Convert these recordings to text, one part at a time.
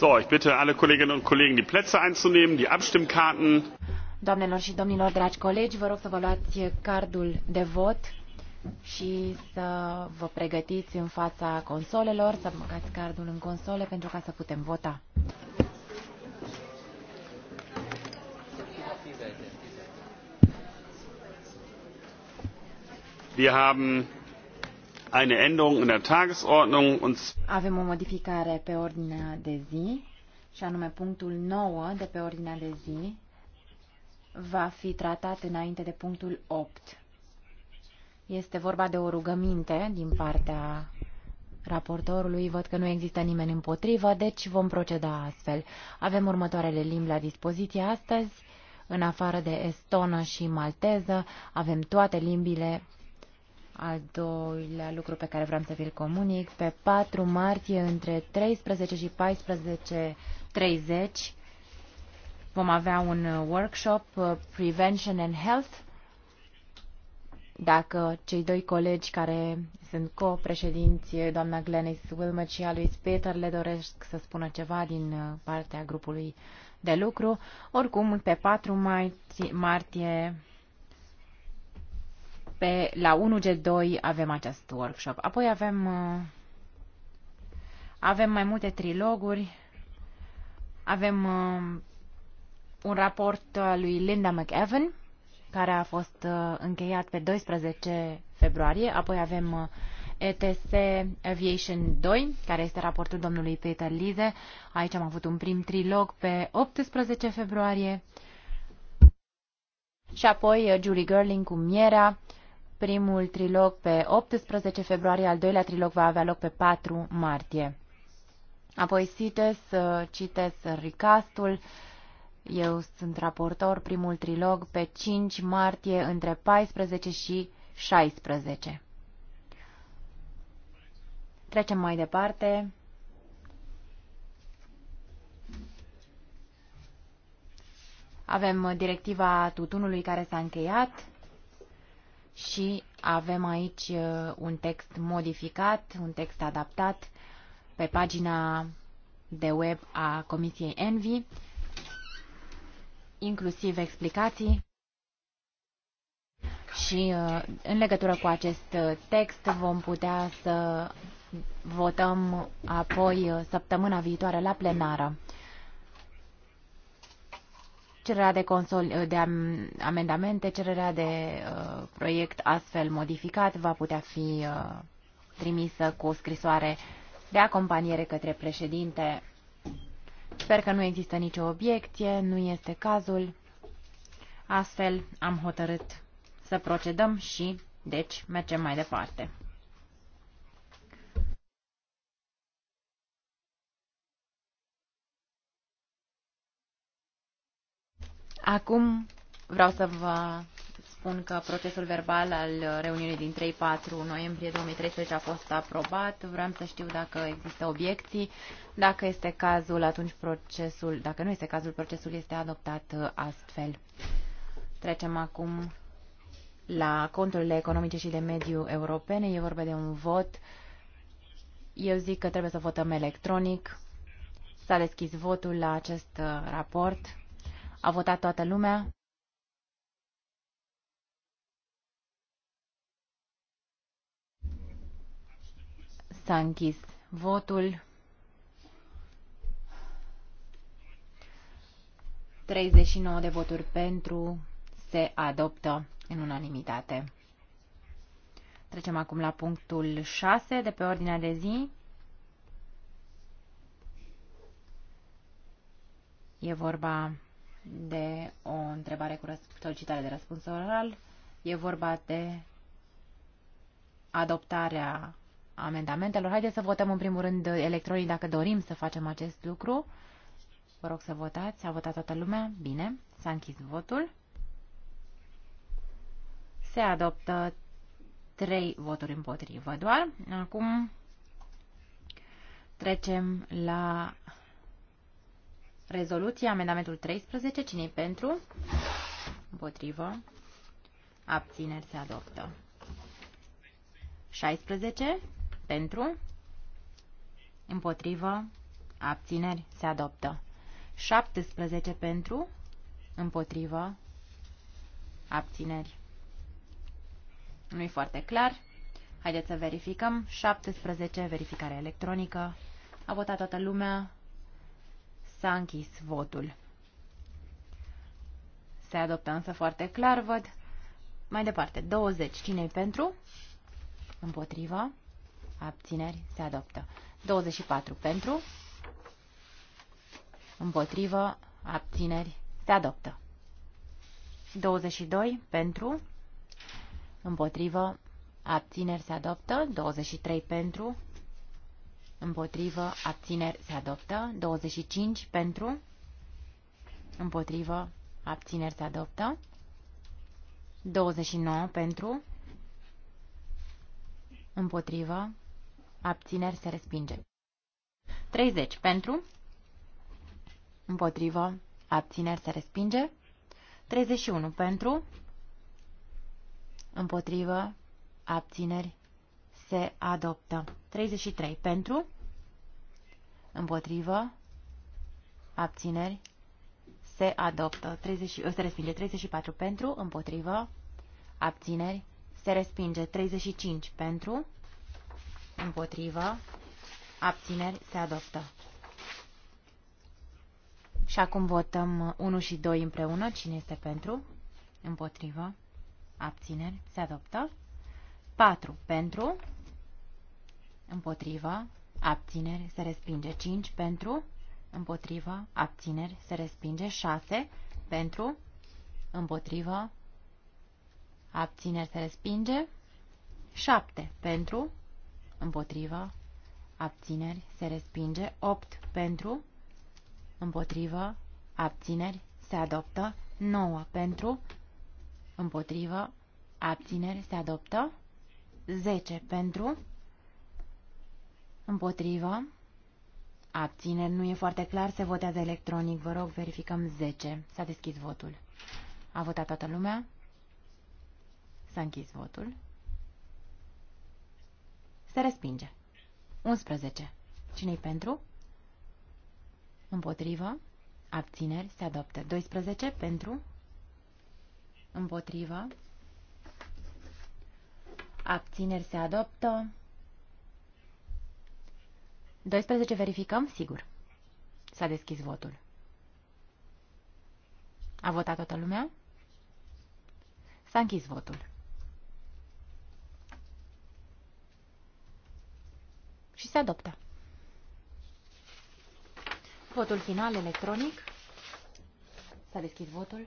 So, ich bitte alle Kolleginnen und Kollegen, die Plätze einzunehmen, die Abstimmkarten. Doamnelor și domnilor, dragi colegi, vă rog să vă luați cardul de vot și să vă pregătiți în fața consolelor, să băgați cardul în console pentru ca să putem vota. Wir haben eine Änderung in der Tagesordnung und Avem o modificare pe ordinea de zi, și anume punctul 9 de pe ordinea de zi va fi tratat înainte de punctul 8. Este vorba de o rugăminte din partea raportorului. Văd că nu există nimeni împotrivă, deci vom proceda astfel. Avem următoarele limbi la dispoziție astăzi. În afară de estonă și malteză, avem toate limbile al doilea lucru pe care vreau să vi-l comunic, pe 4 martie între 13 și 14.30 vom avea un workshop uh, Prevention and Health. Dacă cei doi colegi care sunt co-președinți, doamna Glenis Wilmot și a lui Peter, le doresc să spună ceva din uh, partea grupului de lucru. Oricum, pe 4 martie, martie pe, la 1G2 avem acest workshop. Apoi avem, uh, avem mai multe triloguri, avem uh, un raport al uh, lui Linda McEvan, care a fost încheiat pe 12 februarie, apoi avem ETS Aviation 2, care este raportul domnului Peter Lize. Aici am avut un prim trilog pe 18 februarie. Și apoi Julie Girling cu Mierea, primul trilog pe 18 februarie, al doilea trilog va avea loc pe 4 martie. Apoi CITES, CITES Ricastul, eu sunt raportor, primul trilog pe 5 martie între 14 și 16. Trecem mai departe. Avem directiva tutunului care s-a încheiat și avem aici uh, un text modificat, un text adaptat pe pagina de web a Comisiei Envi, inclusiv explicații. Și uh, în legătură cu acest uh, text vom putea să votăm apoi săptămâna viitoare la plenară cererea de, consol, de amendamente, cererea de uh, proiect astfel modificat va putea fi uh, trimisă cu o scrisoare de acompaniere către președinte. Sper că nu există nicio obiecție, nu este cazul. Astfel am hotărât să procedăm și, deci, mergem mai departe. Acum vreau să vă spun că procesul verbal al reuniunii din 3-4 noiembrie 2013 a fost aprobat. Vreau să știu dacă există obiecții. Dacă este cazul, atunci procesul, dacă nu este cazul, procesul este adoptat uh, astfel. Trecem acum la conturile economice și de mediu europene. E vorba de un vot. Eu zic că trebuie să votăm electronic. S-a deschis votul la acest uh, raport. A votat toată lumea? S-a închis votul. 39 de voturi pentru se adoptă în unanimitate. Trecem acum la punctul 6 de pe ordinea de zi. E vorba de o întrebare cu solicitare de răspuns oral. E vorba de adoptarea amendamentelor. Haideți să votăm în primul rând electronii dacă dorim să facem acest lucru. Vă rog să votați. A votat toată lumea? Bine. S-a închis votul. Se adoptă trei voturi împotrivă doar. Acum trecem la Rezoluție, amendamentul 13, cine pentru? Împotrivă. Abțineri se adoptă. 16, pentru? Împotrivă. Abțineri se adoptă. 17 pentru, împotrivă, abțineri. Nu-i foarte clar. Haideți să verificăm. 17, verificare electronică. A votat toată lumea. S-a închis votul. Se adoptă însă foarte clar, văd. Mai departe, 20. cine pentru? Împotriva. Abțineri. Se adoptă. 24. Pentru. Împotrivă. Abțineri. Se adoptă. 22. Pentru. Împotrivă. Abțineri. Se adoptă. 23. Pentru împotrivă, abțineri se adoptă. 25 pentru, împotrivă, abțineri se adoptă. 29 pentru, împotrivă, abțineri se respinge. 30 pentru, împotrivă, abțineri se respinge. 31 pentru, împotrivă, abțineri se adoptă. 33 pentru, împotrivă, abțineri, se adoptă. 30, se respinge 34 pentru, împotrivă, abțineri, se respinge 35 pentru, împotrivă, abțineri, se adoptă. Și acum votăm 1 și 2 împreună. Cine este pentru? Împotrivă. Abțineri. Se adoptă. 4 pentru împotrivă, abțineri, se respinge 5 pentru, împotrivă, abțineri, se respinge 6 pentru, împotrivă, abțineri, se respinge 7 pentru, împotrivă, abțineri, se respinge 8 pentru, împotrivă, abțineri, se adoptă 9 pentru, împotrivă, abțineri, se adoptă 10 pentru, Împotrivă. Abțineri. Nu e foarte clar. Se votează electronic. Vă rog, verificăm 10. S-a deschis votul. A votat toată lumea? S-a închis votul. Se respinge. 11. Cine-i pentru? Împotrivă. Abțineri. Se adoptă. 12. Pentru. Împotrivă. Abțineri. Se adoptă. 12 verificăm? Sigur. S-a deschis votul. A votat toată lumea? S-a închis votul. Și se adoptă. Votul final electronic. S-a deschis votul.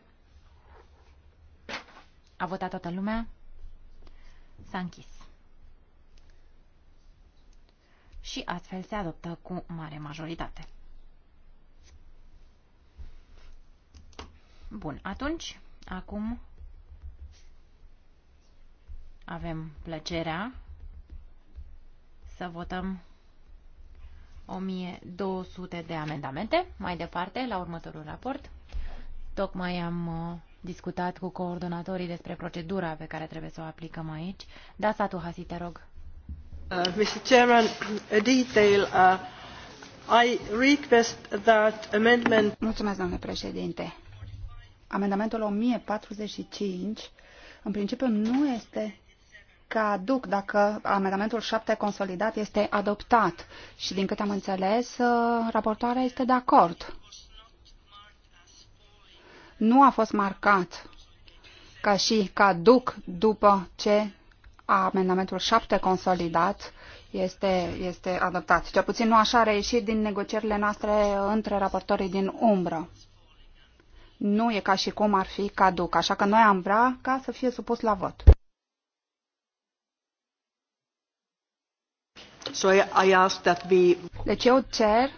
A votat toată lumea. S-a închis și astfel se adoptă cu mare majoritate. Bun, atunci, acum avem plăcerea să votăm 1200 de amendamente. Mai departe, la următorul raport, tocmai am uh, discutat cu coordonatorii despre procedura pe care trebuie să o aplicăm aici. Da, Satu Hasi, te rog. Uh, uh, domnule președinte amendamentul o mie patruzeci și cinci domnule președinte. Amendamentul în principiu, nu este caduc dacă amendamentul 7 consolidat este adoptat. Și din câte am înțeles, uh, raportoarea este de acord. Nu a fost marcat ca și caduc după ce amendamentul 7 consolidat este, este adoptat. Cel puțin nu așa a reieșit din negocierile noastre între raportorii din umbră. Nu e ca și cum ar fi caduc, așa că noi am vrea ca să fie supus la vot. So I, I ask that we... Deci eu cer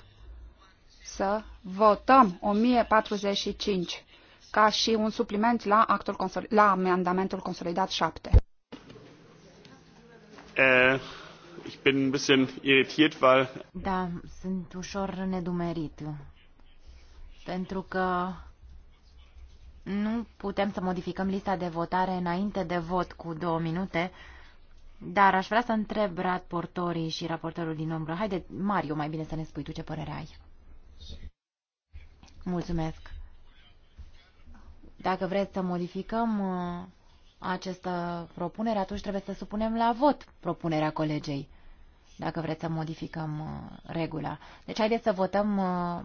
să votăm 1045 ca și un supliment la, actul la amendamentul consolidat 7. Äh, ich bin ein bisschen irritiert, weil... Da, sunt ușor nedumerit. Pentru că nu putem să modificăm lista de votare înainte de vot cu două minute, dar aș vrea să întreb raportorii și raportorul din umbră. Haide, Mario, mai bine să ne spui tu ce părere ai. Mulțumesc. Dacă vreți să modificăm această propunere, atunci trebuie să supunem la vot propunerea colegei, dacă vreți să modificăm uh, regula. Deci haideți să votăm uh,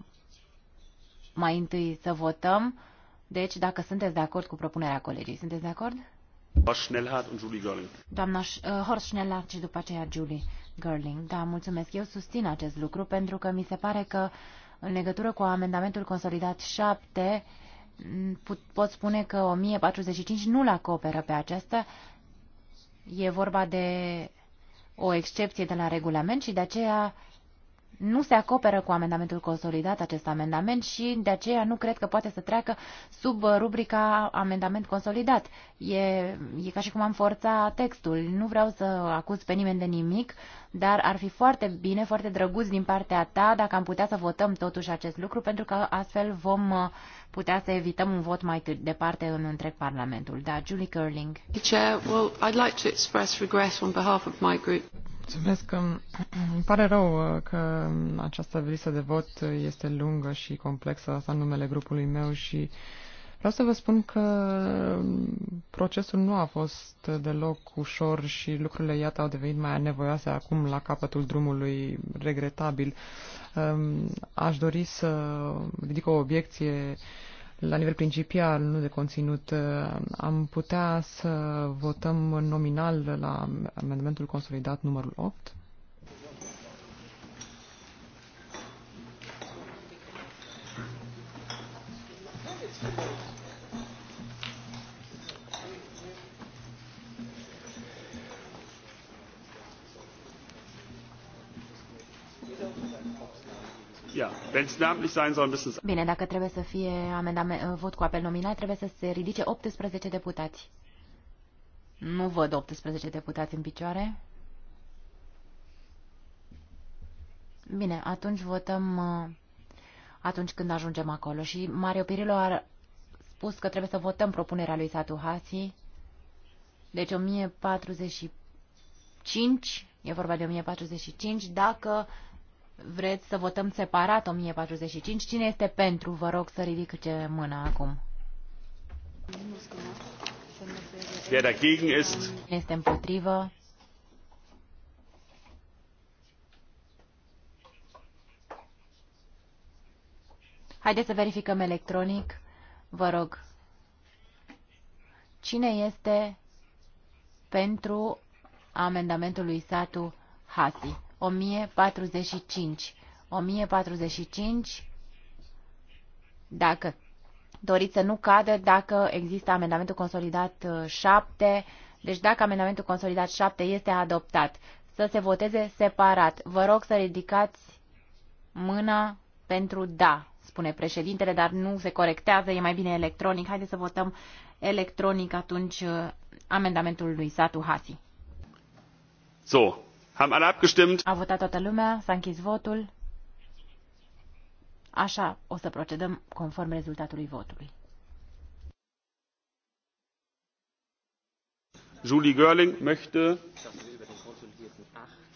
mai întâi să votăm. Deci, dacă sunteți de acord cu propunerea colegii, sunteți de acord? Julie Doamna uh, Horst Schnellhardt și după aceea Julie Gerling. Da, mulțumesc. Eu susțin acest lucru pentru că mi se pare că în legătură cu amendamentul consolidat 7, uh, pot spune că 1045 nu-l acoperă pe aceasta. E vorba de o excepție de la regulament și de aceea nu se acoperă cu amendamentul consolidat acest amendament și de aceea nu cred că poate să treacă sub rubrica amendament consolidat. E, e ca și cum am forța textul. Nu vreau să acuz pe nimeni de nimic, dar ar fi foarte bine, foarte drăguț din partea ta dacă am putea să votăm totuși acest lucru, pentru că astfel vom uh, putea să evităm un vot mai departe în întreg Parlamentul. Da, Julie Curling. Mulțumesc. Că îmi pare rău uh, că această listă de vot este lungă și complexă, asta în numele grupului meu și uh, Vreau să vă spun că um, procesul nu a fost deloc ușor și lucrurile, iată, au devenit mai nevoioase acum la capătul drumului regretabil. Um, aș dori să ridic o obiecție la nivel principial, nu de conținut. Uh, am putea să votăm nominal la amendamentul consolidat numărul 8? Thank you. Bine, dacă trebuie să fie amendament, uh, vot cu apel nominal, trebuie să se ridice 18 deputați. Nu văd 18 deputați în picioare. Bine, atunci votăm uh, atunci când ajungem acolo. Și Mario Pirilo a spus că trebuie să votăm propunerea lui Satu Hasi. Deci 1045, e vorba de 1045, dacă Vreți să votăm separat 1045? Cine este pentru? Vă rog să ridice mâna acum. Wer dagegen ist? Cine este împotrivă? Haideți să verificăm electronic. Vă rog. Cine este pentru amendamentul lui Satu Hasi? 1045. 1045, dacă doriți să nu cadă, dacă există amendamentul consolidat 7, uh, deci dacă amendamentul consolidat 7 este adoptat, să se voteze separat. Vă rog să ridicați mâna pentru da, spune președintele, dar nu se corectează, e mai bine electronic. Haideți să votăm electronic atunci uh, amendamentul lui Satu Hasi. So, Haben alle abgestimmt? A votat toată lumea, s-a închis votul. Așa o să procedăm conform rezultatului votului. Julie Görling möchte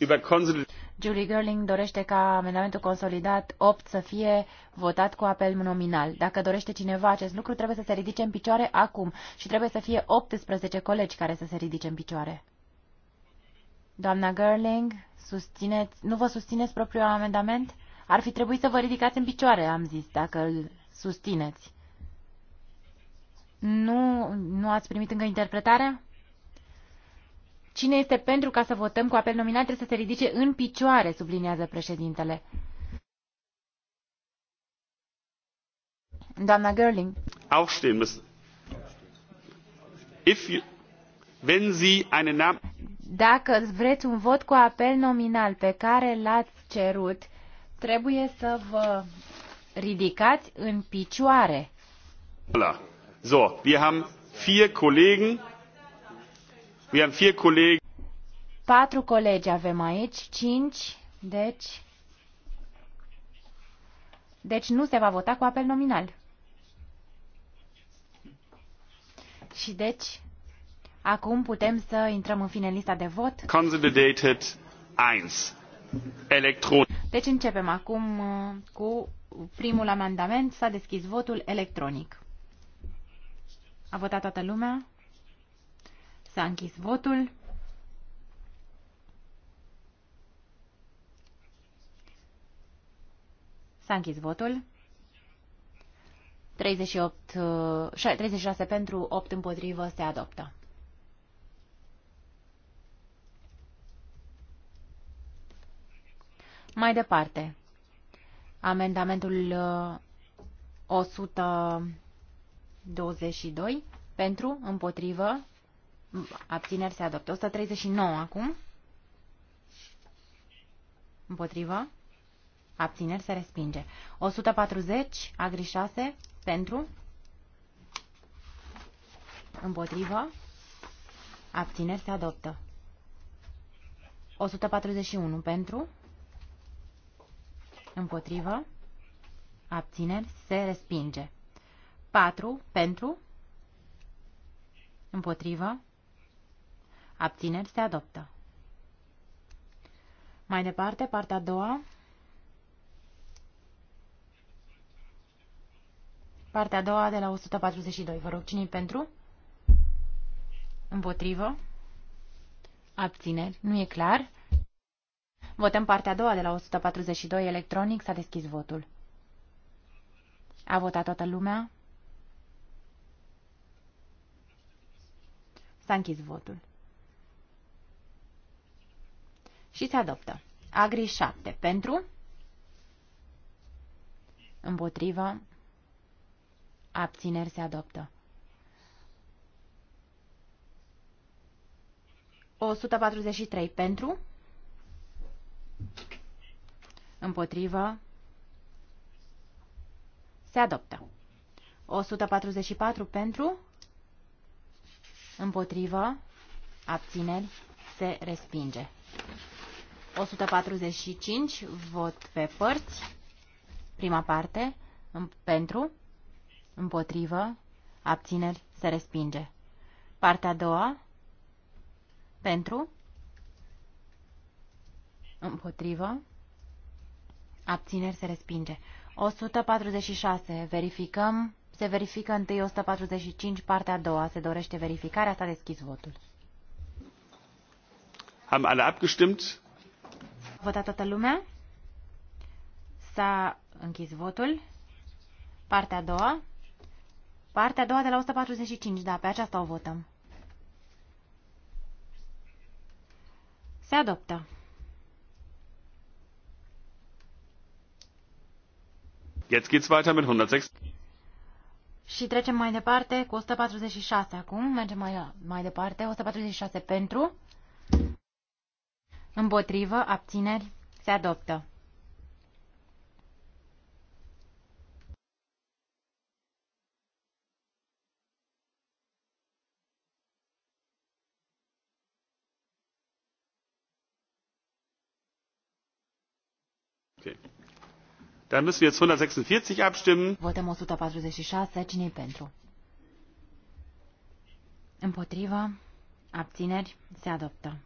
über Julie Gerling dorește ca amendamentul consolidat 8 să fie votat cu apel nominal. Dacă dorește cineva acest lucru, trebuie să se ridice în picioare acum și trebuie să fie 18 colegi care să se ridice în picioare. Doamna Gerling, susțineți, nu vă susțineți propriul amendament? Ar fi trebuit să vă ridicați în picioare, am zis, dacă îl susțineți. Nu, nu ați primit încă interpretarea? Cine este pentru ca să votăm cu apel nominal trebuie să se ridice în picioare, subliniază președintele. Doamna Gerling. Aufstehen müssen. If you, wenn Sie eine dacă vreți un vot cu apel nominal pe care l-ați cerut, trebuie să vă ridicați în picioare. Voilà. So, wir haben vier Kollegen. Wir haben vier Kollegen. Patru colegi avem aici, cinci, deci... Deci nu se va vota cu apel nominal. Și deci Acum putem să intrăm în fine în lista de vot. Consolidated 1. Electronic. Deci începem acum uh, cu primul amendament. S-a deschis votul electronic. A votat toată lumea. S-a închis votul. S-a închis votul. 38, 36 uh, pentru, 8 împotrivă, se adoptă. Mai departe, amendamentul 122 uh, pentru, împotrivă, abțineri se adoptă. 139 acum, împotrivă, abțineri se respinge. 140, agri 6, pentru, împotrivă, abțineri se adoptă. 141 pentru, Împotrivă. Abțineri. Se respinge. 4. Pentru. Împotrivă. Abțineri. Se adoptă. Mai departe, partea a doua. Partea a doua de la 142. Vă rog, cine pentru? Împotrivă. Abțineri. Nu e clar. Votăm partea a doua de la 142 electronic. S-a deschis votul. A votat toată lumea. S-a închis votul. Și se adoptă. Agri 7. Pentru? Împotriva? Abțineri se adoptă. 143. Pentru? Împotrivă. Se adoptă. 144 pentru. Împotrivă. Abțineri. Se respinge. 145. Vot pe părți. Prima parte. Pentru. Împotrivă. Abțineri. Se respinge. Partea a doua. Pentru. Împotrivă. Abțineri se respinge. 146. Verificăm. Se verifică întâi 145, partea a doua. Se dorește verificarea. S-a deschis votul. Am alle abgestimmt? A votat toată lumea? S-a închis votul. Partea a doua. Partea a doua de la 145, da, pe aceasta o votăm. Se adoptă. Jetzt geht's weiter mit 106. Și trecem mai departe cu 146 acum. Mergem mai, mai departe. 146 pentru. Împotrivă. Abțineri. Se adoptă. Okay. Dann müssen wir jetzt 146 abstimmen. Votăm 146. cine pentru? Împotrivă. Abțineri. Se adoptă.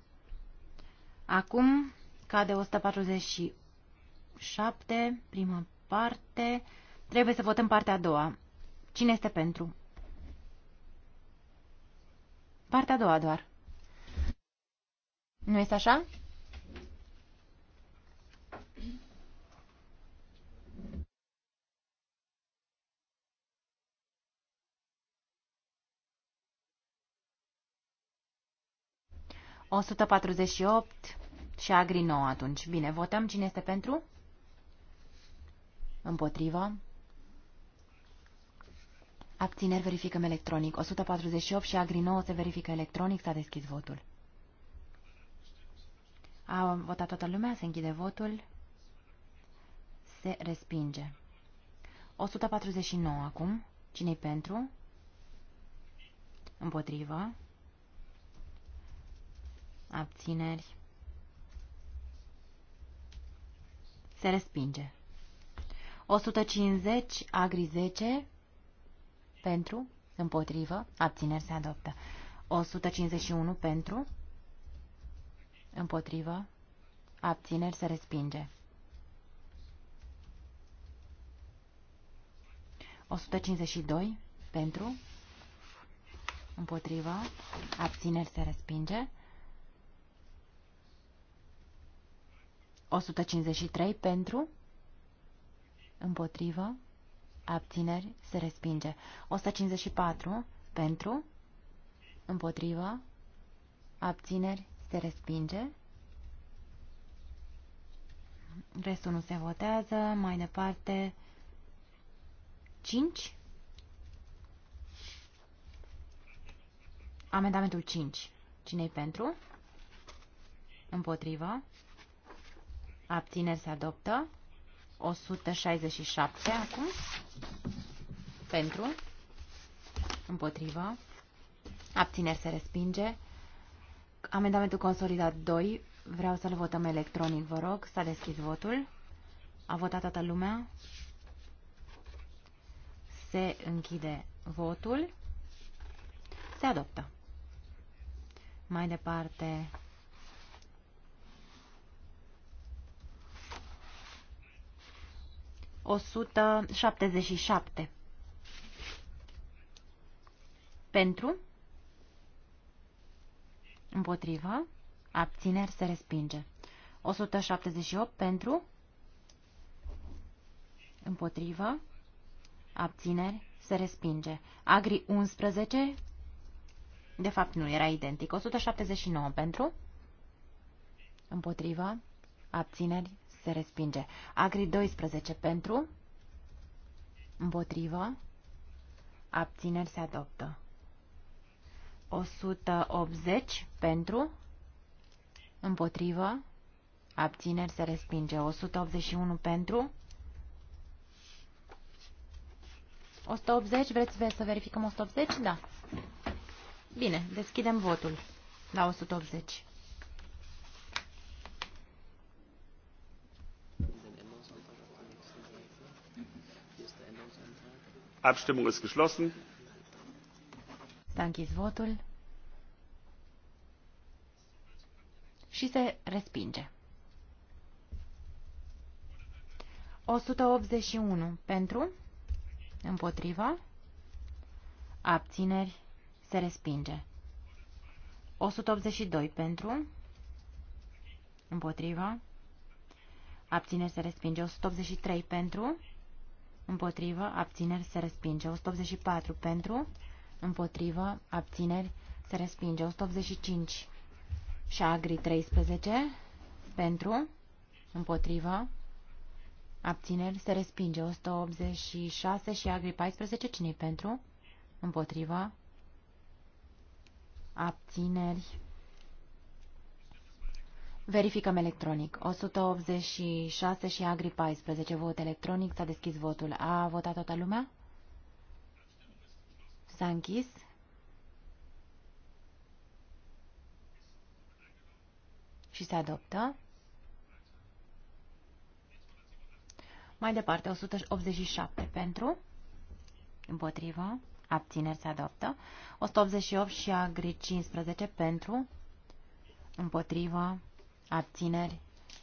Acum cade 147, prima parte. Trebuie să votăm partea a doua. Cine este pentru? Partea a doua doar. Nu este așa? 148 și Agri 9 atunci. Bine, votăm cine este pentru? Împotrivă. Abțineri verificăm electronic. 148 și Agri 9 se verifică electronic. S-a deschis votul. A votat toată lumea, se închide votul. Se respinge. 149 acum. Cine-i pentru? Împotrivă abțineri, se respinge. 150, agri 10, pentru, împotrivă, abțineri se adoptă. 151 pentru, împotrivă, abțineri se respinge. 152 pentru, împotrivă, abțineri se respinge. 153 pentru, împotrivă, abțineri, se respinge. 154 pentru, împotrivă, abțineri, se respinge. Restul nu se votează. Mai departe, 5. Amendamentul 5. Cine-i pentru? Împotrivă. Abțineri se adoptă. 167 acum. Pentru. Împotrivă. Abțineri se respinge. Amendamentul consolidat 2. Vreau să-l votăm electronic, vă rog. S-a deschis votul. A votat toată lumea. Se închide votul. Se adoptă. Mai departe, 177. Pentru? Împotrivă? Abțineri se respinge. 178 pentru? Împotrivă? Abțineri se respinge. Agri 11? De fapt nu, era identic. 179 pentru? Împotrivă? Abțineri se respinge. Agri 12 pentru, împotrivă, abțineri se adoptă. 180 pentru, împotrivă, abțineri se respinge. 181 pentru, 180, vreți să verificăm 180? Da. Bine, deschidem votul la 180. Abstimmung ist geschlossen. S-a închis votul și se respinge. 181 pentru, împotriva, abțineri, se respinge. 182 pentru, împotriva, abțineri, se respinge. 183 pentru, împotrivă, abțineri, se respinge. 184 pentru, împotrivă, abțineri, se respinge. 185 și agri 13 pentru, împotrivă, abțineri, se respinge. 186 și agri 14, cine pentru, împotrivă, abțineri, Verificăm electronic. 186 și Agri 14. Vot electronic. S-a deschis votul. A votat toată lumea? S-a închis. Și se adoptă. Mai departe, 187 pentru, împotrivă, abțineri se adoptă, 188 și agri 15 pentru, împotrivă, abțineri,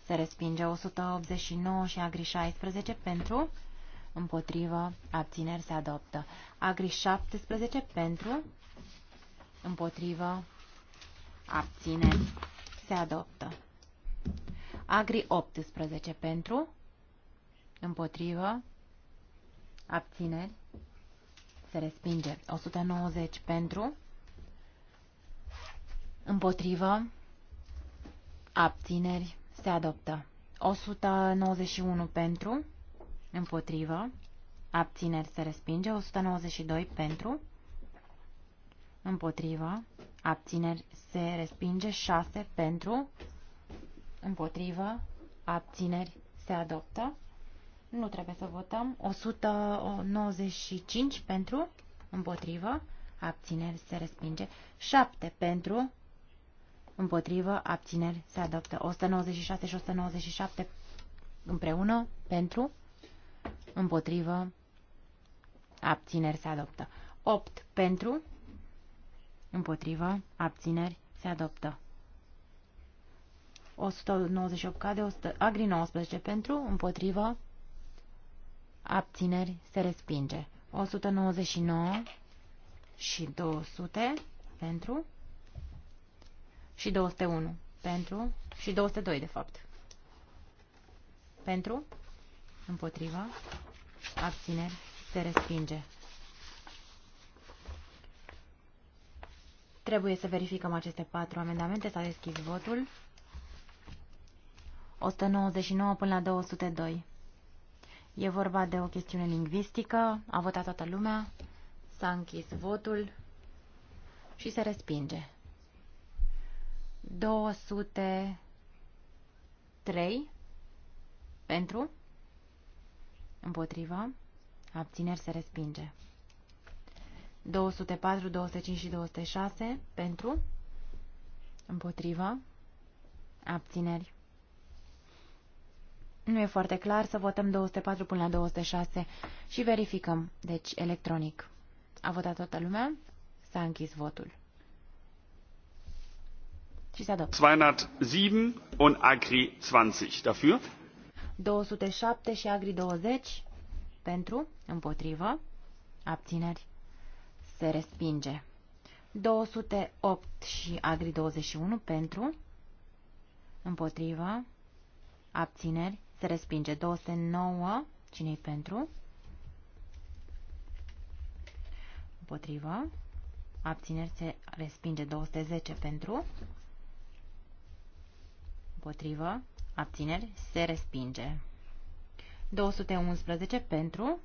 se respinge 189 și agri 16 pentru, împotrivă, abțineri, se adoptă. Agri 17 pentru, împotrivă, abțineri, se adoptă. Agri 18 pentru, împotrivă, abțineri, se respinge. 190 pentru, împotrivă, Abțineri. Se adoptă. 191 pentru. Împotrivă. Abțineri se respinge. 192 pentru. Împotrivă. Abțineri se respinge. 6 pentru. Împotrivă. Abțineri se adoptă. Nu trebuie să votăm. 195 pentru. Împotrivă. Abțineri se respinge. 7 pentru împotrivă, abțineri, se adoptă. 196 și 197 împreună, pentru, împotrivă, abțineri, se adoptă. 8 pentru, împotrivă, abțineri, se adoptă. 198 cade, 100, agri 19 pentru, împotrivă, abțineri, se respinge. 199 și 200 pentru, și 201 pentru și 202 de fapt. Pentru, împotriva, abțineri, se respinge. Trebuie să verificăm aceste patru amendamente. S-a deschis votul. 199 până la 202. E vorba de o chestiune lingvistică. A votat toată lumea. S-a închis votul și se respinge. 203 pentru, împotriva, abțineri se respinge. 204, 205 și 206 pentru, împotriva, abțineri. Nu e foarte clar să votăm 204 până la 206 și verificăm, deci electronic. A votat toată lumea? S-a închis votul. 207 und Agri 20. Dafür? 207 și Agri 20. Pentru, împotrivă, abțineri, se respinge. 208 și Agri 21 pentru, împotriva, abțineri, se respinge. 209, cine pentru? Împotriva, abțineri, se respinge. 210 pentru, Împotrivă. Abțineri. Se respinge. 211 pentru.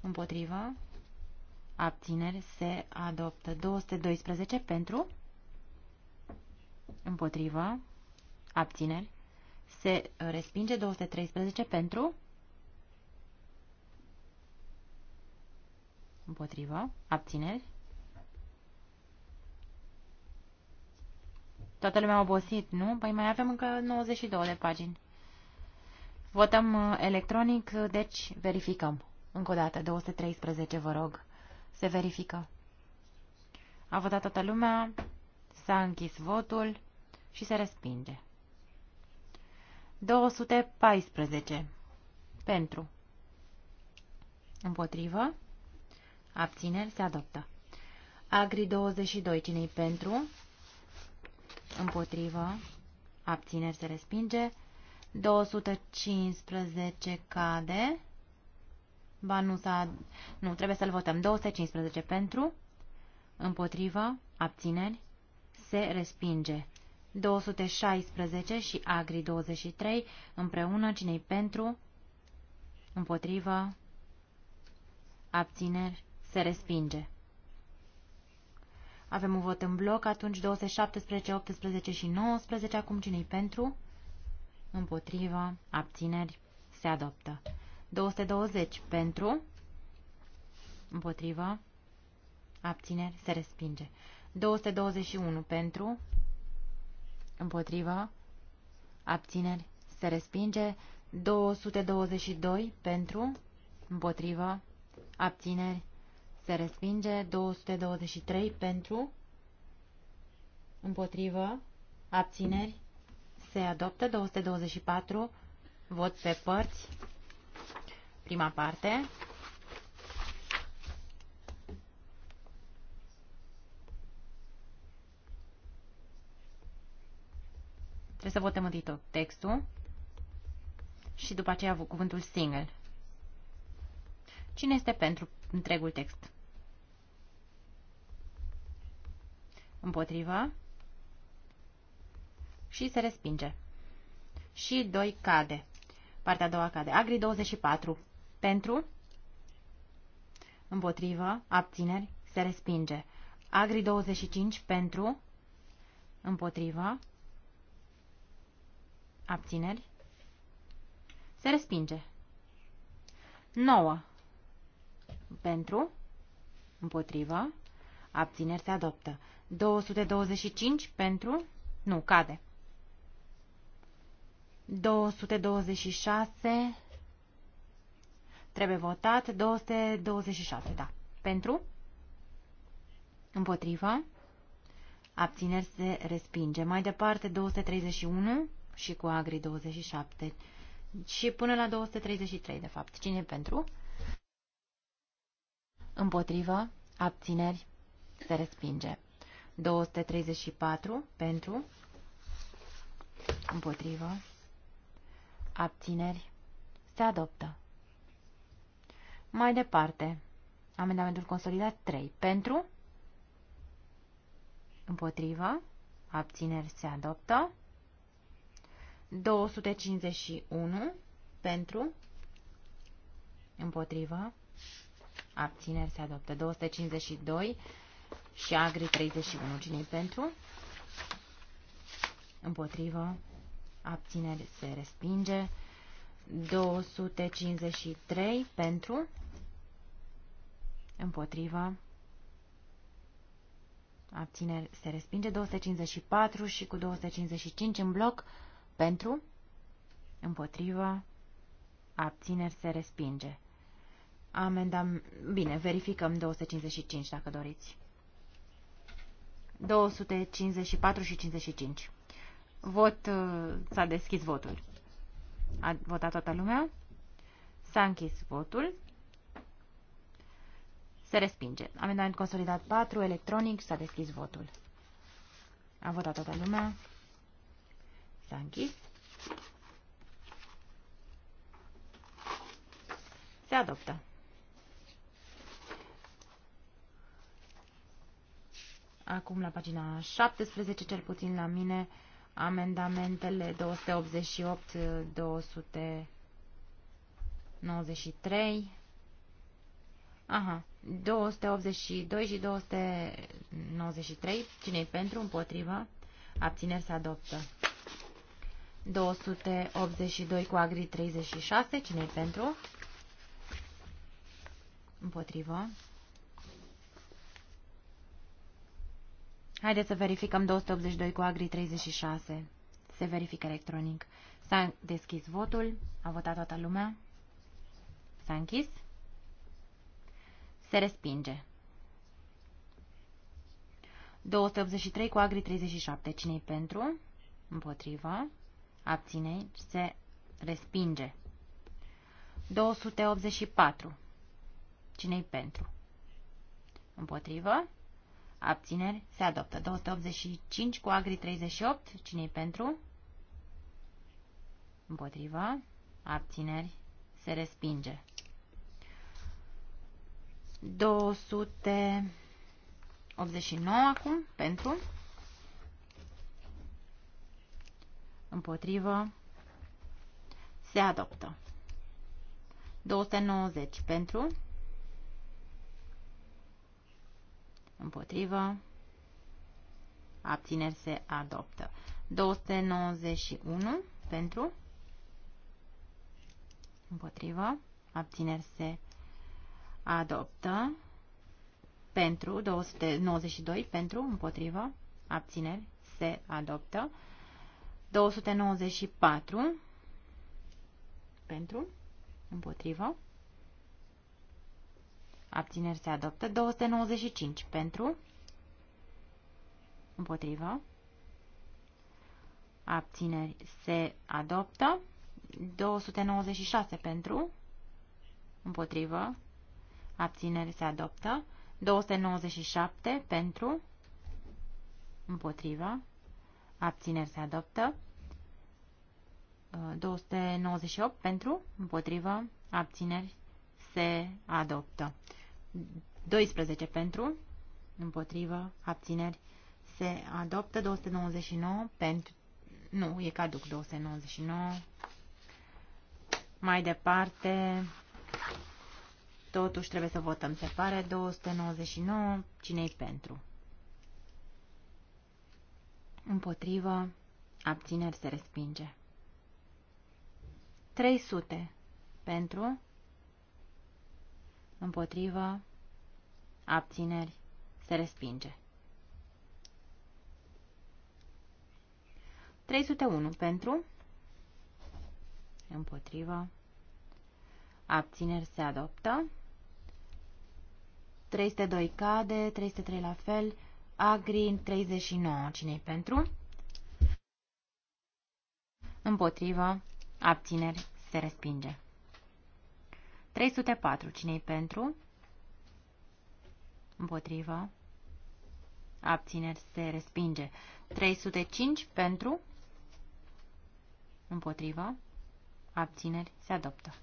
Împotrivă. Abțineri. Se adoptă. 212 pentru. Împotrivă. Abțineri. Se respinge. 213 pentru. Împotrivă. Abțineri. Toată lumea a obosit, nu? Păi mai avem încă 92 de pagini. Votăm uh, electronic, uh, deci verificăm. Încă o dată, 213, vă rog. Se verifică. A votat toată lumea, s-a închis votul și se respinge. 214. Pentru. Împotrivă. Abțineri se adoptă. Agri 22. cine pentru? împotrivă, abțineri se respinge, 215 cade, ba nu s-a, nu, trebuie să-l votăm, 215 pentru, împotrivă, abțineri, se respinge. 216 și Agri 23 împreună cinei pentru, împotrivă, abțineri, se respinge. Avem un vot în bloc, atunci 217, 18 și 19. Acum cine pentru? Împotrivă. Abțineri. Se adoptă. 220 pentru. Împotrivă. Abțineri. Se respinge. 221 pentru. Împotrivă. Abțineri. Se respinge. 222 pentru. Împotrivă. Abțineri se respinge, 223 pentru, împotrivă, abțineri, se adoptă, 224, vot pe părți, prima parte. Trebuie să votăm întâi tot textul și după aceea cuvântul single. Cine este pentru întregul text? împotriva și se respinge. Și 2 cade. Partea a doua cade. Agri 24. Pentru, împotrivă, abțineri, se respinge. Agri 25 pentru, împotrivă, abțineri, se respinge. 9 pentru, împotrivă, abțineri se adoptă. 225 pentru? Nu, cade. 226 trebuie votat. 226, da. Pentru? Împotriva... Abțineri se respinge. Mai departe 231 și cu Agri 27 și până la 233 de fapt. Cine pentru? Împotriva, Abțineri se respinge. 234 pentru, împotrivă, abțineri, se adoptă. Mai departe, amendamentul consolidat 3 pentru, împotrivă, abțineri, se adoptă. 251 pentru, împotrivă, abțineri, se adoptă. 252 și Agri 31. cine pentru? Împotrivă. Abțineri se respinge. 253 pentru. Împotrivă. Abțineri se respinge. 254 și cu 255 în bloc. Pentru. Împotrivă. Abțineri se respinge. Amendam... Bine, verificăm 255 dacă doriți. 254 și 55. Vot, uh, s-a deschis votul. A votat toată lumea. S-a închis votul. Se respinge. Amendament consolidat 4, electronic, s-a deschis votul. A votat toată lumea. S-a închis. Se adoptă. Acum la pagina 17, cel puțin la mine, amendamentele 288, 293, aha, 282 și 293, cine pentru, împotriva, abțineri se adoptă. 282 cu agri 36, cine pentru, împotriva, Haideți să verificăm 282 cu Agri 36. Se verifică electronic. S-a deschis votul. A votat toată lumea. S-a închis. Se respinge. 283 cu Agri 37. Cine-i pentru? Împotriva. Abține. Se respinge. 284. Cine-i pentru? Împotrivă. Abțineri. Se adoptă. 285 cu agri 38. cine pentru? Împotriva. Abțineri. Se respinge. 289 acum. Pentru. Împotrivă. Se adoptă. 290 pentru. Împotrivă. Abțineri se adoptă. 291 pentru. Împotrivă. Abțineri se adoptă. Pentru. 292 pentru. Împotrivă. Abțineri se adoptă. 294 pentru. Împotrivă. Abțineri se adoptă. 295 pentru. Împotrivă. Abțineri se adoptă. 296 pentru. Împotrivă. Abțineri se adoptă. 297 pentru. Împotrivă. Abțineri se adoptă. 298 uh, pentru. Împotrivă. Abțineri se adoptă. 12 pentru, împotrivă, abțineri, se adoptă 299 pentru, nu, e caduc 299. Mai departe, totuși trebuie să votăm, se pare, 299, cine-i pentru? Împotrivă, abțineri se respinge. 300 pentru, împotrivă, abțineri, se respinge. 301 pentru, împotrivă, abțineri se adoptă, 302 cade, 303 la fel, agri 39, cine pentru? Împotrivă, abțineri se respinge. 304. Cine-i pentru? Împotrivă. Abțineri se respinge. 305 pentru. Împotrivă. Abțineri se adoptă.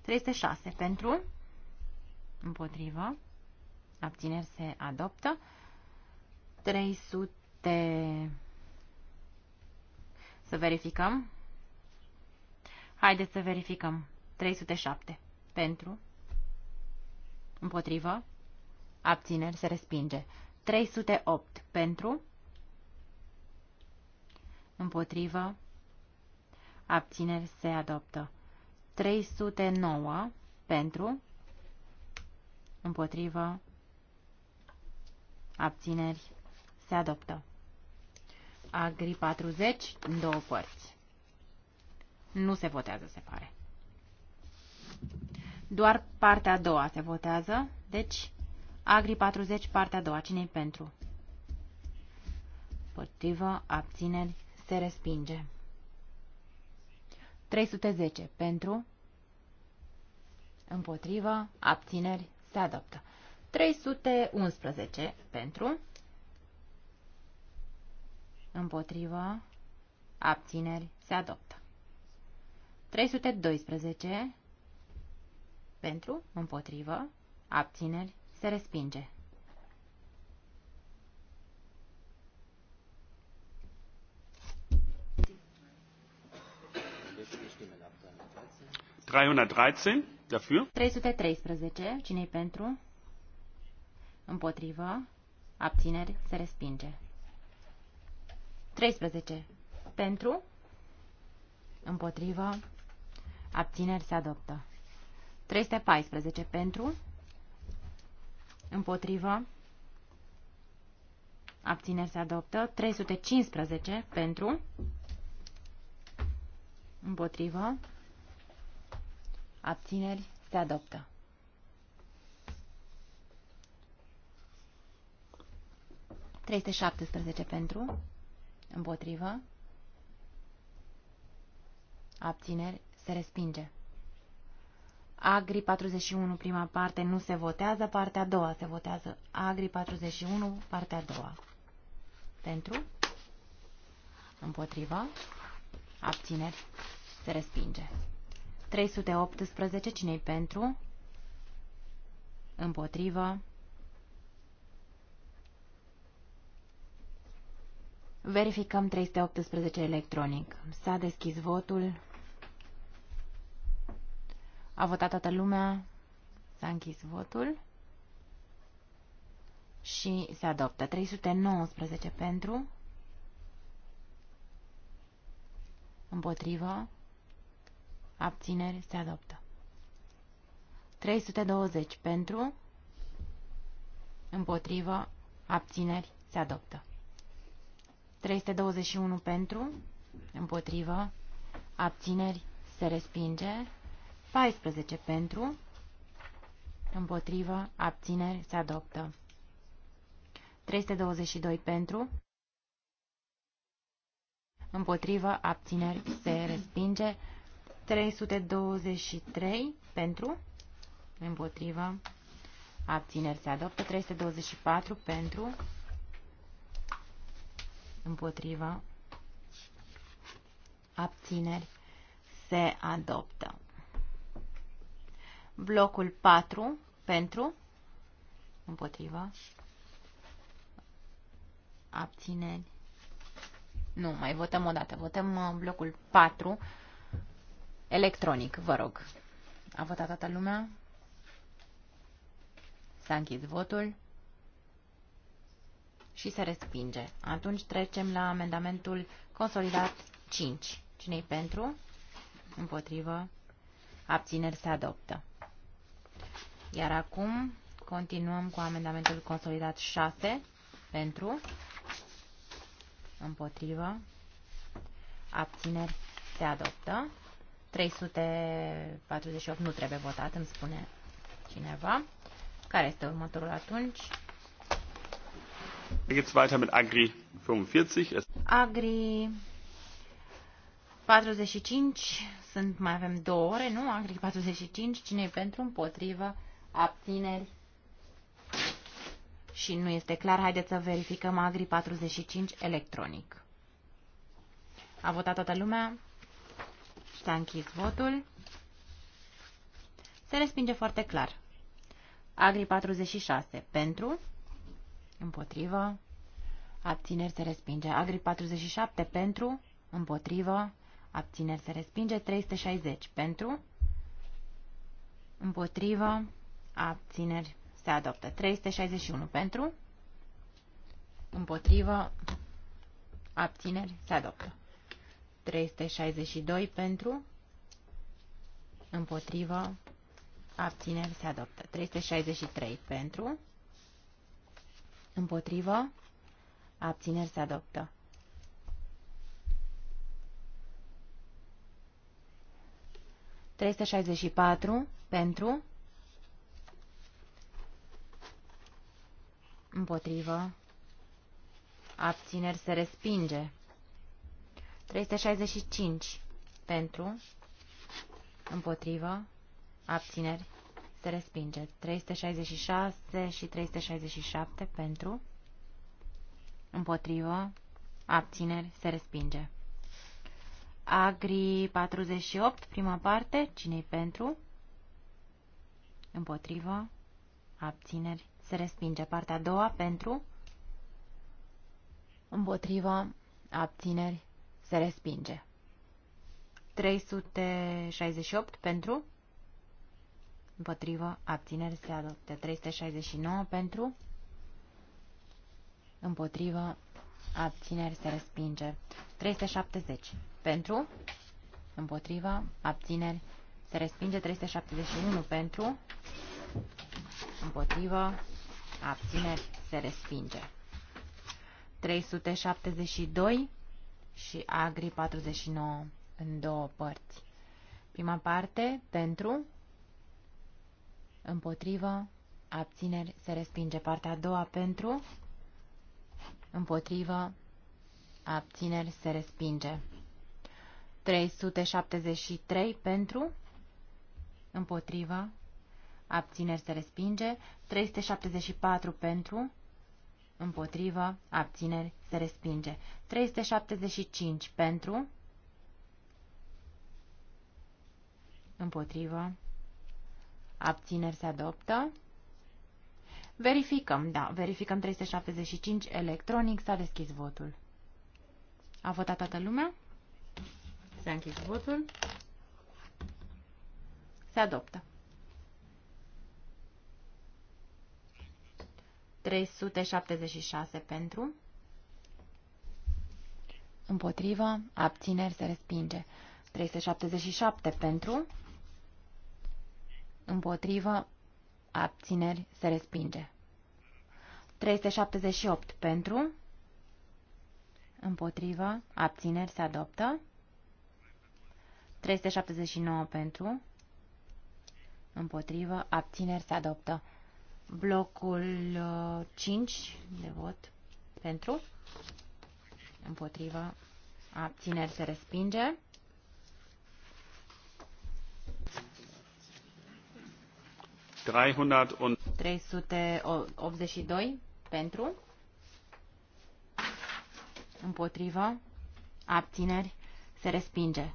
306 pentru. Împotrivă. Abțineri se adoptă. 300. Să verificăm. Haideți să verificăm. 307. Pentru. Împotrivă. Abțineri se respinge. 308. Pentru. Împotrivă. Abțineri se adoptă. 309. Pentru. Împotrivă. Abțineri se adoptă. Agri 40 în două părți. Nu se votează, se pare. Doar partea a doua se votează. Deci, Agri 40, partea a doua. Cine-i pentru? Potrivă, abțineri, se respinge. 310. Pentru. Împotrivă, abțineri, se adoptă. 311. Pentru. Împotrivă, abțineri, se adoptă. 312 pentru, împotrivă, abțineri, se respinge. dafür. 313, cine pentru? Împotrivă, abțineri, se respinge. 13. Pentru, împotrivă, Abțineri se adoptă. 314 pentru. Împotrivă. Abțineri se adoptă. 315 pentru. Împotrivă. Abțineri se adoptă. Trei 17 pentru, împotrivă, abțineri se respinge. Agri 41, prima parte, nu se votează, partea a doua se votează. Agri 41, partea a doua. Pentru? Împotriva? Abțineri? Se respinge. 318, cine pentru? Împotriva. Verificăm 318 electronic. S-a deschis votul. A votat toată lumea. S-a închis votul. Și se adoptă. 319 pentru. Împotrivă. Abțineri. Se adoptă. 320 pentru. Împotrivă. Abțineri. Se adoptă. 321 pentru. Împotrivă. Abțineri. Se respinge. 14 pentru, împotrivă, abțineri, se adoptă. 322 pentru, împotrivă, abțineri, se respinge. 323 pentru, împotrivă, abțineri, se adoptă. 324 pentru, împotrivă, abțineri, se adoptă. Blocul 4 pentru, împotriva, abțineri. Nu, mai votăm o dată. Votăm uh, blocul 4 electronic, vă rog. A votat toată lumea? S-a închis votul și se respinge. Atunci trecem la amendamentul consolidat 5. Cine-i pentru? Împotrivă? Abțineri se adoptă. Iar acum continuăm cu amendamentul consolidat 6 pentru, împotrivă, abțineri se adoptă. 348 nu trebuie votat, îmi spune cineva. Care este următorul atunci? weiter mit Agri 45. Agri 45, sunt, mai avem două ore, nu? Agri 45, cine e pentru, împotrivă, abțineri și nu este clar. Haideți să verificăm Agri 45 electronic. A votat toată lumea s-a închis votul. Se respinge foarte clar. Agri 46 pentru, împotrivă, abțineri se respinge. Agri 47 pentru, împotrivă, abțineri se respinge. 360 pentru, împotrivă, abțineri, se adoptă. 361 pentru, împotrivă, abțineri, se adoptă. 362 pentru, împotrivă, abțineri, se adoptă. 363 pentru, împotrivă, abțineri, se adoptă. 364 pentru, împotrivă, abțineri se respinge. 365 pentru, împotrivă, abțineri se respinge. 366 și 367 pentru, împotrivă, abțineri se respinge. Agri 48, prima parte, cine pentru? Împotrivă, abțineri se respinge. Partea a doua pentru, împotriva, abțineri, se respinge. 368 pentru, împotriva, abțineri, se adoptă. 369 pentru, împotriva, abțineri, se respinge. 370 pentru, împotriva, abțineri, se respinge 371 pentru, Împotriva abțineri, se respinge. 372 și Agri 49 în două părți. Prima parte, pentru, împotrivă, abțineri, se respinge. Partea a doua, pentru, împotrivă, abțineri, se respinge. 373 pentru, împotrivă, abțineri se respinge, 374 pentru, împotrivă, abțineri se respinge, 375 pentru, împotrivă, abțineri se adoptă, verificăm, da, verificăm 375 electronic, s-a deschis votul. A votat toată lumea? S-a închis votul. Se adoptă. 376 pentru, împotrivă, abțineri se respinge. 377 pentru, împotrivă, abțineri se respinge. 378 pentru, împotrivă, abțineri se adoptă. 379 pentru, împotrivă, abțineri se adoptă blocul 5 uh, de vot pentru, împotriva, abțineri se respinge. Und 382 pentru, împotriva, abțineri se respinge.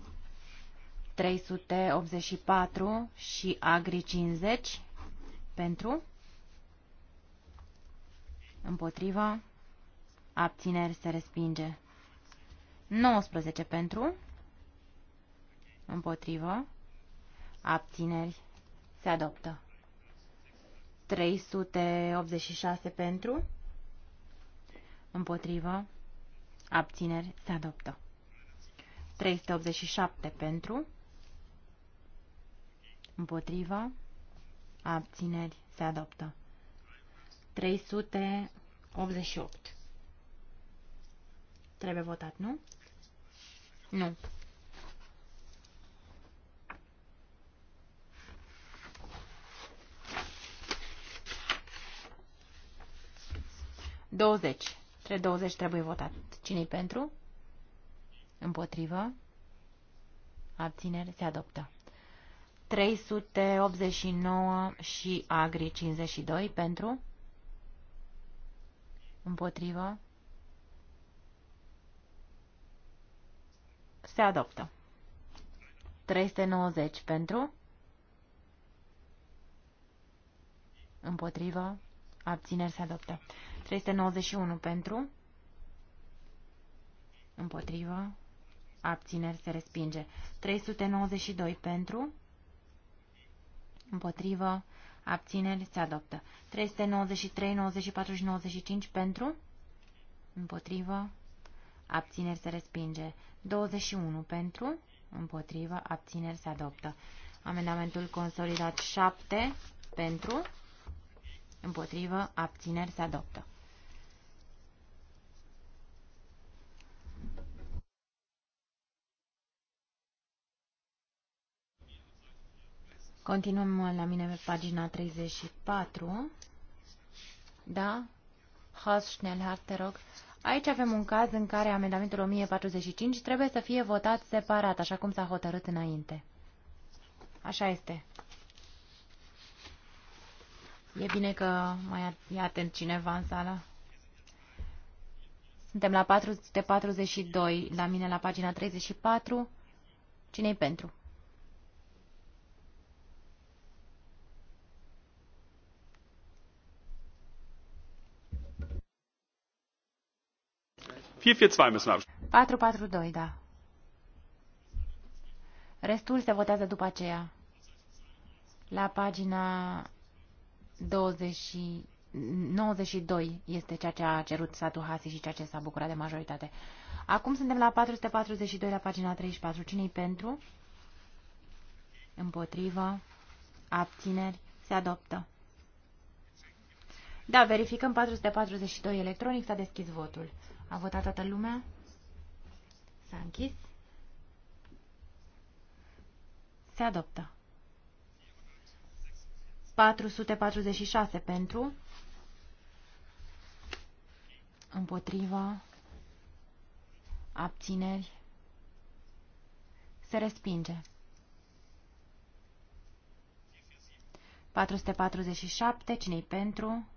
384 și agri 50 pentru, Împotriva. Abțineri se respinge. 19 pentru. Împotrivă. Abțineri. Se adoptă. 386 pentru. Împotrivă. Abțineri. Se adoptă. 387 pentru. Împotrivă. Abțineri. Se adoptă. 388. Trebuie votat, nu? Nu. Douăzeci. trei 20 trebuie votat. cine pentru? Împotrivă. Abțineri. Se adoptă. 389 și Agri 52 pentru. Împotrivă. Se adoptă. 390 pentru. Împotrivă. Abțineri se adoptă. 391 pentru. Împotrivă. Abțineri se respinge. 392 pentru. Împotrivă abțineri, se adoptă. 393, 94 și 95 pentru, împotrivă, abțineri, se respinge. 21 pentru, împotrivă, abțineri, se adoptă. Amendamentul consolidat 7 pentru, împotrivă, abțineri, se adoptă. Continuăm la mine pe pagina 34. Da? Haas Schnellhardt, te rog. Aici avem un caz în care amendamentul 1045 trebuie să fie votat separat, așa cum s-a hotărât înainte. Așa este. E bine că mai e atent cineva în sală. Suntem la 442, la mine la pagina 34. Cine-i pentru? 442 müssen wir 442, da. Restul se votează după aceea. La pagina 20, 92 este ceea ce a cerut Satu Hasi și ceea ce s-a bucurat de majoritate. Acum suntem la 442, la pagina 34. Cine-i pentru? Împotrivă? Abțineri? Se adoptă. Da, verificăm 442 electronic, s-a deschis votul. A votat toată lumea? S-a închis? Se adoptă. 446 pentru, împotriva, abțineri, se respinge. 447, cine pentru,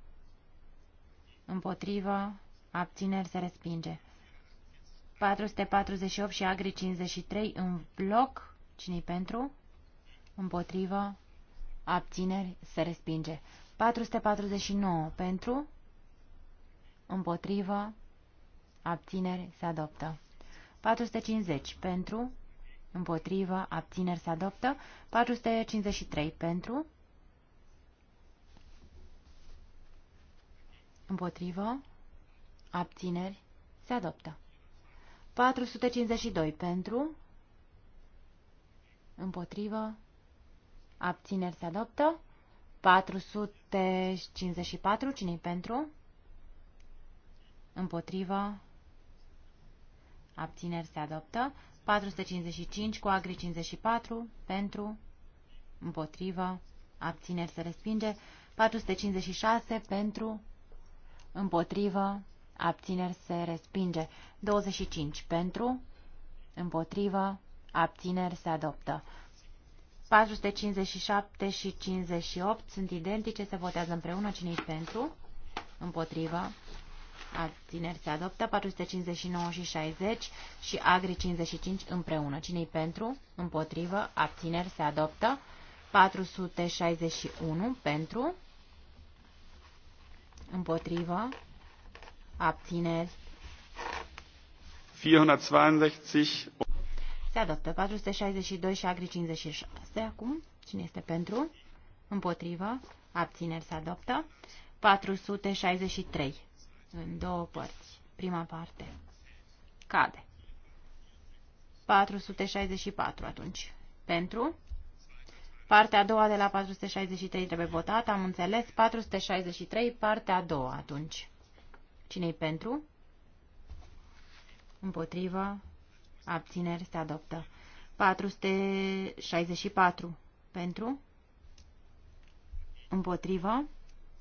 împotriva, abțineri se respinge. 448 și Agri 53 în bloc, cine pentru? Împotrivă, abțineri se respinge. 449 pentru, împotrivă, abțineri se adoptă. 450 pentru, împotrivă, abțineri se adoptă. 453 pentru, împotrivă, Abțineri. Se adoptă. 452 pentru. Împotrivă. Abțineri se adoptă. 454. cine pentru? Împotrivă. Abțineri se adoptă. 455 cu agri 54 pentru. Împotrivă. Abțineri se respinge. 456 pentru. Împotrivă abțineri se respinge. 25 pentru, împotrivă, abțineri se adoptă. 457 și 58 sunt identice, se votează împreună cine pentru, împotrivă, abțineri se adoptă, 459 și 60 și agri 55 împreună. cine pentru, împotrivă, abțineri se adoptă, 461 pentru, împotrivă, Abțineri. 462. Se adoptă 462 și agri 56. Acum, cine este pentru? Împotrivă. Abțineri se adoptă. 463. În două părți. Prima parte. Cade. 464 atunci. Pentru. Partea a doua de la 463 trebuie votată. Am înțeles. 463, partea a doua atunci. Cine-i pentru? Împotrivă. Abțineri se adoptă. 464 pentru. Împotrivă.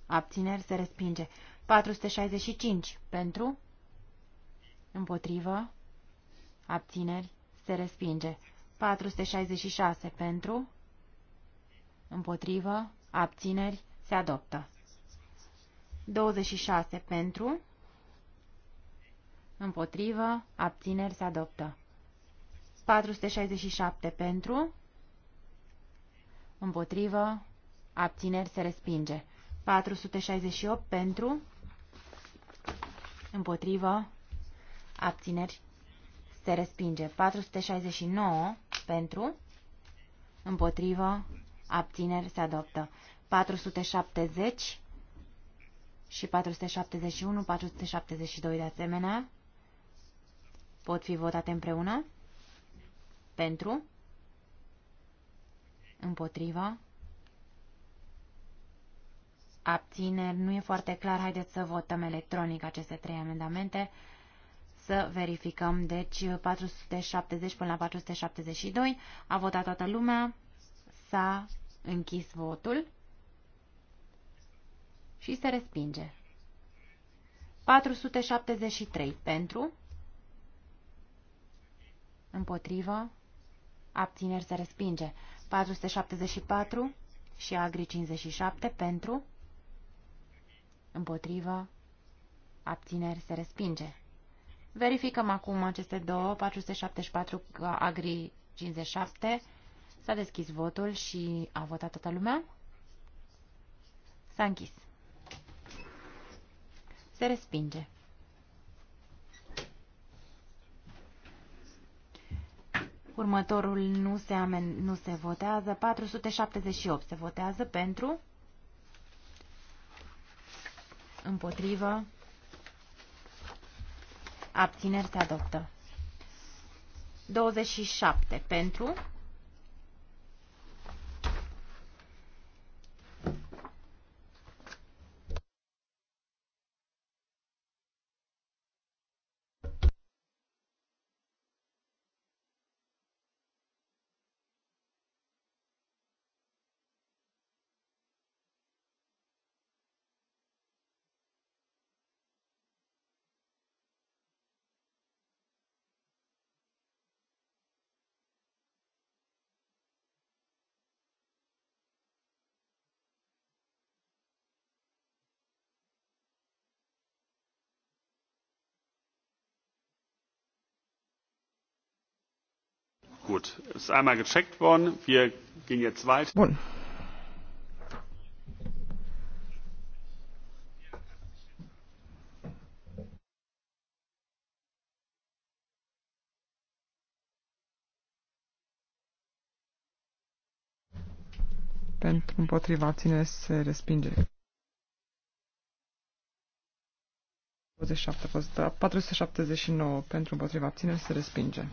Abțineri se respinge. 465 pentru. Împotrivă. Abțineri se respinge. 466 pentru. Împotrivă. Abțineri se adoptă. 26 pentru. Împotrivă. Abțineri se adoptă. 467 pentru. Împotrivă. Abțineri se respinge. 468 pentru. Împotrivă. Abțineri se respinge. 469 pentru. Împotrivă. Abțineri se adoptă. 470 și 471, 472 de asemenea pot fi votate împreună? Pentru? Împotriva? Abțineri? Nu e foarte clar. Haideți să votăm electronic aceste trei amendamente. Să verificăm. Deci 470 până la 472. A votat toată lumea. S-a închis votul. Și se respinge. 473 pentru. Împotrivă. Abțineri se respinge. 474 și Agri 57 pentru. Împotrivă. Abțineri se respinge. Verificăm acum aceste două, 474 Agri 57. S-a deschis votul și a votat toată lumea. S-a închis. Se respinge. Următorul nu se, amen, nu se votează. 478 se votează pentru. Împotrivă. Abțineri se adoptă. 27 pentru. Gut, ist einmal gecheckt worden. Wir gehen jetzt weiter. Bun. Pentru împotriva ține se respinge. 27, 479 da, pentru împotriva abțineri se respinge.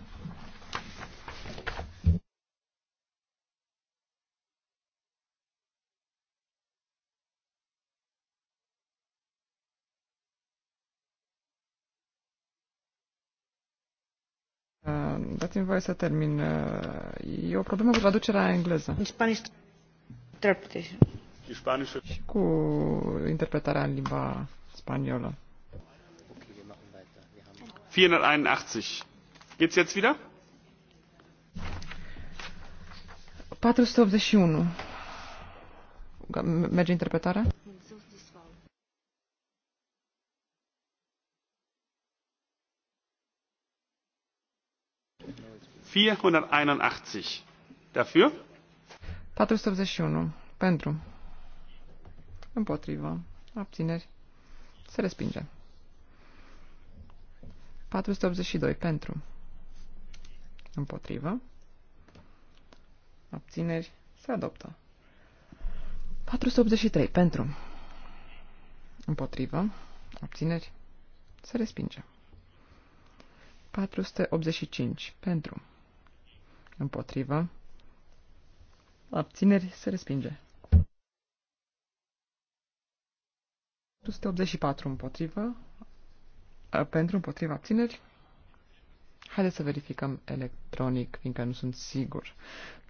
dați-mi voie să termin. E o problemă cu traducerea engleză. În Spanish interpretation. Și cu interpretarea în limba spaniolă. 481. Geți jetzt wieder? 481. Merge interpretarea? 481. Dafür? 481. Pentru. Împotrivă. Abțineri. Se respinge. 482. Pentru. Împotrivă. Abțineri. Se adoptă. 483. Pentru. Împotrivă. Abțineri. Se respinge. 485. Pentru. Împotrivă. Abțineri se respinge. 184 împotrivă. Pentru împotriva abțineri. Haideți să verificăm electronic, fiindcă nu sunt sigur.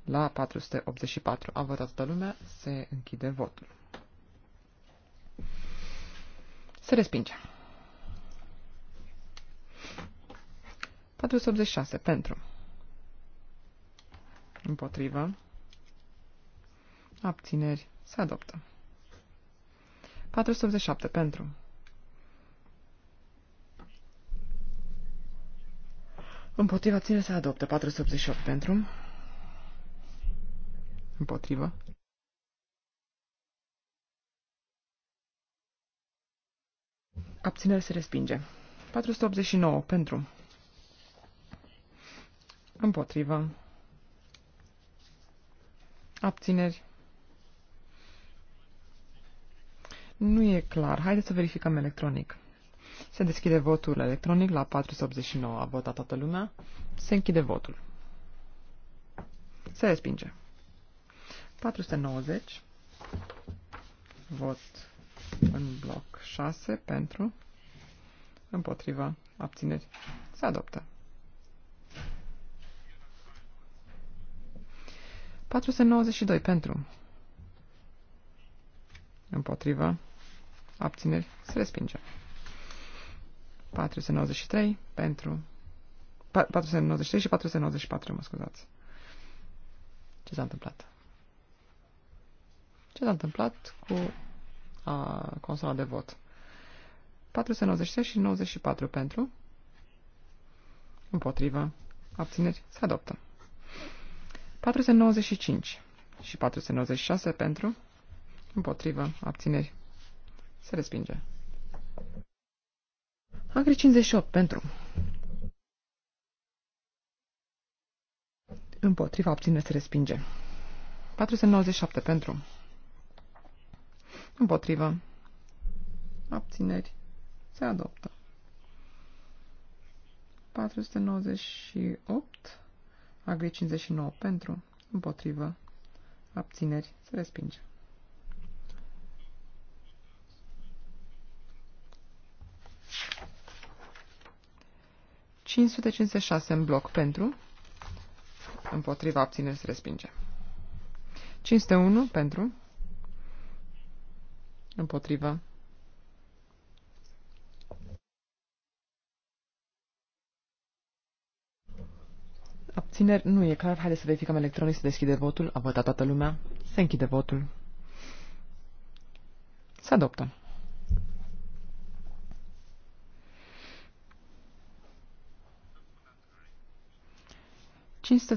La 484 a votat toată lumea, se închide votul. Se respinge. 486 pentru. Împotrivă. Abțineri. Se adoptă. 487 pentru. Împotriva ține se adoptă. 488 pentru. Împotrivă. Abținere se respinge. 489 pentru. Împotrivă. Abțineri. Nu e clar. Haideți să verificăm electronic. Se deschide votul electronic la 489. A votat toată lumea. Se închide votul. Se respinge. 490. Vot în bloc 6 pentru. Împotriva. Abțineri. Se adoptă. 492 pentru. Împotrivă. Abțineri. Se respinge. 493 pentru. 493 și 494, mă scuzați. Ce s-a întâmplat? Ce s-a întâmplat cu a, consola de vot? 493 și 94 pentru. Împotrivă. Abțineri. Se adoptă. 495 și 496 pentru, împotrivă, abțineri, se respinge. Agri 58 pentru, împotrivă, abțineri, se respinge. 497 pentru, împotrivă, abțineri, se adoptă. 498 Agri 59 pentru, împotrivă, abțineri, se respinge. ...556 în bloc pentru, împotriva abțineri se respinge. 501 pentru, împotriva Abțineri nu e clar. Haideți să verificăm electronic, să deschide votul. A votat toată lumea. Se închide votul. Se adoptă.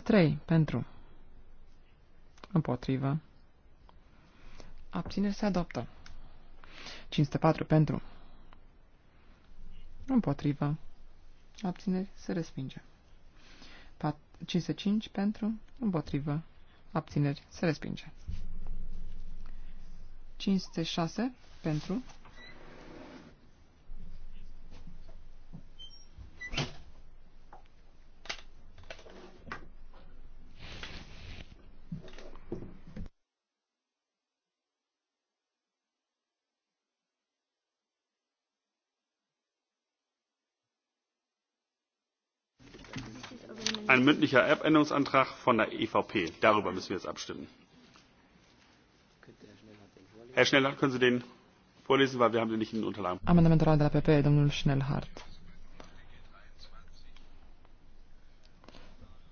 trei pentru. Împotrivă. Abțineri se adoptă. 504 pentru. Împotrivă. Abțineri se respinge. 55 pentru, împotrivă, abțineri, se respinge. 506 pentru, mündlicher Änderungsantrag von der EVP. Darüber müssen wir jetzt abstimmen. Herr Schnellhardt, können Sie den vorlesen, weil wir haben den nicht in den Unterlagen. Amendamentul de la PP, domnul Schnellhardt.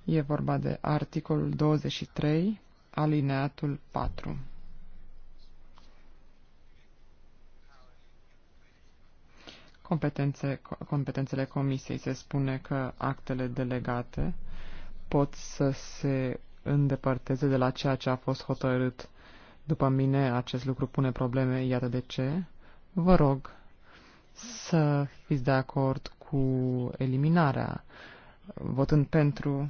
E vorba de articolul 23, alineatul 4. Competențe, competențele comisiei se spune că actele delegate pot să se îndepărteze de la ceea ce a fost hotărât. După mine, acest lucru pune probleme, iată de ce. Vă rog să fiți de acord cu eliminarea, votând pentru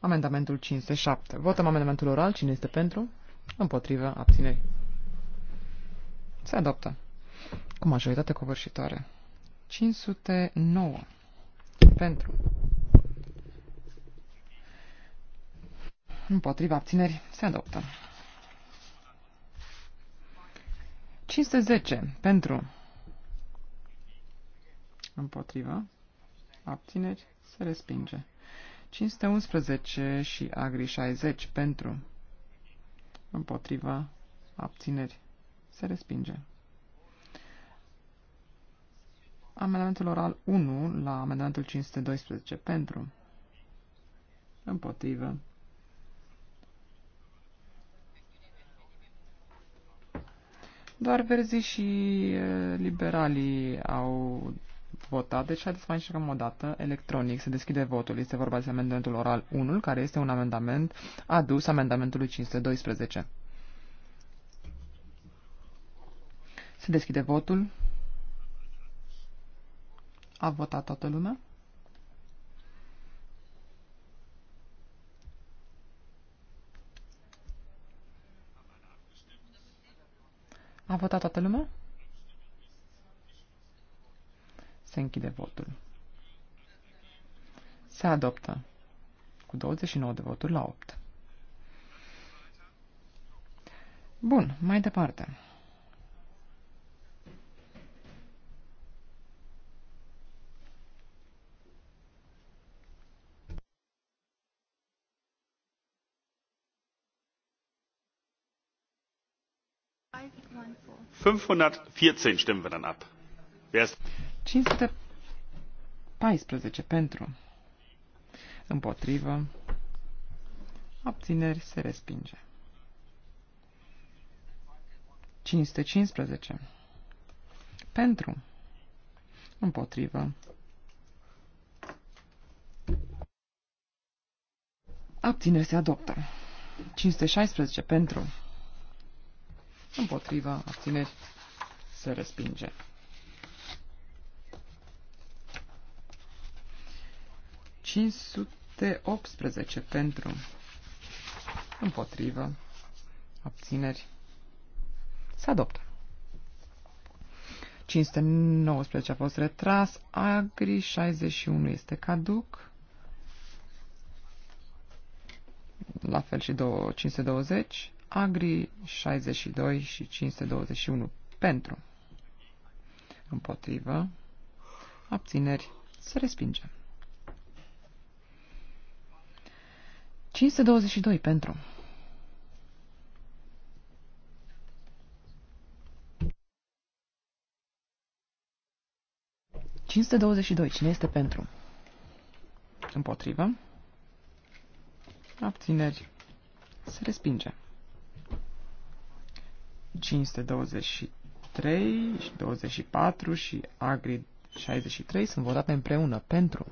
amendamentul 57. Votăm amendamentul oral. Cine este pentru? Împotrivă. Abțineri. Se adoptă. Cu majoritate covârșitoare. 509. Pentru. Împotriva abțineri se adoptă. 510 pentru. Împotriva. Abțineri se respinge. 511 și agri 60 pentru. Împotriva. Abțineri se respinge. Amendamentul oral 1 la amendamentul 512 pentru. Împotrivă. Doar verzii și liberalii au votat, deci haideți să mai încercăm o dată electronic. Se deschide votul. Este vorba de amendamentul oral 1, care este un amendament adus amendamentului 512. Se deschide votul. A votat toată lumea? A votat toată lumea? Se închide votul. Se adoptă cu 29 de voturi la 8. Bun, mai departe. 514 stimmen wir dann ab. Wer ist 514 pentru. Împotrivă. Abțineri se respinge. 515. Pentru. Împotrivă. Abțineri se adoptă. 516 pentru împotriva, abțineri, se respinge. Cincizeci optsprezece pentru împotriva, abțineri se adoptă. 519 a fost retras, Agri 61 este caduc, la fel și 520, Agri 62 și 521 pentru. Împotrivă. Abțineri. Se respinge. 522 pentru. Cinste Cine este pentru? Împotrivă. Abțineri. Se respinge. 523 și 24 și Agri 63 sunt votate împreună pentru,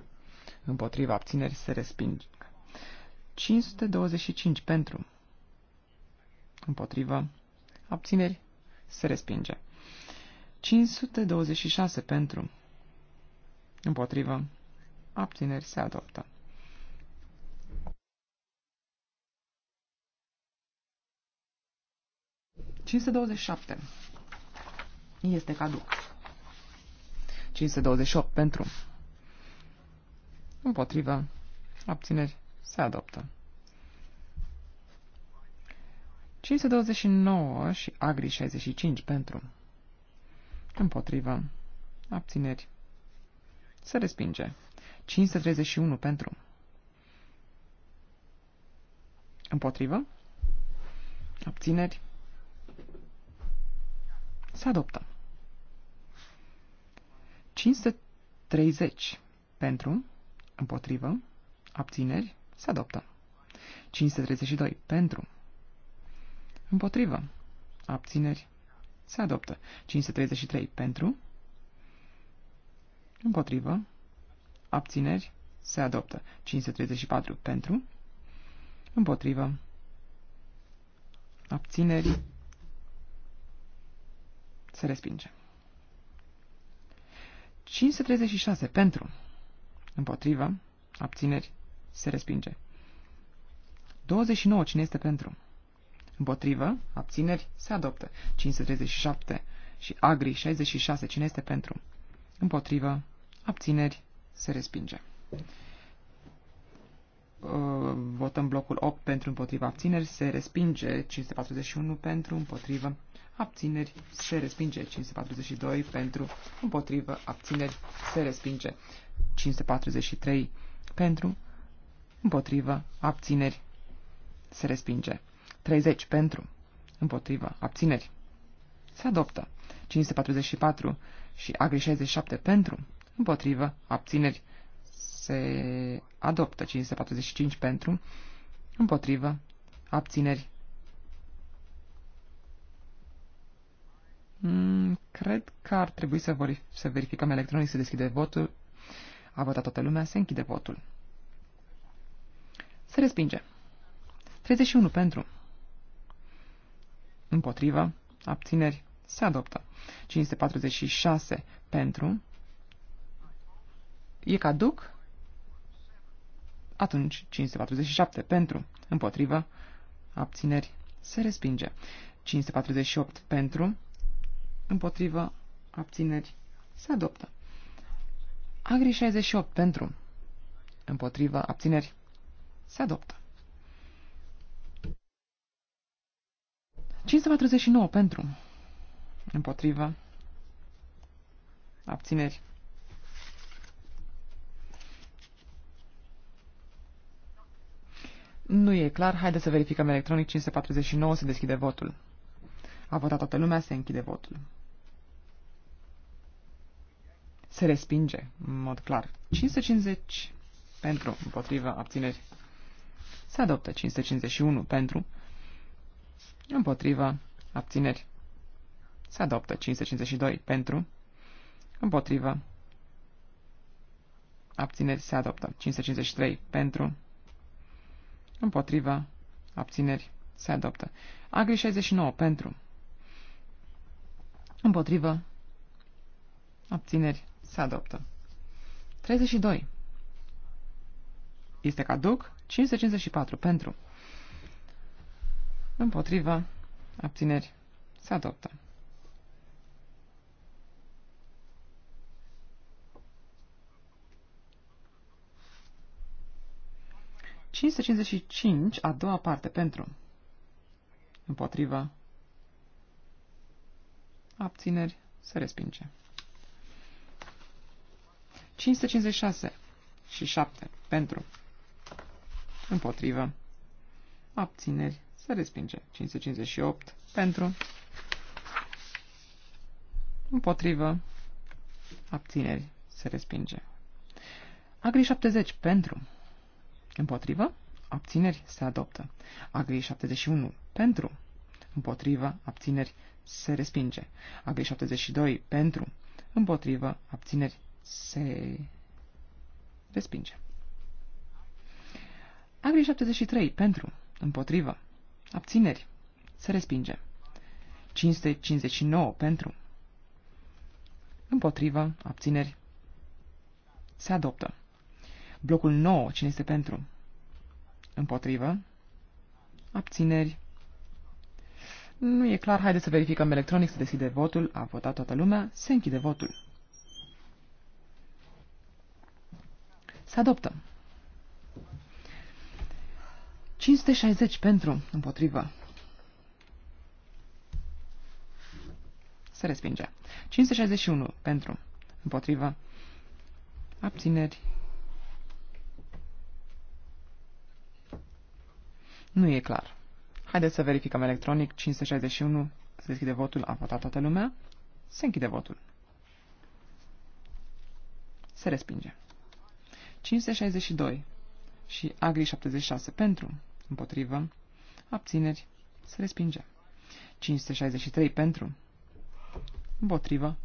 împotriva abțineri se resping. 525 pentru, împotriva abțineri se respinge. 526 pentru, împotriva abțineri se adoptă. 527 este caduc. 528 pentru. Împotrivă. Abțineri. Se adoptă. 529 și Agri 65 pentru. Împotrivă. Abțineri. Se respinge. 531 pentru. Împotrivă. Abțineri. Se adoptă. 530 pentru, împotrivă, abțineri, se adoptă. 532 pentru, împotrivă, abțineri, se adoptă. 533 pentru, împotrivă, abțineri, se adoptă. 534 pentru, împotrivă, abțineri, se respinge. 536 pentru. Împotrivă. Abțineri. Se respinge. 29. Cine este pentru? Împotrivă. Abțineri. Se adoptă. 537 și Agri 66. Cine este pentru? Împotrivă. Abțineri. Se respinge. Uh, votăm blocul 8 pentru împotriva abțineri. Se respinge. 541 pentru împotrivă abțineri, se respinge. 542 pentru, împotrivă, abțineri, se respinge. 543 pentru, împotrivă, abțineri, se respinge. 30 pentru, împotrivă, abțineri, se adoptă. 544 și agri 67 pentru, împotrivă, abțineri, se adoptă. 545 pentru, împotrivă, abțineri, Mm, cred că ar trebui să, vor, să verificăm electronic să deschide votul. A votat toată lumea, se închide votul. Se respinge. 31 pentru. Împotrivă. Abțineri. Se adoptă. 546 pentru. E caduc? Atunci 547 pentru. Împotrivă. Abțineri. Se respinge. 548 pentru. Împotrivă. Abțineri. Se adoptă. Agri 68 pentru. Împotrivă. Abțineri. Se adoptă. 549 pentru. Împotrivă. Abțineri. Nu e clar. Haideți să verificăm electronic 549. Se deschide votul. A votat toată lumea. Se închide votul se respinge în mod clar. 550 pentru, împotriva abțineri. Se adoptă 551 pentru, împotriva abțineri. Se adoptă 552 pentru, împotriva abțineri. Se adoptă 553 pentru, împotriva abțineri. Se adoptă. Agri 69 pentru, împotriva abțineri se adoptă. 32. Este caduc. 554. Pentru. Împotriva. Abțineri. Se adoptă. 555 a doua parte, pentru. Împotriva. Abțineri. Se respinge. 556 și 7 pentru. Împotrivă. Abțineri. Se respinge. 558 pentru. Împotrivă. Abțineri. Se respinge. Agri 70 pentru. Împotrivă. Abțineri. Se adoptă. Agri 71 pentru. Împotrivă. Abțineri. Se respinge. Agri 72 pentru. Împotrivă. Abțineri. Se respinge. Agri 73. Pentru. Împotrivă. Abțineri. Se respinge. 559. Pentru. Împotrivă. Abțineri. Se adoptă. Blocul 9. Cine este pentru? Împotrivă. Abțineri. Nu e clar. Haideți să verificăm electronic să deschide votul. A votat toată lumea. Se închide votul. Să adoptăm. 560 pentru, împotrivă. Se respinge. 561 pentru, împotrivă. Abțineri. Nu e clar. Haideți să verificăm electronic. 561. Se deschide votul. A votat toată lumea. Se închide votul. Se respinge. 562 și Agri 76 pentru, împotrivă, abțineri, se respinge. 563 pentru, împotrivă,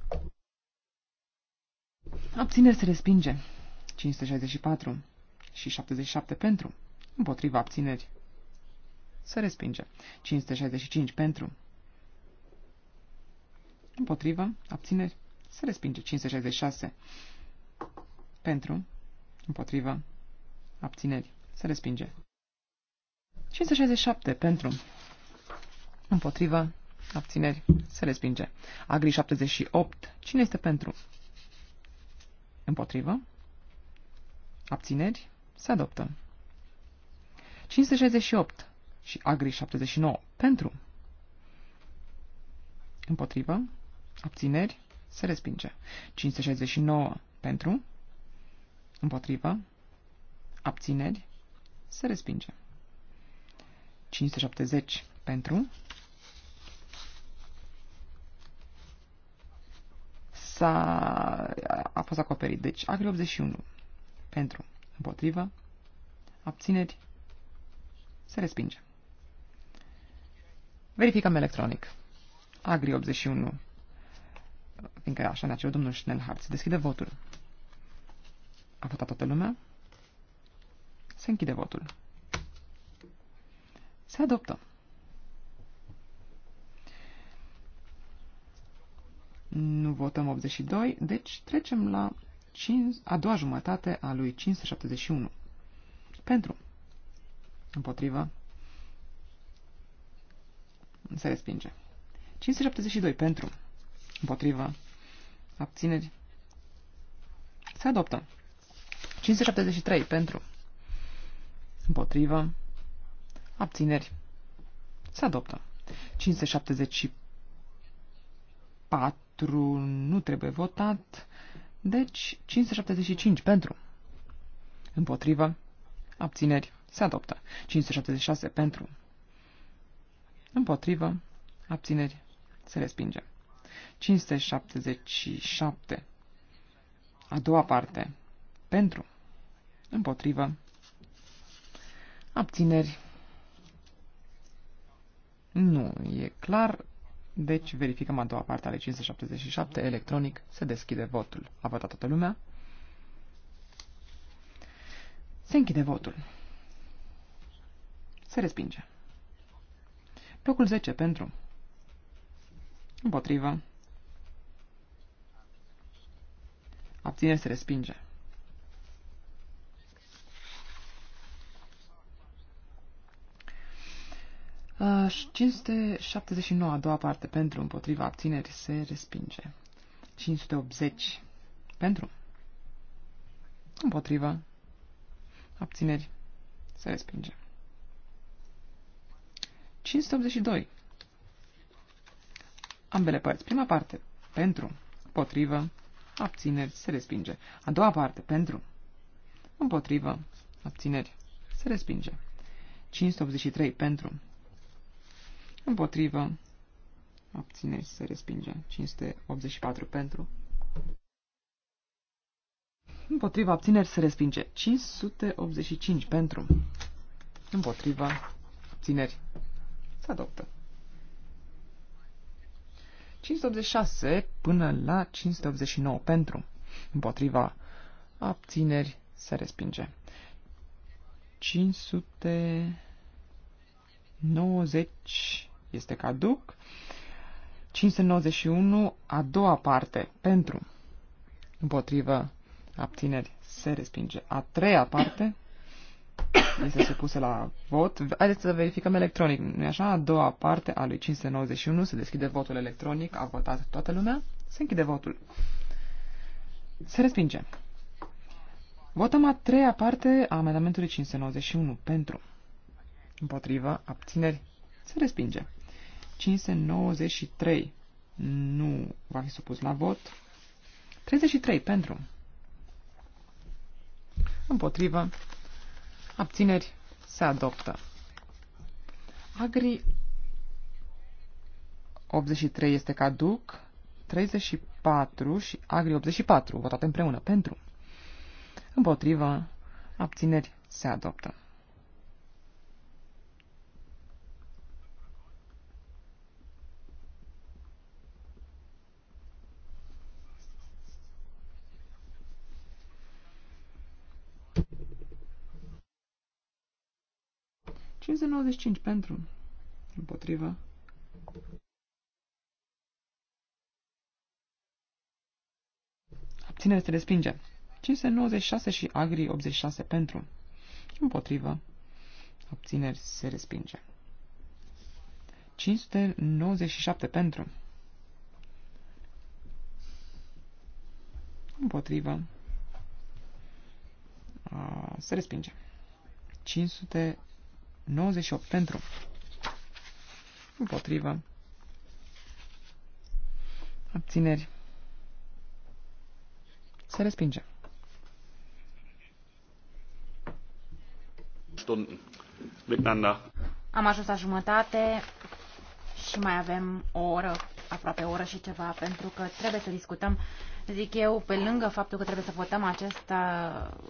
abțineri se respinge. 564 și 77 pentru, împotrivă abțineri, se respinge. 565 pentru, împotrivă, abțineri, se respinge. 566 pentru, Împotrivă. Abțineri. Se respinge. 567 pentru. Împotrivă. Abțineri. Se respinge. Agri 78. Cine este pentru? Împotrivă. Abțineri. Se adoptă. 568 și Agri 79. Pentru. Împotrivă. Abțineri. Se respinge. 569. Pentru. Împotrivă. Abțineri. Se respinge. 570 pentru. S-a... a fost acoperit. Deci, agri 81 pentru. Împotrivă. Abțineri. Se respinge. Verificăm electronic. Agri 81. Fiindcă așa ne-a cerut domnul Schnellhardt. Se deschide votul. A votat toată lumea? Se închide votul. Se adoptă. Nu votăm 82, deci trecem la 5, a doua jumătate a lui 571. Pentru. Împotrivă. Se respinge. 572. Pentru. Împotrivă. Abțineri. Se adoptă. 573 pentru. Împotrivă. Abțineri. Se adoptă. 574 nu trebuie votat. Deci 575 pentru. Împotrivă. Abțineri. Se adoptă. 576 pentru. Împotrivă. Abțineri. Se respinge. 577. A doua parte. Pentru. Împotrivă. Abțineri. Nu, e clar. Deci verificăm a doua parte ale 577 electronic. Se deschide votul. A votat toată lumea. Se închide votul. Se respinge. Locul 10 pentru. Împotrivă. Abțineri se respinge. 579, uh, a doua parte, pentru, împotriva, abțineri, se respinge. 580, pentru, împotriva, abțineri, se respinge. 582. Ambele părți. Prima parte, pentru, împotrivă, abțineri, se respinge. A doua parte, pentru, împotrivă, abțineri, se respinge. 583, pentru, Împotrivă. Abțineri se respinge. 584 pentru. Împotrivă, abțineri se respinge. 585 pentru. Împotrivă, abțineri se adoptă. 586 până la 589 pentru. Împotriva abțineri se respinge. 590 este caduc. 591, a doua parte, pentru, împotrivă, abțineri, se respinge. A treia parte este supusă la vot. Haideți să verificăm electronic, nu așa? A doua parte a lui 591 se deschide votul electronic, a votat toată lumea, se închide votul. Se respinge. Votăm a treia parte a amendamentului 591 pentru. Împotrivă, abțineri, se respinge. 593 nu va fi supus la vot. 33 pentru. Împotrivă. Abțineri. Se adoptă. Agri 83 este caduc. 34 și Agri 84 votate împreună pentru. Împotrivă. Abțineri. Se adoptă. 595 pentru. Împotriva. Abținere se respinge. 596 și Agri 86 pentru. Împotriva. Abțineri se respinge. 597 pentru. Împotrivă. Se respinge. 500 98 pentru. Împotrivă. Abțineri. Se respinge. Stunden. Am ajuns la jumătate și mai avem o oră aproape o oră și ceva, pentru că trebuie să discutăm, zic eu, pe lângă faptul că trebuie să votăm acest,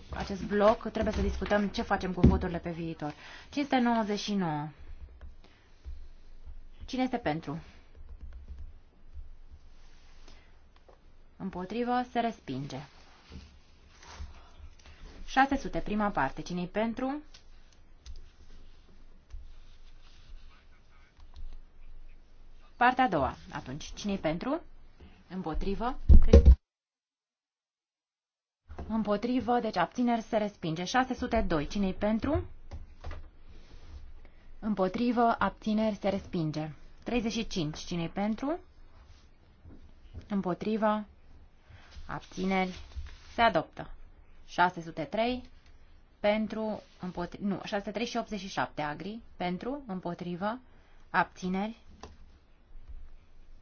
acest bloc, trebuie să discutăm ce facem cu voturile pe viitor. 599. Cine este pentru? Împotrivă, se respinge. 600, prima parte. Cine-i pentru? Pentru. Partea a doua. Atunci, cine pentru? Împotrivă. Împotrivă, deci abțineri se respinge. 602. cine pentru? Împotrivă, abțineri se respinge. 35. cine pentru? Împotrivă, abțineri se adoptă. 603 pentru, împotri, nu, 603 și 87 agri, pentru, împotrivă, abțineri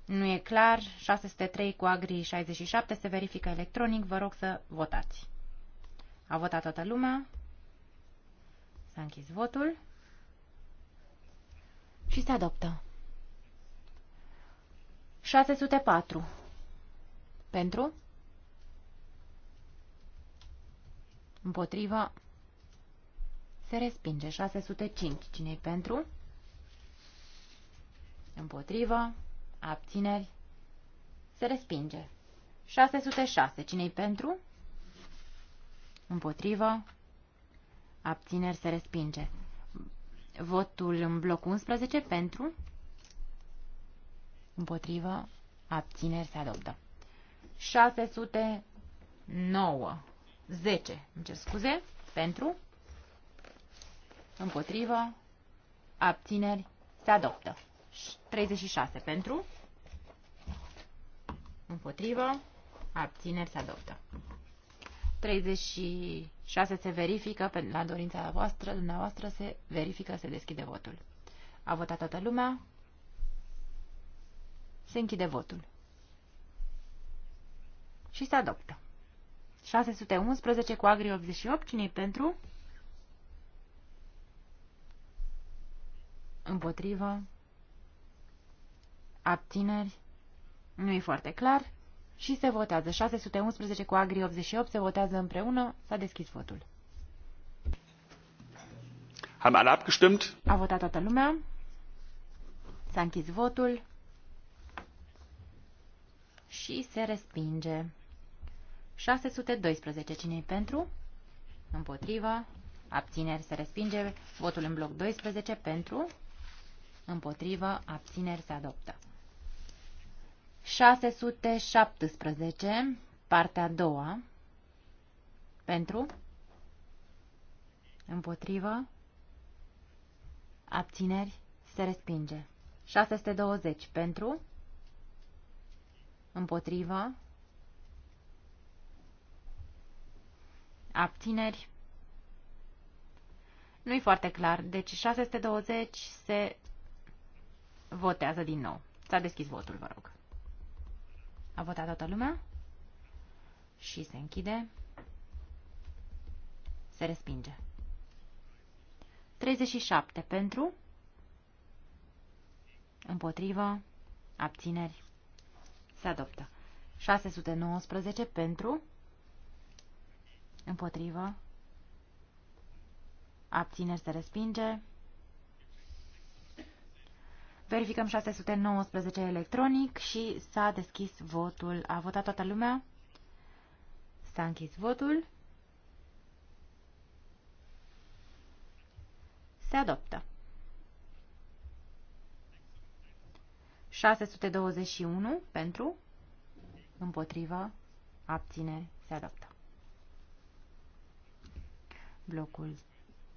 nu e clar. 603 cu Agri 67 se verifică electronic. Vă rog să votați. A votat toată lumea. S-a închis votul. Și se adoptă. 604. Pentru? Împotriva. Se respinge. 605. cine pentru? Împotriva. Abțineri. Se respinge. 606. Cine-i pentru? Împotrivă. Abțineri se respinge. Votul în bloc 11 pentru. Împotrivă. Abțineri se adoptă. 609. 10. Îmi cer scuze. Pentru. Împotrivă. Abțineri se adoptă. 36 pentru, împotrivă, abțineri se adoptă. 36 se verifică, la dorința voastră, dumneavoastră se verifică, se deschide votul. A votat toată lumea, se închide votul și se adoptă. 611 cu agri 88, cine pentru? Împotrivă, abțineri, nu e foarte clar, și se votează. 611 cu Agri 88 se votează împreună, s-a deschis votul. Haben alle abgestimmt? A votat toată lumea. S-a închis votul și se respinge. 612. cine e pentru? Împotriva. Abțineri se respinge. Votul în bloc 12 pentru. Împotrivă. Abțineri se adoptă. 617, partea a doua, pentru, împotrivă, abțineri, se respinge. 620 pentru, împotrivă, abțineri, nu-i foarte clar, deci 620 se votează din nou. S-a deschis votul, vă rog. A votat toată lumea? Și se închide. Se respinge. 37 pentru. Împotrivă. Abțineri. Se adoptă. 619 pentru. Împotrivă. Abțineri se respinge. Verificăm 619 electronic și s-a deschis votul. A votat toată lumea? S-a închis votul. Se adoptă. 621 pentru, împotriva, abține, se adoptă. Blocul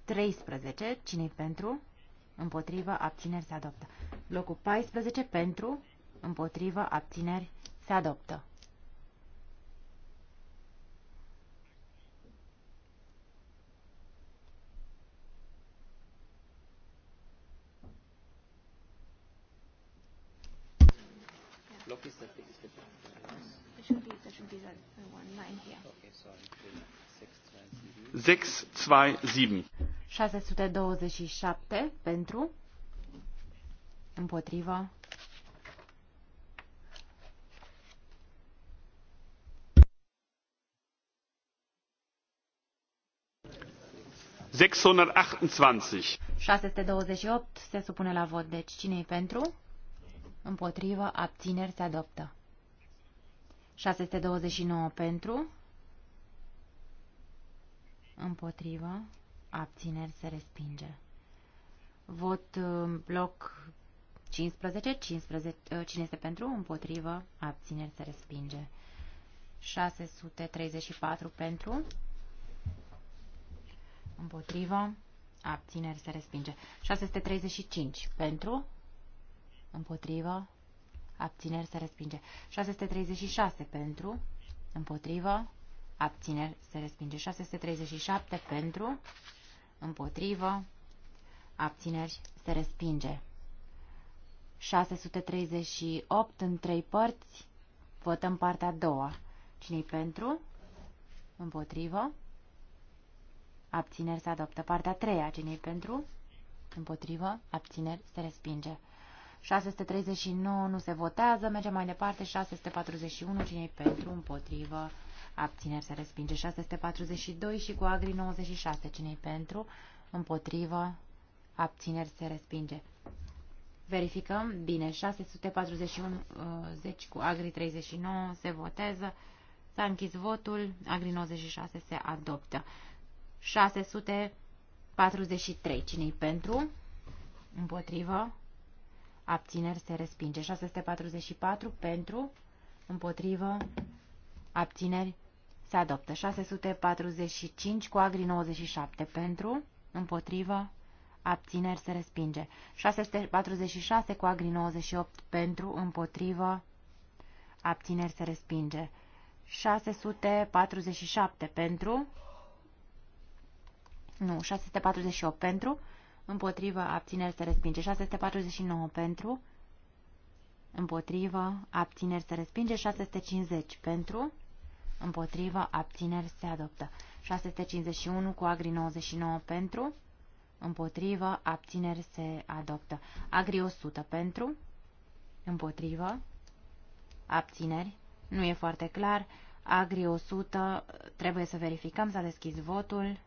13, cine pentru, împotrivă, abțineri, se adoptă. Blocul 14 pentru, împotrivă, abțineri, se adoptă. Sechs, zwei, sieben. 627 pentru, împotrivă. opt se supune la vot. Deci cine e pentru? Împotrivă, abțineri se adoptă. 629 pentru. Împotrivă abțineri se respinge. Vot uh, bloc 15, 15, uh, cine este pentru, împotrivă, abțineri se respinge. 634 pentru, împotrivă, abțineri se respinge. 635 pentru, împotrivă, abțineri se respinge. 636 pentru, împotrivă, abțineri se respinge. 637 pentru, împotrivă, abțineri, se respinge. 638 în trei părți, votăm partea a doua. Cine-i pentru? Împotrivă. Abțineri se adoptă. Partea a treia. Cine-i pentru? Împotrivă. Abțineri se respinge. 639 nu se votează. Mergem mai departe. 641. Cine-i pentru? Împotrivă abțineri se respinge. 642 și cu agri 96. Cine-i pentru? Împotrivă, abțineri se respinge. Verificăm. Bine, 641 10 uh, cu agri 39 se votează. S-a închis votul. Agri 96 se adoptă. 643. Cine-i pentru? Împotrivă. Abțineri se respinge. 644 pentru. Împotrivă. Abțineri se adoptă 645 cu agri 97 pentru, împotrivă, abțineri se respinge. 646 cu agri 98 pentru, împotrivă, abțineri se respinge. 647 pentru, nu, 648 pentru, împotrivă, abțineri se respinge. 649 pentru, împotrivă, abțineri se respinge. 650 pentru, împotrivă, abțineri, se adoptă. 651 cu Agri 99 pentru, împotrivă, abțineri, se adoptă. Agri 100 pentru, împotrivă, abțineri, nu e foarte clar. Agri 100, trebuie să verificăm, s-a deschis votul.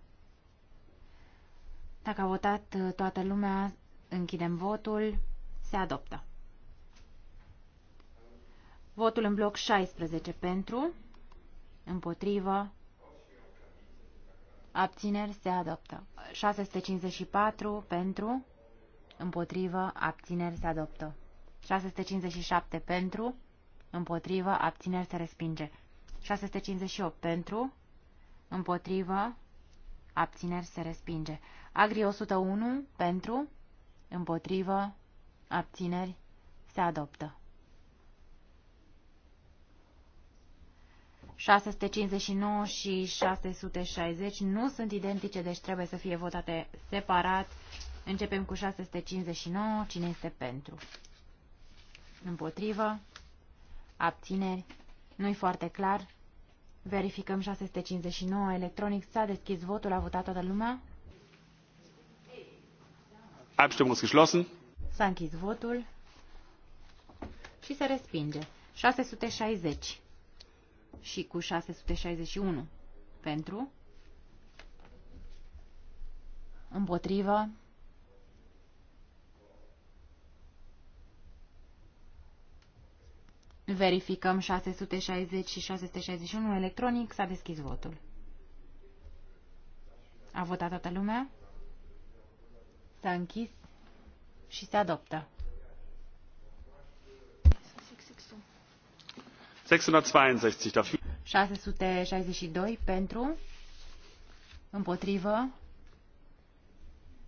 Dacă a votat uh, toată lumea, închidem votul, se adoptă. Votul în bloc 16 pentru, Împotrivă. Abțineri se adoptă. 654 pentru. Împotrivă. Abțineri se adoptă. 657 pentru. Împotrivă. Abțineri se respinge. 658 pentru. Împotrivă. Abțineri se respinge. Agri 101 pentru. Împotrivă. Abțineri se adoptă. 659 și 660 nu sunt identice, deci trebuie să fie votate separat. Începem cu 659. Cine este pentru? Împotrivă? Abțineri? Nu-i foarte clar. Verificăm 659. Electronic s-a deschis votul. A votat toată lumea? Abstimmung ist geschlossen. S-a închis votul și se respinge. 660 și cu 661 pentru, împotrivă, verificăm 660 și 661 electronic, s-a deschis votul. A votat toată lumea? S-a închis și se adoptă. 662 dafür. 662 pentru, împotrivă,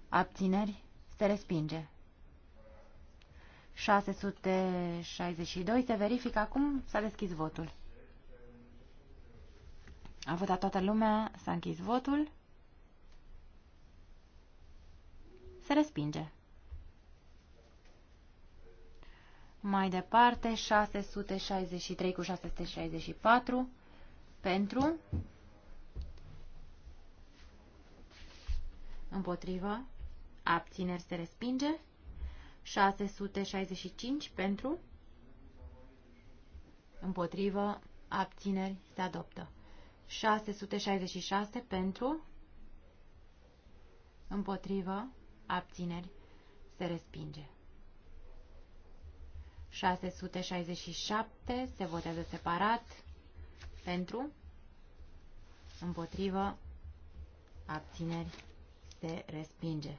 abțineri, se respinge. 662 se verifică acum, s-a deschis votul. A votat toată lumea, s-a închis votul. Se respinge. Mai departe, 663 cu 664 pentru, împotrivă, abțineri se respinge, 665 pentru, împotrivă, abțineri se adoptă, 666 pentru, împotrivă, abțineri se respinge. 667 se votează separat pentru, împotrivă, abțineri, se respinge.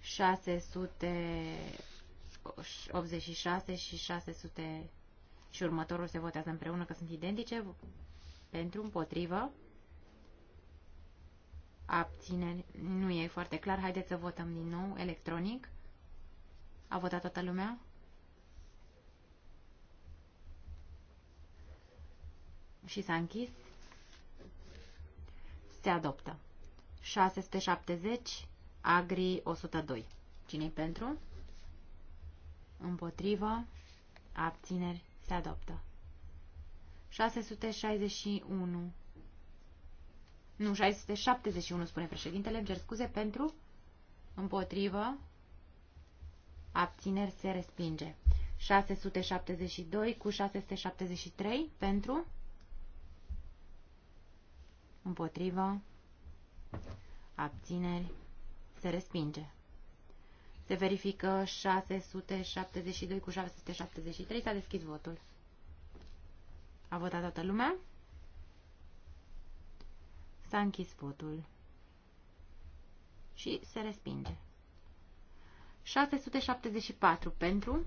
686 și 600 și următorul se votează împreună că sunt identice pentru, împotrivă, abțineri, nu e foarte clar, haideți să votăm din nou electronic. A votat toată lumea? și s-a închis. Se adoptă. 670, Agri 102. cine pentru? Împotrivă, abțineri, se adoptă. 661. Nu, 671, spune președintele, îmi cer scuze pentru, împotrivă, abțineri se respinge. 672 cu 673 pentru, împotrivă, abțineri, se respinge. Se verifică 672 cu 773. s-a deschis votul. A votat toată lumea? S-a închis votul și se respinge. 674 pentru,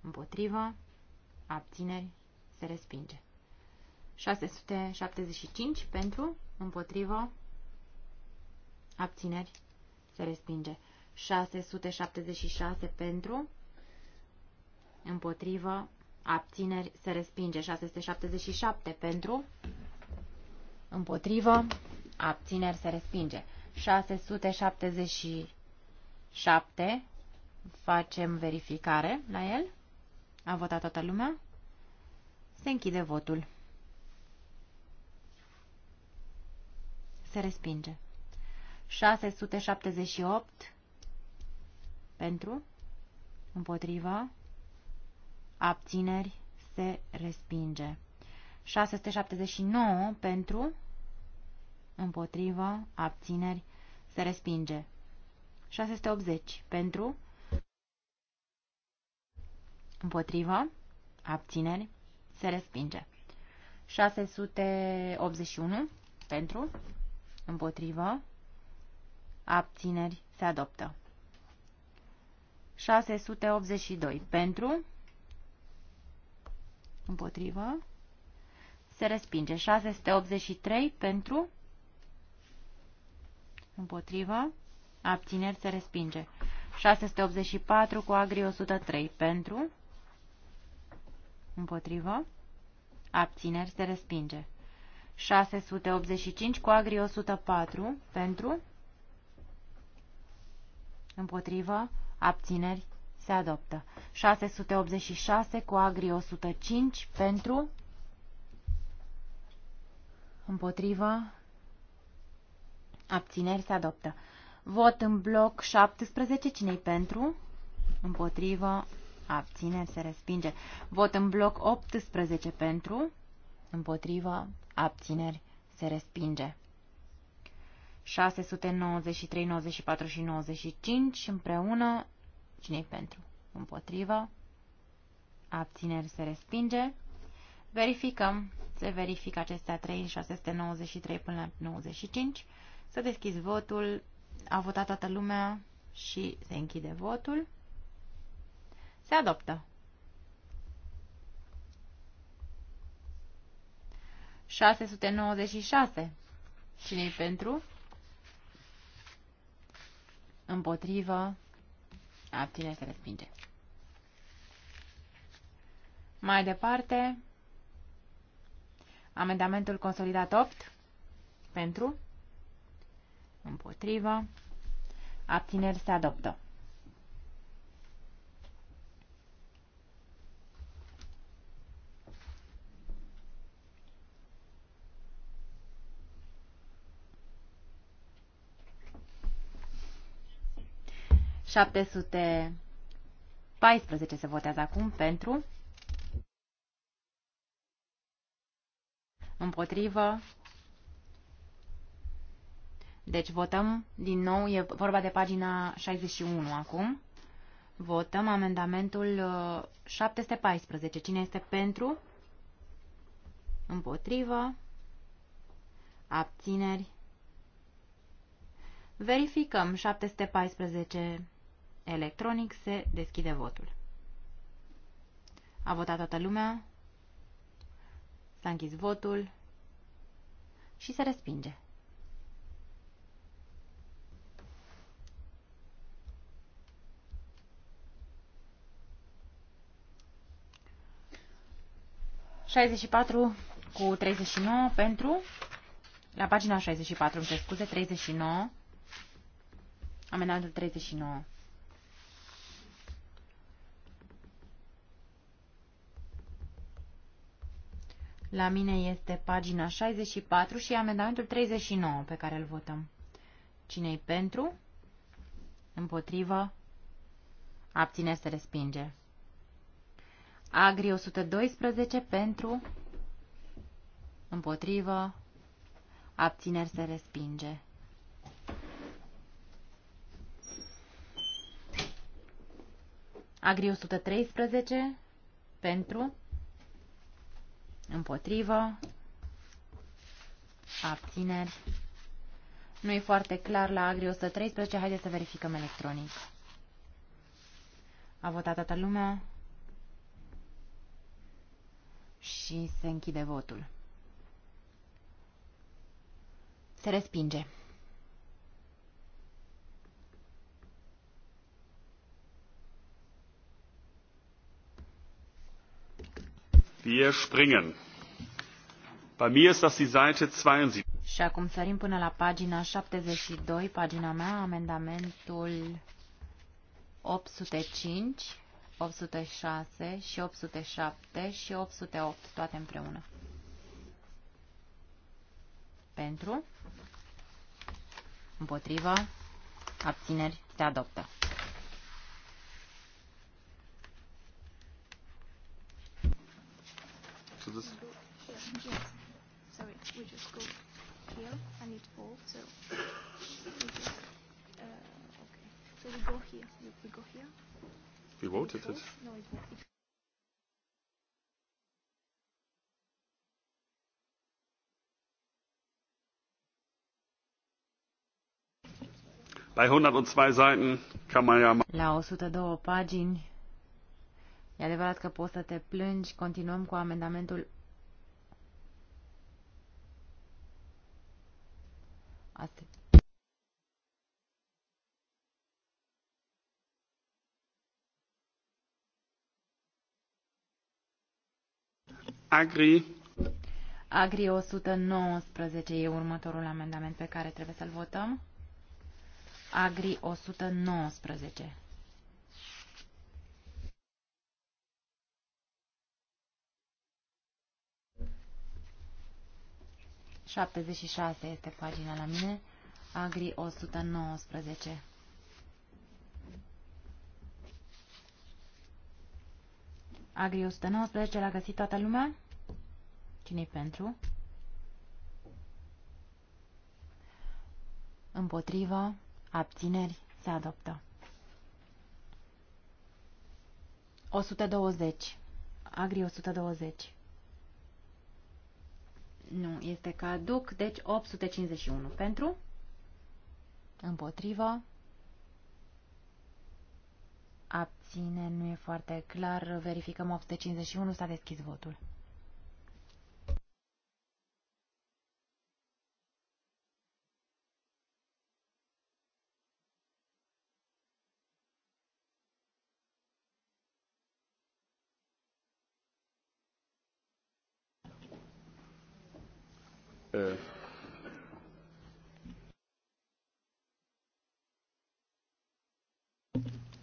împotrivă, abțineri, se respinge. 675 pentru, împotrivă, abțineri, se respinge. 676 pentru, împotrivă, abțineri, se respinge. 677 pentru, împotrivă, abțineri, se respinge. 677, facem verificare la el, a votat toată lumea, se închide votul. se respinge. 678 pentru, împotriva, abțineri, se respinge. 679 pentru, împotriva, abțineri, se respinge. 680 pentru, împotriva, abțineri, se respinge. 681 pentru, Împotrivă. Abțineri. Se adoptă. 682. Pentru. Împotrivă. Se respinge. 683. Pentru. Împotrivă. Abțineri. Se respinge. 684 cu agri 103. Pentru. Împotrivă. Abțineri. Se respinge. 685 cu agri 104 pentru, împotrivă, abțineri, se adoptă. 686 cu agri 105 pentru, împotrivă, abțineri, se adoptă. Vot în bloc 17, cine pentru? Împotrivă, abțineri, se respinge. Vot în bloc 18 pentru, împotrivă, abțineri, se respinge. 693, 94 și 95 împreună, cine pentru? Împotrivă, abțineri, se respinge. Verificăm, se verifică acestea 3, 693 până la 95. Să deschizi votul, a votat toată lumea și se închide votul. Se adoptă. 696. Cine-i pentru? Împotrivă. Abține se respinge. Mai departe, amendamentul consolidat 8. Pentru. Împotrivă. Abțineri se adoptă. 714 se votează acum pentru. Împotrivă. Deci votăm din nou, e vorba de pagina 61 acum. Votăm amendamentul 714. Uh, Cine este pentru? Împotrivă. Abțineri. Verificăm 714 electronic. Se deschide votul. A votat toată lumea. S-a închis votul și se respinge. patru cu 39 pentru, la pagina 64, îmi scuze, 39, amenajul 39. La mine este pagina 64 și amendamentul 39 pe care îl votăm. Cine-i pentru? Împotrivă? Abține să respinge. Agri 112 pentru, împotrivă, abțineri se respinge. Agri 113 pentru, Împotrivă. Abțineri. Nu e foarte clar la Agri 113. Haideți să verificăm electronic. A votat toată lumea. Și se închide votul. Se respinge. Wir springen. Bei mir ist das die Seite 72. Și acum sărim până la pagina 72, pagina mea, amendamentul 805, 806 și 807 și 808, toate împreună. Pentru, împotriva, abțineri, se adoptă. this? Yeah, yeah. Sorry, we just go here and it falls. So we just, uh, okay. So we go here. We, we go here. We voted it. No, it, it La 102 pagini E adevărat că poți să te plângi. Continuăm cu amendamentul Atât. Agri. Agri 119 e următorul amendament pe care trebuie să-l votăm. Agri 119. 76 este pagina la mine. Agri 119. Agri 119 l-a găsit toată lumea? Cine-i pentru? Împotrivă, abțineri, se adoptă. 120. Agri 120. Nu, este caduc, deci 851 pentru, împotrivă, abține, nu e foarte clar, verificăm 851, s-a deschis votul.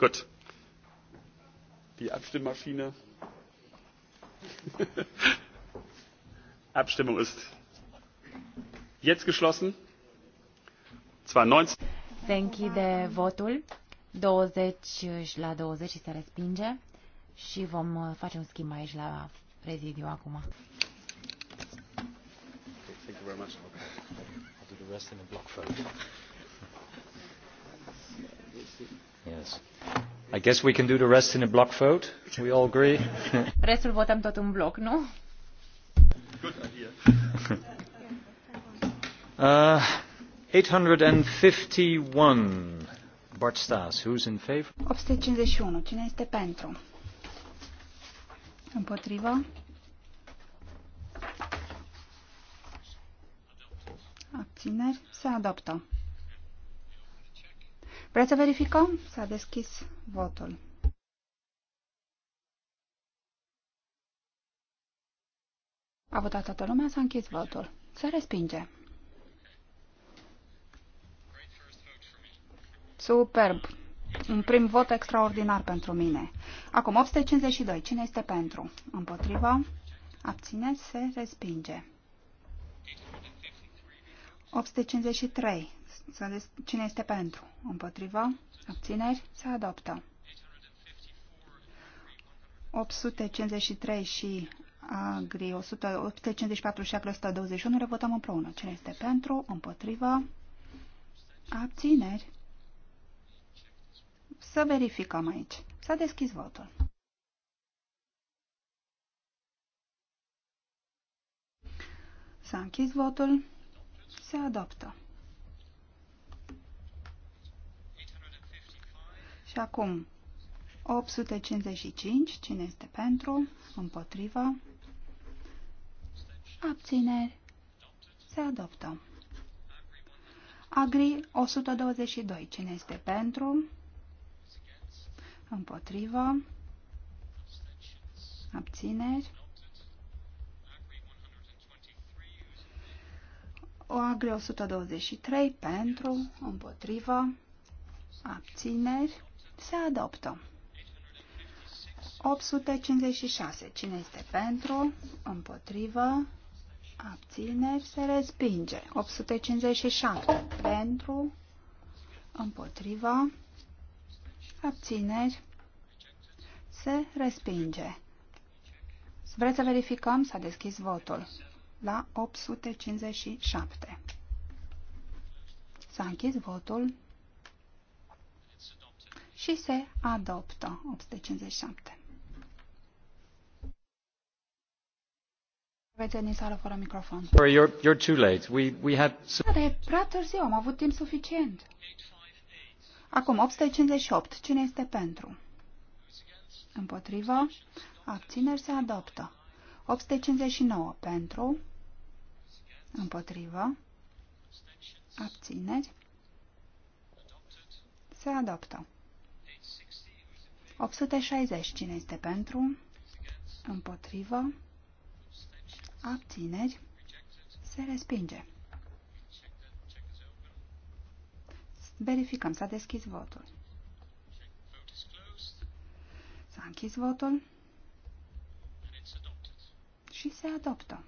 Gut. Die Abstimmmaschine. Abstimmung ist jetzt geschlossen. Zwar 19. Se închide votul 20 și la 20 și se respinge și vom uh, face un schimb aici la prezidiu acum. Thank you very much. I'll do the rest in a block vote. Yes. I guess we can do the rest in a block vote. We all agree. Restul votăm tot în bloc, nu? Good idea. uh, 851. Bart Stas, who's in favor? 851. Cine este pentru? Împotrivă? Abțineri? Se adoptă. Vreți să verificăm? S-a deschis votul. A votat toată lumea, s-a închis votul. Se respinge. Superb. Un prim vot extraordinar pentru mine. Acum 852. Cine este pentru? Împotriva? Abține? Se respinge. 853. Cine este pentru? Împotriva? Abțineri? Se adoptă. 853 și Agri 854 și Agri 121 le votăm împreună. Cine este pentru? Împotriva? Abțineri? Să verificăm aici. S-a deschis votul. S-a închis votul. Se adoptă. Și acum 855, cine este pentru, împotrivă, abțineri, se adoptă. Agri 122, cine este pentru, împotrivă, abțineri, o Agri 123, pentru, împotrivă, abțineri, se adoptă. 856. Cine este pentru? Împotrivă. Abțineri se respinge. 857. Pentru. Împotriva. Abțineri se respinge. Vreți să verificăm? S-a deschis votul. La 857. S-a închis votul și se adoptă 857. fără microfon. Sorry, you're, you're too late. We, we had... E prea târziu, am avut timp suficient. Acum, 858. Cine este pentru? Împotrivă. Abțineri se adoptă. 859 pentru. Împotrivă. Abțineri. Se adoptă. 860. Cine este pentru? Împotrivă. Abțineri. Se respinge. Verificăm. S-a deschis votul. S-a închis votul. Și se adoptă.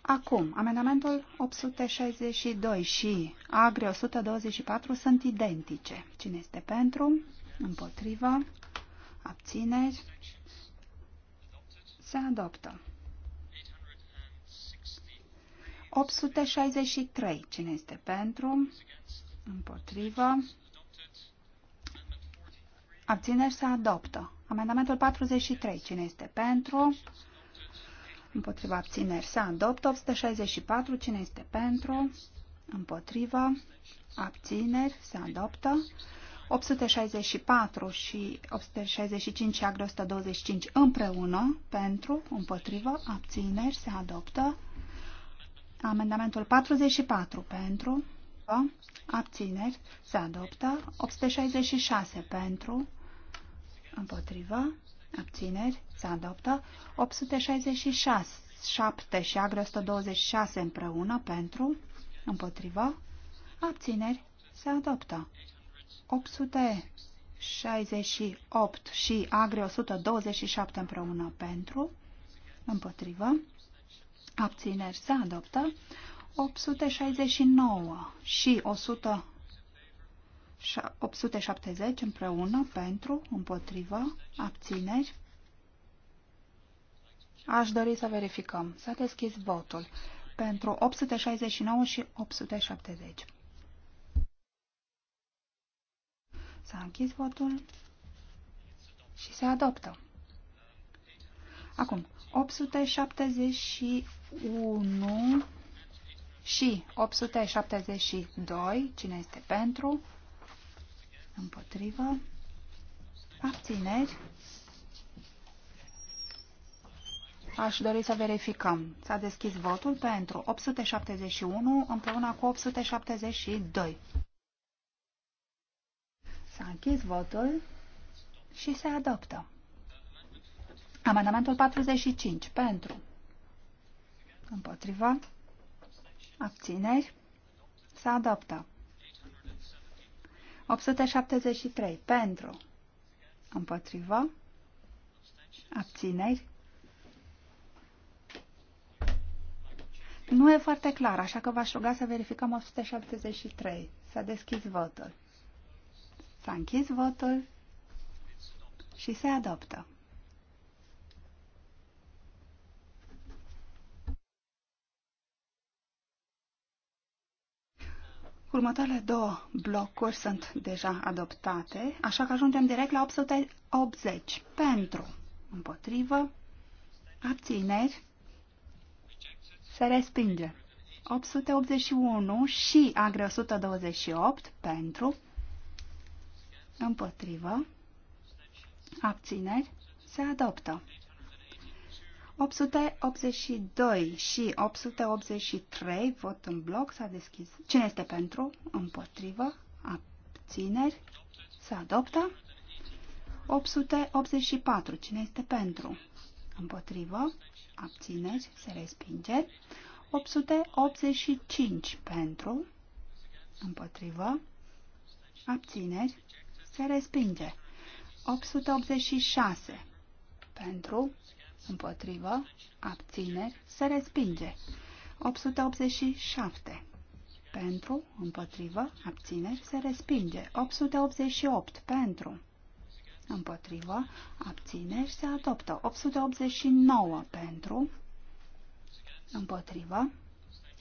Acum, amendamentul 862 și agri 124 sunt identice. Cine este pentru? Împotrivă. Abțineri. Se adoptă. 863. Cine este pentru? Împotrivă. Abțineri se adoptă. Amendamentul 43. Cine este pentru? Împotriva abțineri se adoptă. 864. Cine este pentru? Împotriva abțineri se adoptă. 864 și 865 și agro 125 împreună, pentru, împotrivă, abțineri, se adoptă. Amendamentul 44 pentru, abțineri, se adoptă. 866 pentru, împotrivă, abțineri, se adoptă. 866 7 și agro 126 împreună, pentru, împotrivă, abțineri, se adoptă. 868 și Agri 127 împreună pentru, împotrivă, abțineri se adoptă, 869 și 100, 870 împreună pentru, împotrivă, abțineri. Aș dori să verificăm. S-a deschis votul pentru 869 și 870. S-a închis votul și se adoptă. Acum, 871 și 872, cine este pentru, împotrivă, abțineri, Aș dori să verificăm. S-a deschis votul pentru 871 împreună cu 872. S-a închis votul și se adoptă. Amendamentul 45. Pentru. Împotriva. Abțineri. Se adoptă. 873. Pentru. Împotriva. Abțineri. Nu e foarte clar, așa că v-aș ruga să verificăm 873. S-a deschis votul. S-a închis votul și se adoptă. Următoarele două blocuri sunt deja adoptate, așa că ajungem direct la 880. Pentru, împotrivă, abțineri, se respinge. 881 și agri 128 pentru, împotrivă, abțineri, se adoptă. 882 și 883, vot în bloc, s-a deschis. Cine este pentru? Împotrivă, abțineri, se adoptă. 884, cine este pentru? Împotrivă, abțineri, se respinge. 885 pentru, împotrivă, abțineri, se respinge. 886. Pentru, împotrivă, abțineri, se respinge. 887. Pentru, împotrivă, abțineri, se respinge. 888. Pentru, împotrivă, abțineri, se adoptă. 889. Pentru, împotrivă,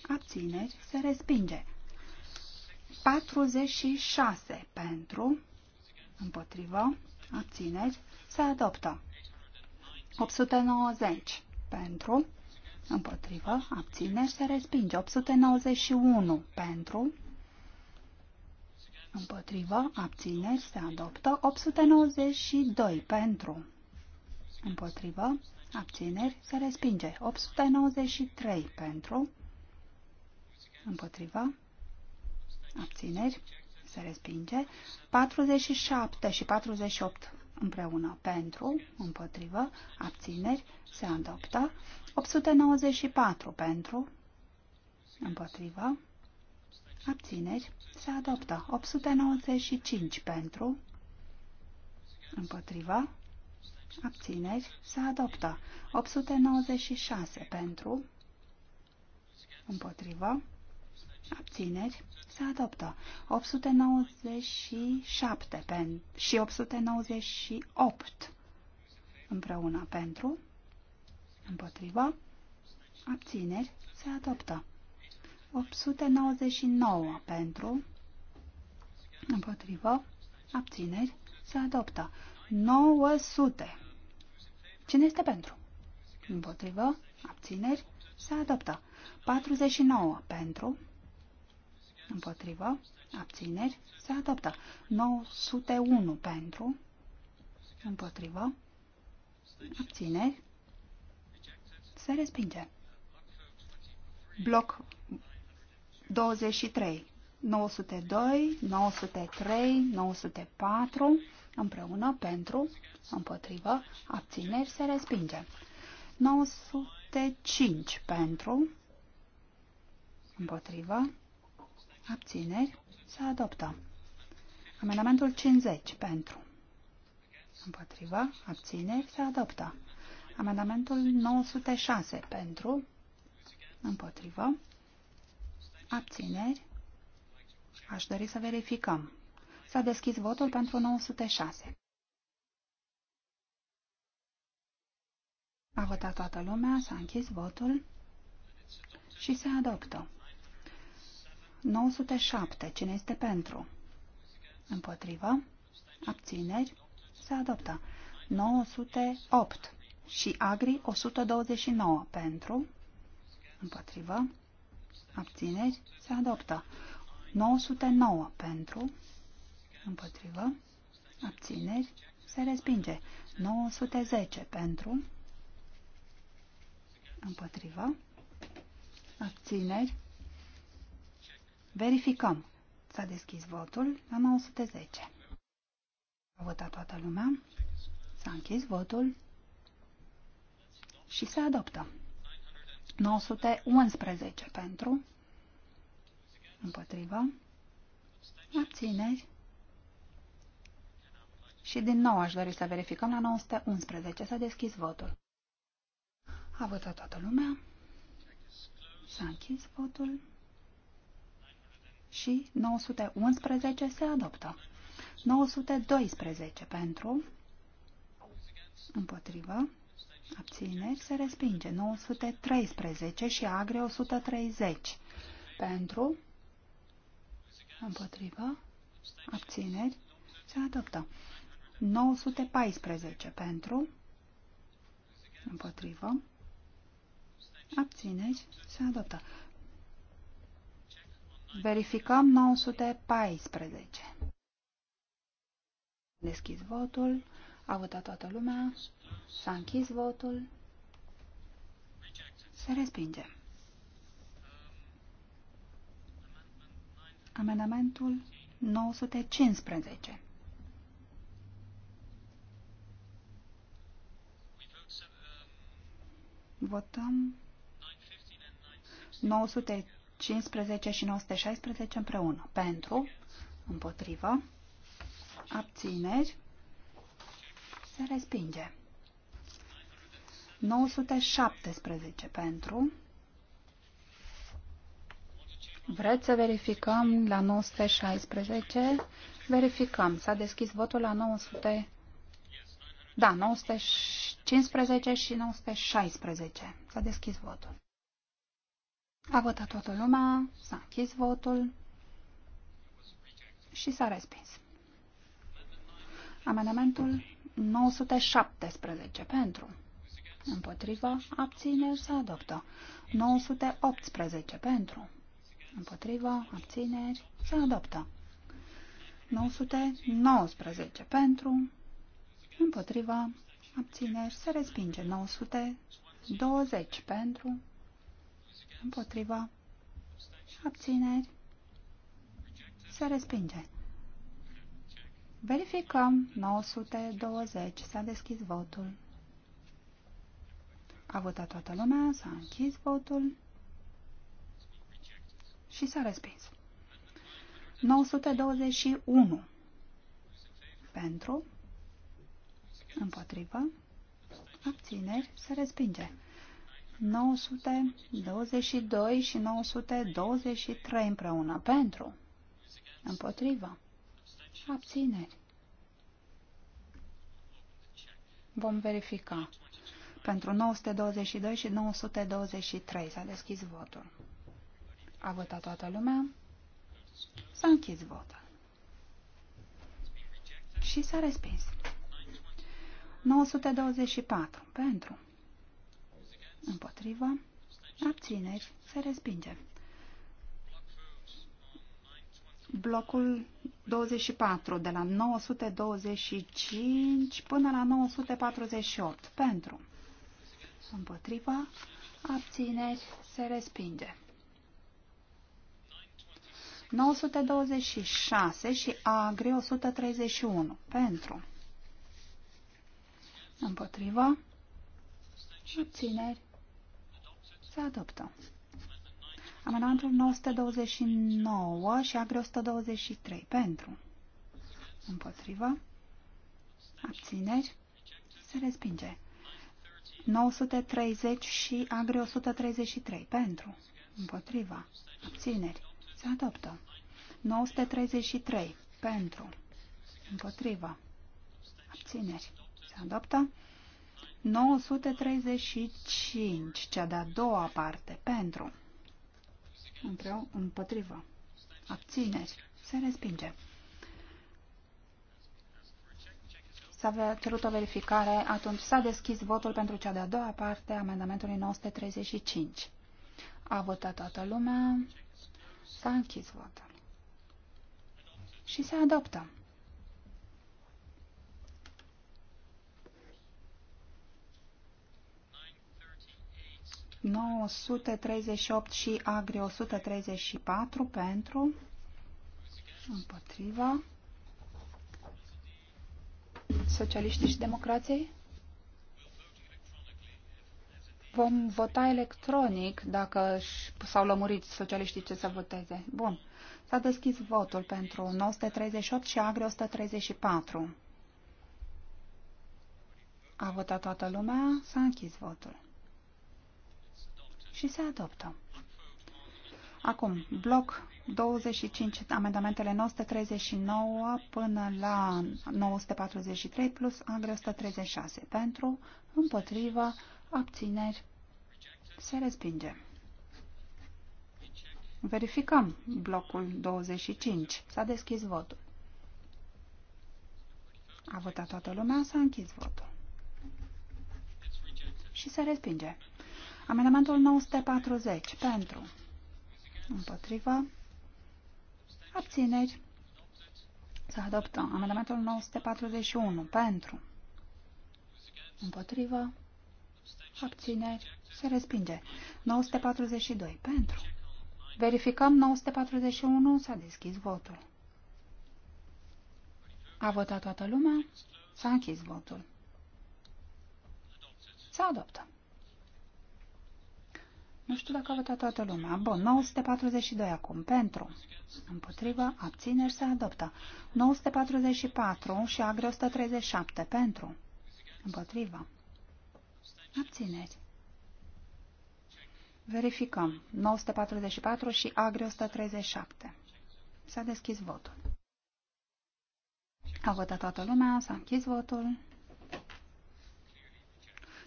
abțineri, se respinge. 46. Pentru, Împotrivă. Abțineri. Se adoptă. 890. Pentru. Împotrivă. Abțineri. Se respinge. 891. Pentru. Împotrivă. Abțineri. Se adoptă. 892. Pentru. Împotrivă. Abțineri. Se respinge. 893. Pentru. Împotrivă. Abțineri se respinge. 47 și 48 împreună pentru, împotrivă, abțineri, se adoptă. 894 pentru, împotrivă, abțineri, se adoptă. 895 pentru, împotrivă, abțineri, se adoptă. 896 pentru, împotrivă, Abțineri. Se adoptă. 897 pen, și 898 împreună pentru. Împotriva. Abțineri. Se adoptă. 899 pentru. împotriva, Abțineri. Se adoptă. 900. Cine este pentru? Împotrivă. Abțineri. Se adoptă. 49 pentru. Împotrivă. Abțineri. Se adoptă. 901 pentru. Împotrivă. Abțineri. Se respinge. Bloc 23. 902, 903, 904 împreună pentru, împotrivă, abțineri se respinge. 905 pentru, împotrivă, Abțineri. Se adoptă. Amendamentul 50 pentru. Împotriva. Abțineri. Se adoptă. Amendamentul 906 pentru. Împotrivă. Abțineri. Aș dori să verificăm. S-a deschis votul pentru 906. A votat toată lumea, s-a închis votul și se adoptă. 907. Cine este pentru? Împotrivă. Abțineri. Se adoptă. 908. Și Agri 129. Pentru. Împotrivă. Abțineri. Se adoptă. 909. Pentru. Împotrivă. Abțineri. Se respinge. 910. Pentru. Împotrivă. Abțineri. Verificăm. S-a deschis votul la 910. A votat toată lumea. S-a închis votul și se adoptă. 911 pentru, împotriva, abțineri. Și din nou aș dori să verificăm la 911. S-a deschis votul. A votat toată lumea. S-a închis votul și 911 se adoptă. 912 pentru, împotrivă, abțineri, se respinge. 913 și agre 130 pentru, împotrivă, abțineri, se adoptă. 914 pentru, împotrivă, abțineri, se adoptă. Verificăm 914. Deschis votul. A votat toată lumea. S-a închis votul. Se respinge. Amendamentul 915. Votăm 915 15 și 916 împreună. Pentru, împotrivă, abțineri, se respinge. 917 pentru. Vreți să verificăm la 916? Verificăm. S-a deschis votul la 900. Da, 915 și 916. S-a deschis votul. A votat toată lumea, s-a închis votul și s-a respins. Amendamentul 917 pentru. Împotriva, abțineri se adoptă. 918 pentru. Împotriva, abțineri se adoptă. 919 pentru. Împotriva, abțineri se respinge. 920 pentru împotriva, abțineri, se respinge. Verificăm 920. S-a deschis votul. A votat toată lumea, s-a închis votul și s-a respins. 921 pentru, împotrivă, abțineri, se respinge. 922 și 923 împreună. Pentru. Împotrivă. Abțineri. Vom verifica. Pentru 922 și 923 s-a deschis votul. A votat toată lumea. S-a închis votul. Și s-a respins. 924. Pentru. Împotrivă, Abțineri. Se respinge. Blocul 24, de la 925 până la 948. Pentru. Împotrivă, Abțineri. Se respinge. 926 și Agri 131. Pentru. Împotriva. Abțineri. Se adoptă. Amendamentul 929 și agri 123. Pentru. Împotrivă. Abțineri. Se respinge. 930 și agri 133. Pentru. Împotriva. Abțineri. Se adoptă. 933. Pentru. Împotriva. Abțineri. Se adoptă. 935, cea de-a doua parte, pentru, împreună, împotrivă, abțineri, se respinge. S-a cerut o verificare, atunci s-a deschis votul pentru cea de-a doua parte a amendamentului 935. A votat toată lumea, s-a închis votul și se adoptă. 938 și Agri 134 pentru, împotriva, socialiștii și democrații. Vom vota electronic dacă s-au lămurit socialiștii ce să voteze. Bun. S-a deschis votul pentru 938 și Agri 134. A votat toată lumea, s-a închis votul și se adoptă. Acum, bloc 25, amendamentele 939 până la 943 plus agre 136. Pentru, împotrivă, abțineri, se respinge. Verificăm blocul 25. S-a deschis votul. A votat toată lumea, s-a închis votul. Și se respinge. Amendamentul 940 pentru, împotrivă, abțineri, Să adoptăm. Amendamentul 941 pentru, împotrivă, abțineri, se respinge. 942 pentru. Verificăm 941, s-a deschis votul. A votat toată lumea, s-a închis votul. S-a adoptat. Nu știu dacă a votat toată lumea. Bun, 942 acum. Pentru. Împotriva. Abțineri se adoptă. 944 și agre 137. Pentru. Împotrivă. Abțineri. Verificăm. 944 și agre 137. S-a deschis votul. A votat toată lumea, s-a închis votul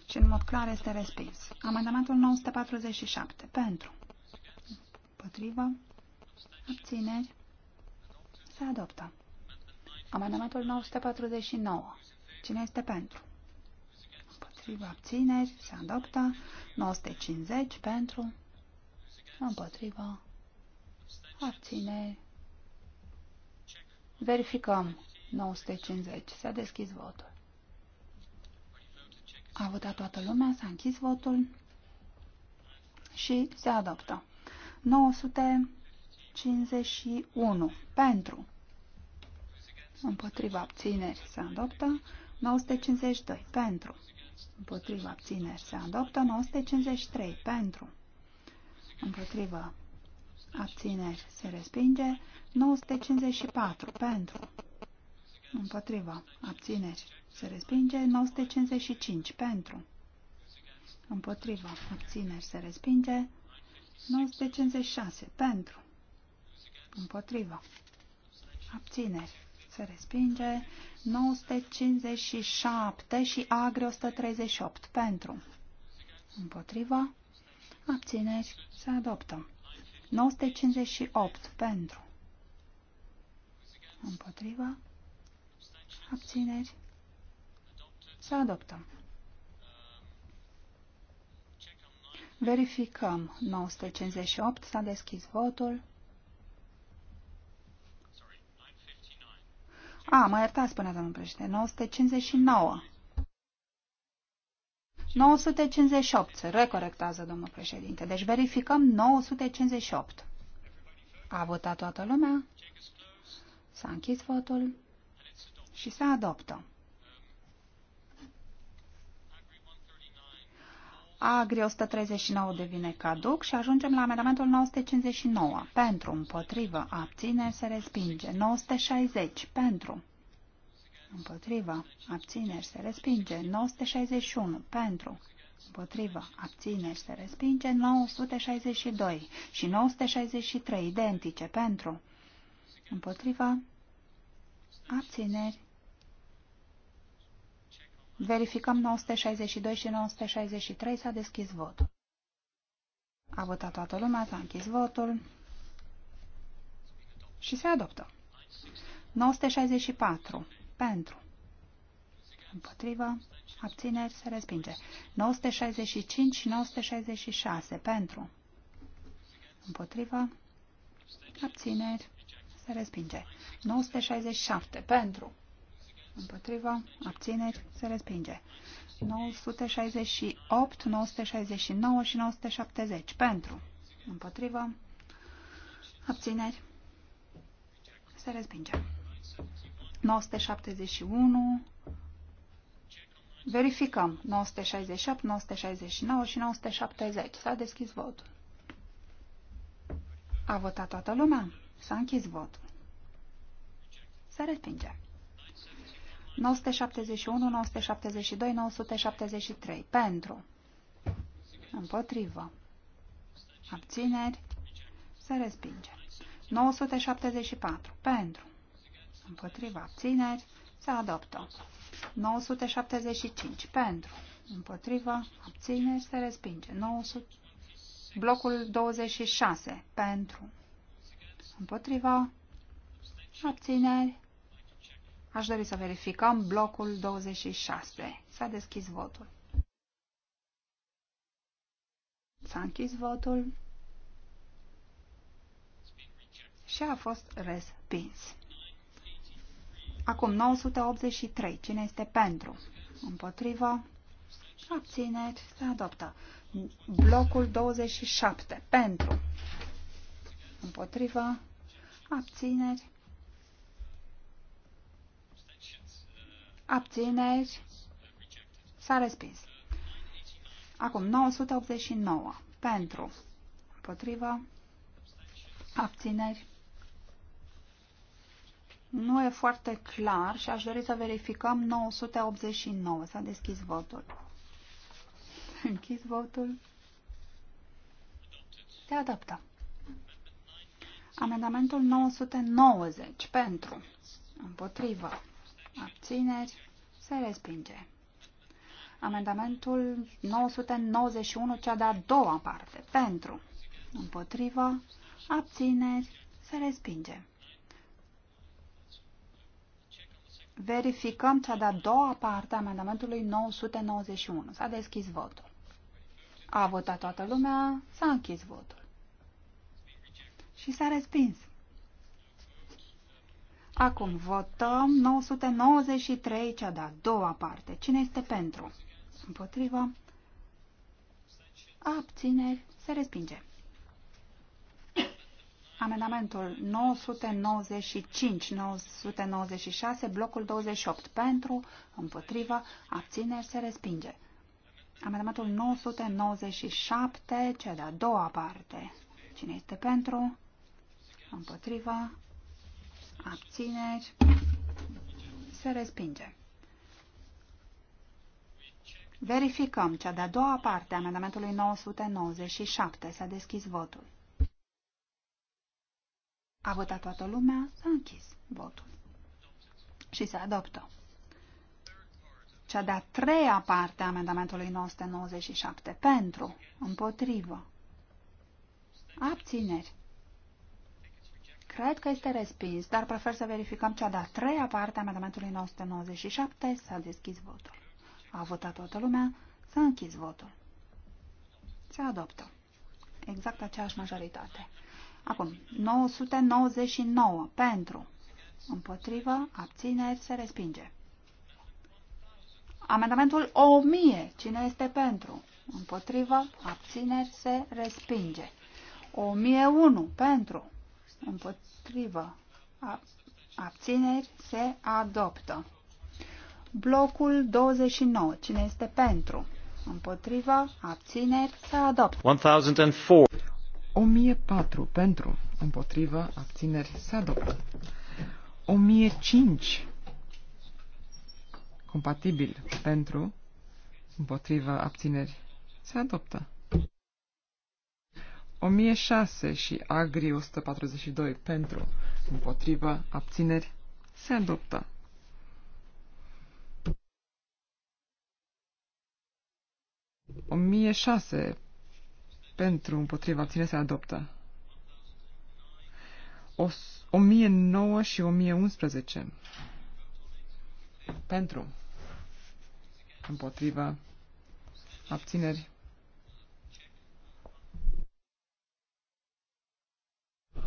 și deci, în mod clar, este respins. Amendamentul 947. Pentru. Împotrivă. Abțineri. Se adoptă. Amendamentul 949. Cine este pentru? Împotrivă. Abțineri. Se adoptă. 950. Pentru. Împotrivă. Abțineri. Verificăm. 950. S-a deschis votul. A votat toată lumea, s-a închis votul și se adoptă. 951 pentru. Împotriva abțineri se adoptă. 952 pentru. Împotriva abțineri se adoptă. 953 pentru. Împotriva abțineri se respinge. 954 pentru. Împotriva. Abțineri. Se respinge. 955. Pentru. Împotriva. Abțineri. Se respinge. 956. Pentru. Împotriva. Abțineri. Se respinge. 957 și agri 138. Pentru. Împotriva. Abțineri. Se adoptă. 958. Pentru. Împotriva abțineri, Să adoptăm. Verificăm. 958 s-a deschis votul. A, mă iertați, spunea domnul președinte. 959. 958. Se recorectează domnul președinte. Deci verificăm 958. A votat toată lumea? S-a închis votul și să adoptă. Agri 139 devine caduc și ajungem la amendamentul 959. Pentru, împotrivă, abține, se respinge. 960. Pentru, împotrivă, abține, se respinge. 961. Pentru, împotrivă, abține, se respinge. 962 și 963, identice. Pentru, împotrivă, abțineri, Verificăm 962 și 963. S-a deschis votul. A votat toată lumea, s-a închis votul și se adoptă. 964. Pentru. Împotrivă. Abțineri. Se respinge. 965 și 966. Pentru. Împotrivă. Abțineri. Se respinge. 967. Pentru. Împotriva. Abțineri. Se respinge. 968, 969 și 970. Pentru. Împotriva. Abțineri. Se respinge. 971. Verificăm. 968, 969 și 970. S-a deschis votul. A votat toată lumea? S-a închis votul. Se respinge. 971, 972, 973. Pentru. Împotrivă. Abțineri. Se respinge. 974. Pentru. Împotriva abțineri. Se adoptă. 975. Pentru. Împotriva abțineri. Se respinge. 900... Blocul 26. Pentru. Împotriva abțineri. Aș dori să verificăm blocul 26. S-a deschis votul. S-a închis votul și a fost respins. Acum 983. Cine este pentru? Împotrivă? Abțineri? Se adoptă. Blocul 27. Pentru? Împotrivă? Abțineri? abțineri, s-a respins. Acum, 989. Pentru, împotrivă, abțineri. Nu e foarte clar și aș dori să verificăm 989. S-a deschis votul. Închis votul. Se adaptă. Amendamentul 990 pentru, împotrivă, abțineri, se respinge. Amendamentul 991, cea de-a doua parte, pentru, împotrivă, abțineri, se respinge. Verificăm cea de-a doua parte a amendamentului 991. S-a deschis votul. A votat toată lumea, s-a închis votul. Și s-a respins. Acum votăm 993, cea de-a doua parte. Cine este pentru? Împotrivă. Abțineri. Se respinge. Amendamentul 995, 996, blocul 28. Pentru, împotrivă, abțineri, se respinge. Amendamentul 997, cea de-a doua parte. Cine este pentru? Împotrivă, abțineri, se respinge. Verificăm cea de-a doua parte a amendamentului 997. S-a deschis votul. A votat toată lumea, s-a închis votul și se adoptă. Cea de-a treia parte a amendamentului 997. Pentru, împotrivă, abțineri, Cred că este respins, dar prefer să verificăm cea de-a treia parte a amendamentului 997. S-a deschis votul. A votat toată lumea. S-a închis votul. Se adoptă. Exact aceeași majoritate. Acum, 999 pentru, împotrivă, abțineri, se respinge. Amendamentul 1000, cine este pentru? Împotrivă, abțineri, se respinge. 1001 pentru, împotrivă, abțineri, se adoptă. Blocul 29, cine este pentru? Împotrivă, abțineri, se adoptă. 1004. 1004 pentru, împotrivă, abțineri, se adoptă. 1005 compatibil pentru, împotrivă, abțineri, se adoptă. 1006 și Agri 142 pentru, împotrivă, abțineri, se adoptă. O mie șase pentru, împotriva ține se adoptă. O, mie nouă și o mie unsprezece pentru, împotriva abțineri,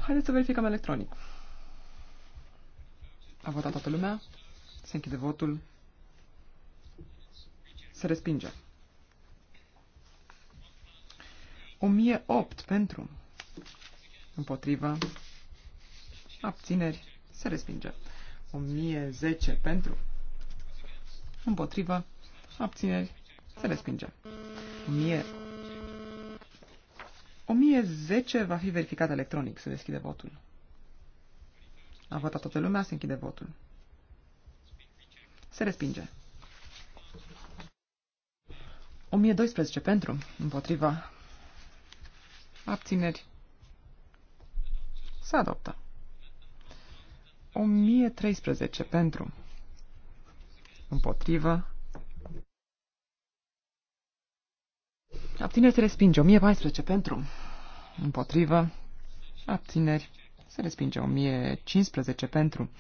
Haideți să verificăm electronic. A votat toată lumea. Se închide votul. Se respinge. 1008 pentru. Împotrivă. Abțineri. Se respinge. 1010 pentru. Împotrivă. Abțineri. Se respinge. 1000 1010 va fi verificat electronic. Se deschide votul. A votat toată lumea, se închide votul. Se respinge. 1012 pentru, împotriva abțineri. Se adoptă. 1013 pentru, împotriva Abțineri se respinge. 1014 pentru. Împotrivă. Abțineri. Se respinge 1015 pentru.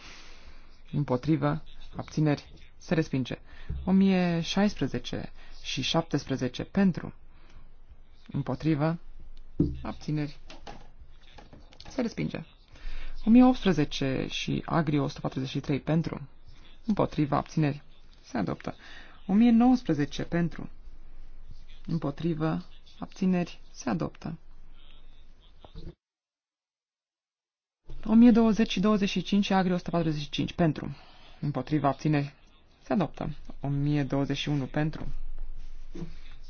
Împotrivă. Abțineri. Se respinge 1016 și 17 pentru. Împotrivă. Abțineri. Se respinge. 1018 și Agri 143 pentru. împotrivă, abțineri. Se adoptă. 1019 pentru. Împotrivă abțineri. Se adoptă. 1020 și 25 și Agri 145 pentru. Împotriva abține Se adoptă. 1021 pentru.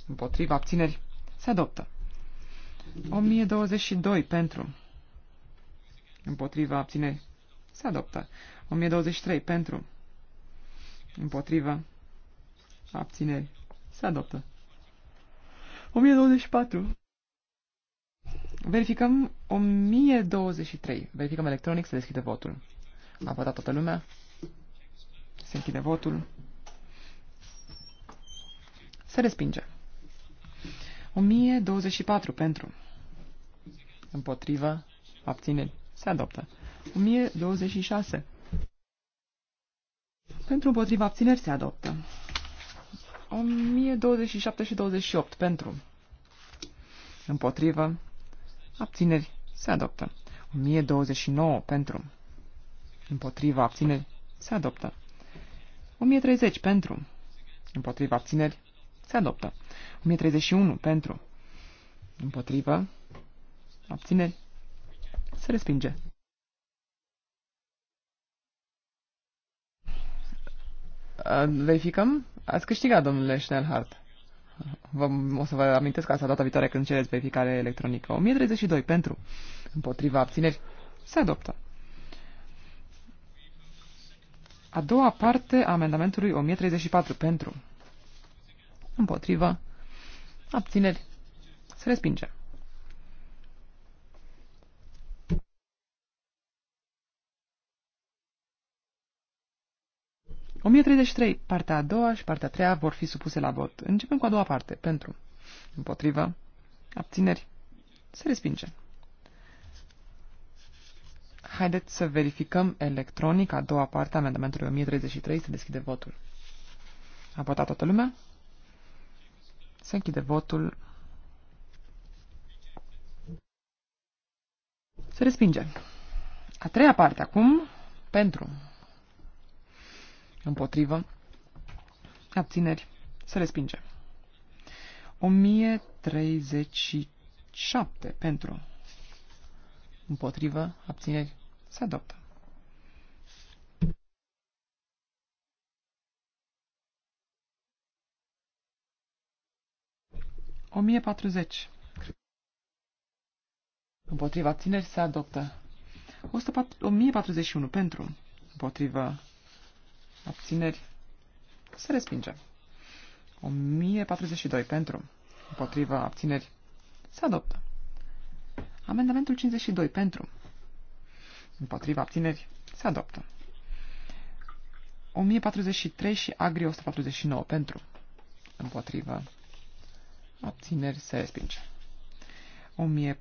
Împotriva abțineri. Se adoptă. 1022 pentru. Împotriva abțineri. Se adoptă. 1023 pentru. Împotriva abțineri. Se adoptă. 1024 Verificăm 1023. Verificăm electronic, se deschide votul. A votat toată lumea. Se închide votul. Se respinge. 1024 pentru. Împotrivă. Abțineri. Se adoptă. 1026. Pentru împotriva abțineri se adoptă. 1027 și 28 pentru. Împotrivă. Abțineri. Se adoptă. 1029 pentru. Împotriva abțineri. Se adoptă. 1030 pentru. Împotriva abțineri. Se adoptă. 1031 pentru. Împotriva. Abțineri. Se respinge. Verificăm? Ați câștigat, domnule Schnellhardt. Vă, o să vă amintesc asta data viitoare când cereți verificare electronică. 1032 pentru, împotriva abțineri, se adoptă. A doua parte a amendamentului 1034 pentru, împotriva, abțineri, se respinge. 1033, partea a doua și partea a treia vor fi supuse la vot. Începem cu a doua parte. Pentru. Împotrivă. Abțineri. Se respinge. Haideți să verificăm electronic a doua parte a amendamentului 1033. Se deschide votul. A votat toată lumea? Se închide votul. Se respinge. A treia parte acum. Pentru. Împotrivă. Abțineri. Se respinge. 1037 pentru. Împotrivă. Abțineri. Se adoptă. O mie patruzeci. Împotriva abțineri se adoptă. unu pentru. Împotriva abțineri, se respinge. 1042 pentru, împotrivă, abțineri, se adoptă. Amendamentul 52 pentru, împotriva, abțineri, se adoptă. 1043 și Agri 149 pentru, împotrivă, abțineri, se respinge. 1000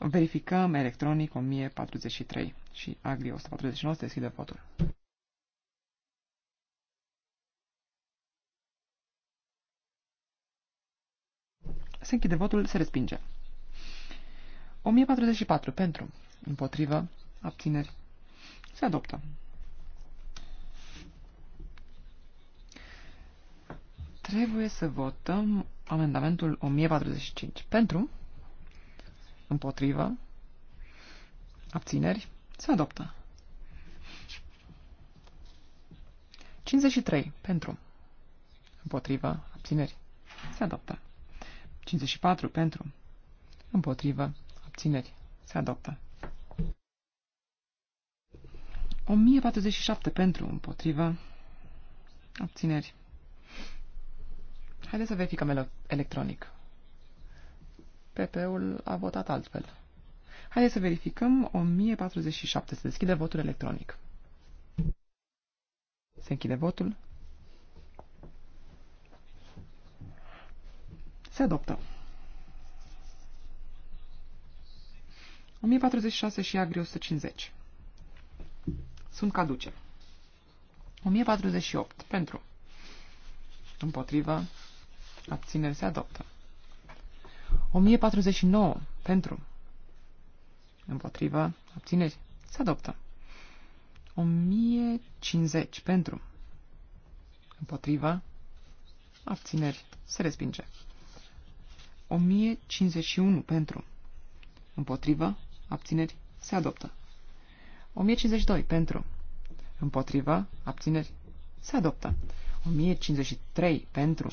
Verificăm electronic 1043 și Agri 149 se deschide votul. Se închide votul, se respinge. 1044 pentru, împotrivă, abțineri, se adoptă. Trebuie să votăm amendamentul 1045 pentru, împotrivă, abțineri, se adoptă. 53 pentru, împotrivă, abțineri, se adoptă. 54 pentru. Împotrivă. Abțineri. Se adoptă. 1047 pentru. Împotrivă. Abțineri. Haideți să verificăm electronic. PP-ul a votat altfel. Haideți să verificăm 1047. Se deschide votul electronic. Se închide votul. Se adoptă. 1046 și agri 150. Sunt caduce. 1048. Pentru. Împotrivă. Abțineri se adoptă. 1049. Pentru. Împotrivă. Abțineri se adoptă. 1050. Pentru. Împotrivă. Abțineri se respinge. 1051 pentru. Împotrivă. Abțineri. Se adoptă. 1052 pentru. Împotrivă. Abțineri. Se adoptă. 1053 pentru.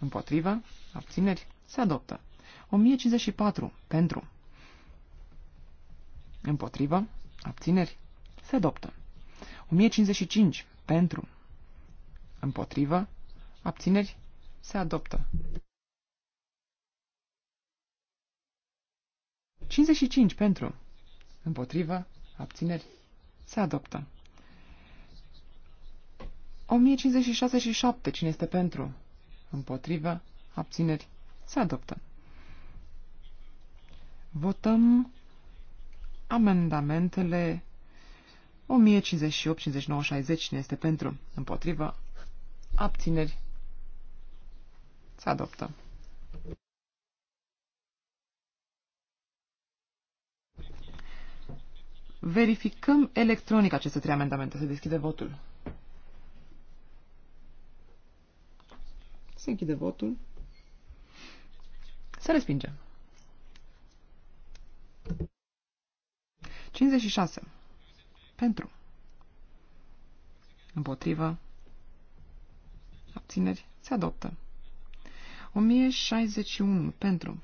Împotrivă. Abțineri. Se adoptă. 1054 pentru. Împotrivă. Abțineri. Se adoptă. 1055 pentru. Împotrivă. Abțineri. Se adoptă. 55 pentru. Împotrivă. Abțineri. Se adoptă. 1056 și 7. Cine este pentru? Împotrivă. Abțineri. Se adoptă. Votăm amendamentele 1058, 59, 60. Cine este pentru? Împotrivă. Abțineri. Se adoptă. Verificăm electronic aceste trei amendamente. Se deschide votul. Se închide votul. Se respinge. 56. Pentru. Împotrivă. Abțineri. Se adoptă. 1061. Pentru.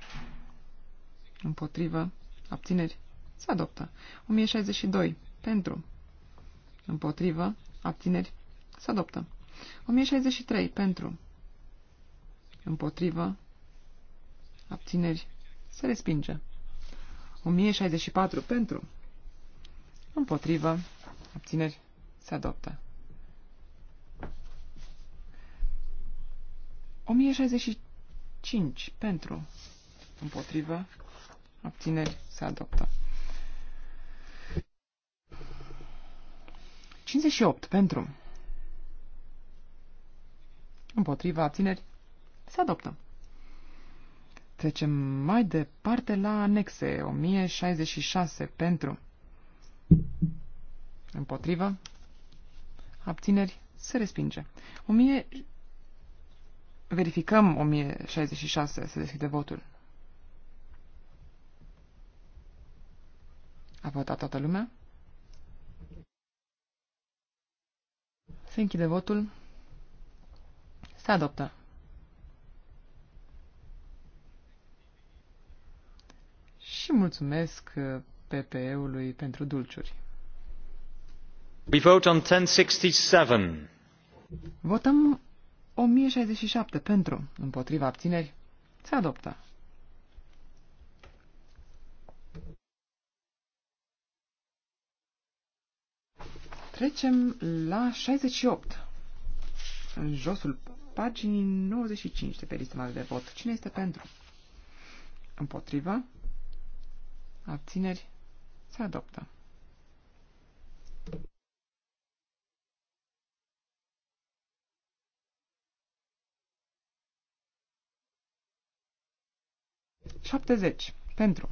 Împotrivă. Abțineri. Se adoptă. 1062. Pentru. Împotrivă. Abțineri. Se adoptă. 1063. Pentru. Împotrivă. Abțineri. Se respinge. 1064. Pentru. Împotrivă. Abțineri. Se adoptă. 1065. Pentru. Împotrivă. Abțineri. Se adoptă. 58 pentru. Împotriva abțineri. Se adoptă. Trecem mai departe la anexe. 1066 pentru. Împotriva. Abțineri. Se respinge. 1000... Verificăm 1066. Se deschide votul. A votat toată lumea? Se închide votul. Se adoptă. Și mulțumesc uh, PPE-ului pentru dulciuri. We vote on 1067. Votăm 1067 pentru, împotriva abțineri. Se adoptă. Trecem la 68. În josul paginii 95 de pe lista mare de vot. Cine este pentru? Împotriva? Abțineri? Se adoptă. Șaptezeci. Pentru.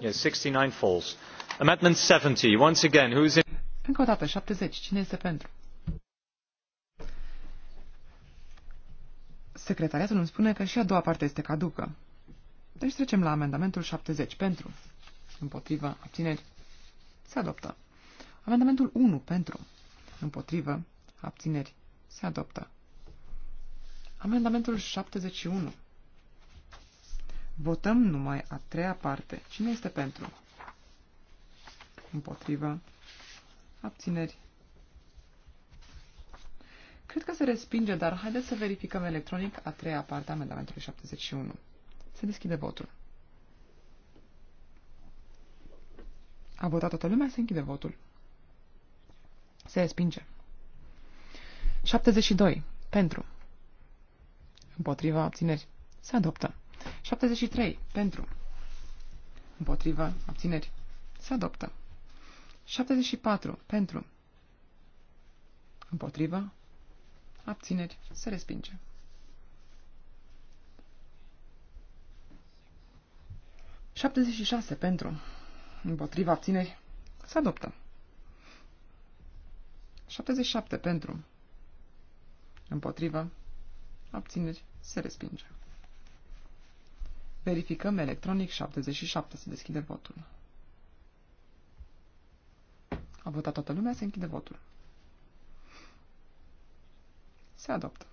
69 70. Once again, Încă o dată, 70. Cine este pentru? Secretariatul îmi spune că și a doua parte este caducă. Deci trecem la amendamentul 70. Pentru. Împotrivă. Abțineri. Se adoptă. Amendamentul 1. Pentru. Împotrivă. Abțineri. Se adoptă. Amendamentul 71. Votăm numai a treia parte. Cine este pentru? Împotrivă. Abțineri. Cred că se respinge, dar haideți să verificăm electronic a treia parte a amendamentului 71. Se deschide votul. A votat toată lumea, se închide votul. Se respinge. 72. Pentru. Împotriva abțineri. Se adoptă. 73. Pentru. Împotrivă. Abțineri. Se adoptă. 74. Pentru. Împotrivă. Abțineri. Se respinge. Șaptezeci șase pentru. Împotriva abțineri. Se adoptă. 77 pentru. Împotrivă. Abțineri. Se respinge. Verificăm electronic 77. Se deschide votul. A votat toată lumea, se închide votul. Se adoptă.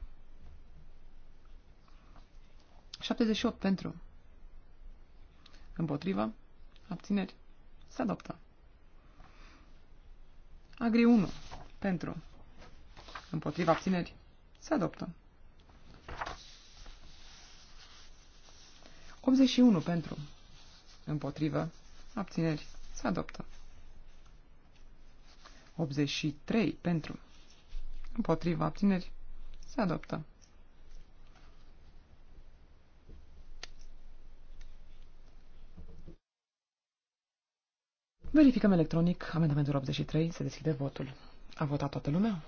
78 pentru. Împotrivă. Abțineri. Se adoptă. Agri 1. Pentru. Împotriva abțineri. Se adoptă. 81 pentru. Împotrivă. Abțineri. Se adoptă. 83 pentru. Împotrivă. Abțineri. Se adoptă. Verificăm electronic amendamentul 83. Se deschide votul. A votat toată lumea?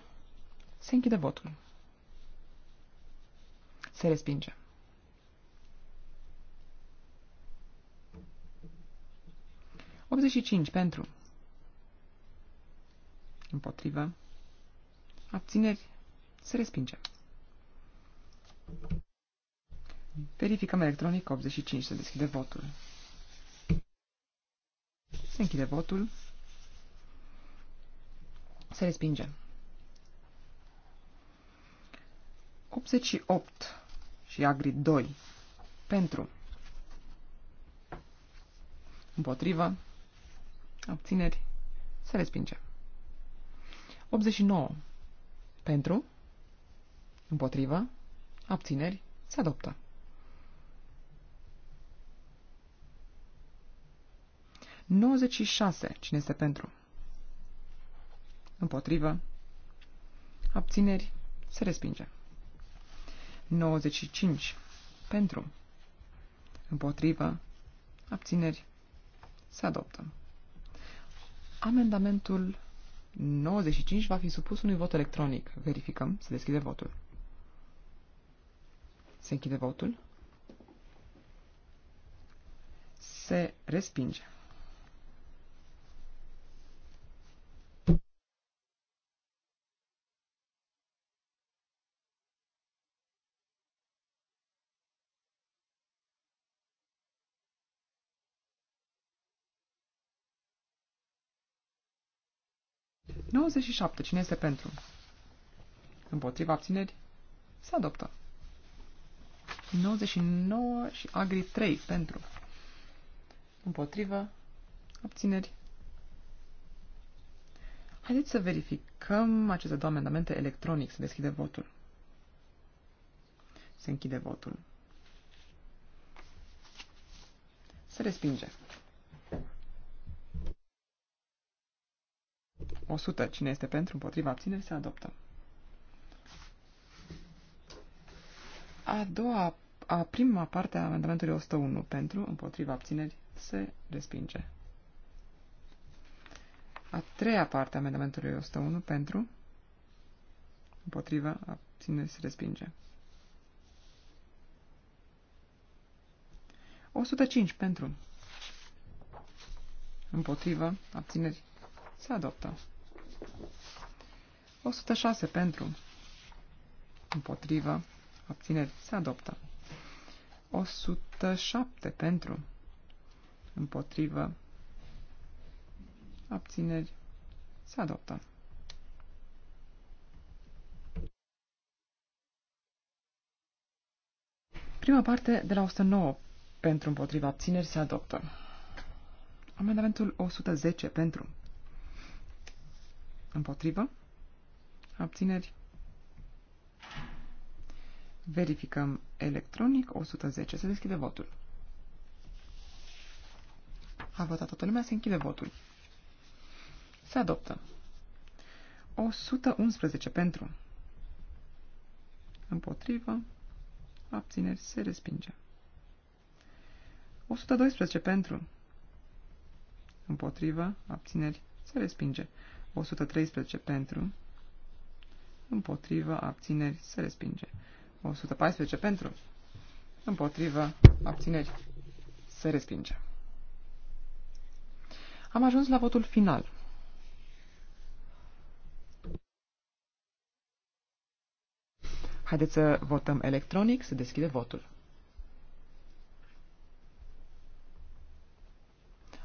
Se închide votul. Se respinge. 85 pentru. Împotrivă. Abțineri. Se respinge. Verificăm electronic 85. să deschide votul. Se închide votul. Se respinge. 88 și Agri 2 pentru împotrivă Abțineri. Se respinge. 89. Pentru. Împotrivă. Abțineri. Se adoptă. Nouăzeci șase. Cine este pentru? Împotrivă. Abțineri. Se respinge. 95. Pentru. Împotrivă. Abțineri. Se adoptă. Amendamentul 95 va fi supus unui vot electronic. Verificăm. Se deschide votul. Se închide votul. Se respinge. 97. Cine este pentru? Împotriva abțineri? Se adoptă. 99 și Agri 3 pentru. Împotriva abțineri. Haideți să verificăm aceste două amendamente electronic. Se deschide votul. Se închide votul. Se respinge. 100. Cine este pentru, împotriva, abțineri, se adoptă. A doua, a prima parte a amendamentului 101 pentru, împotriva, abțineri, se respinge. A treia parte a amendamentului 101 pentru, împotriva, abțineri, se respinge. 105 pentru, împotriva, abțineri, se adoptă. 106 pentru, împotrivă, abțineri, se adoptă. 107 pentru, împotrivă, abțineri, se adoptă. Prima parte de la 109 pentru împotriva abțineri se adoptă. Amendamentul 110 pentru Împotrivă? Abțineri? Verificăm electronic 110. Se deschide votul. A votat toată lumea, se închide votul. Se adoptă. 111 pentru. Împotrivă. Abțineri se respinge. 112 pentru. Împotrivă. Abțineri se respinge. 113 pentru, împotrivă, abțineri, se respinge. 114 pentru, împotrivă, abțineri, se respinge. Am ajuns la votul final. Haideți să votăm electronic, să deschide votul.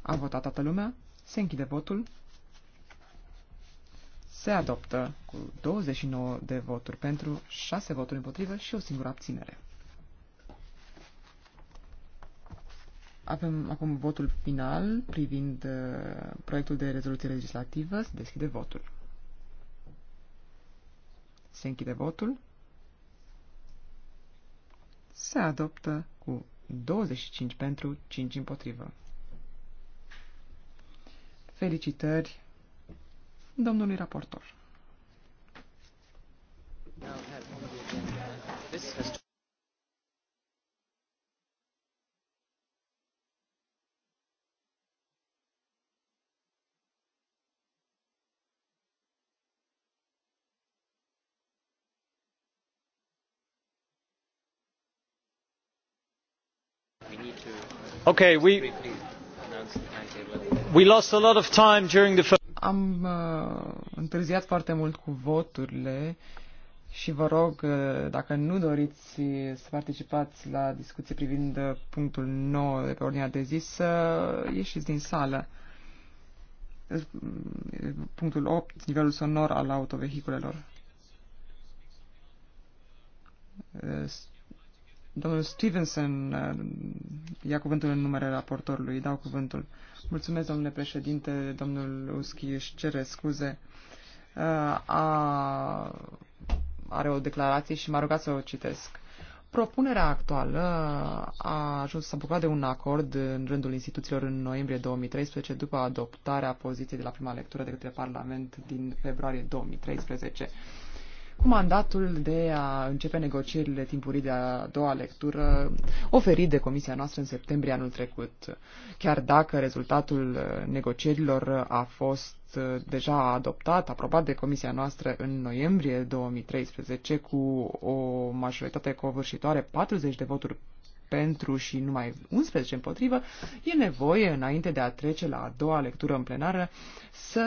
A votat toată lumea, se închide votul se adoptă cu 29 de voturi pentru, 6 voturi împotrivă și o singură abținere. Avem acum votul final privind uh, proiectul de rezoluție legislativă. Se deschide votul. Se închide votul. Se adoptă cu 25 pentru, 5 împotrivă. Felicitări domnului raportor. Okay, we, we lost a lot of time during the am uh, întârziat foarte mult cu voturile și vă rog, uh, dacă nu doriți să participați la discuție privind uh, punctul 9 de pe ordinea de zi, să ieșiți din sală. Uh, punctul 8, nivelul sonor al autovehiculelor. Domnul Stevenson uh, ia cuvântul în numele raportorului, dau cuvântul. Mulțumesc, domnule președinte, domnul Uschi își cere scuze. Uh, a, are o declarație și m-a rugat să o citesc. Propunerea actuală a ajuns să bucura de un acord în rândul instituțiilor în noiembrie 2013 după adoptarea poziției de la prima lectură de către Parlament din februarie 2013 cu mandatul de a începe negocierile timpurii de a doua lectură oferit de comisia noastră în septembrie anul trecut, chiar dacă rezultatul negocierilor a fost deja adoptat, aprobat de comisia noastră în noiembrie 2013 cu o majoritate covârșitoare 40 de voturi pentru și numai 11 împotrivă, e nevoie, înainte de a trece la a doua lectură în plenară, să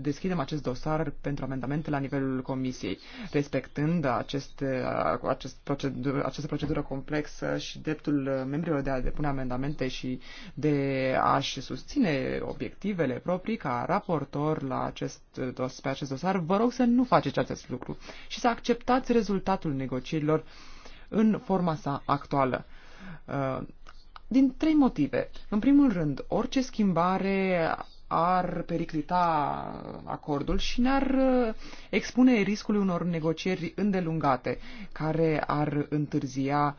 deschidem acest dosar pentru amendamente la nivelul Comisiei, respectând aceste, acest procedur, această procedură complexă și dreptul membrilor de a depune amendamente și de a-și susține obiectivele proprii ca raportor la acest, dos, pe acest dosar, vă rog să nu faceți acest lucru și să acceptați rezultatul negocierilor în forma sa actuală. Uh, din trei motive. În primul rând, orice schimbare ar periclita acordul și ne-ar uh, expune riscului unor negocieri îndelungate, care ar întârzia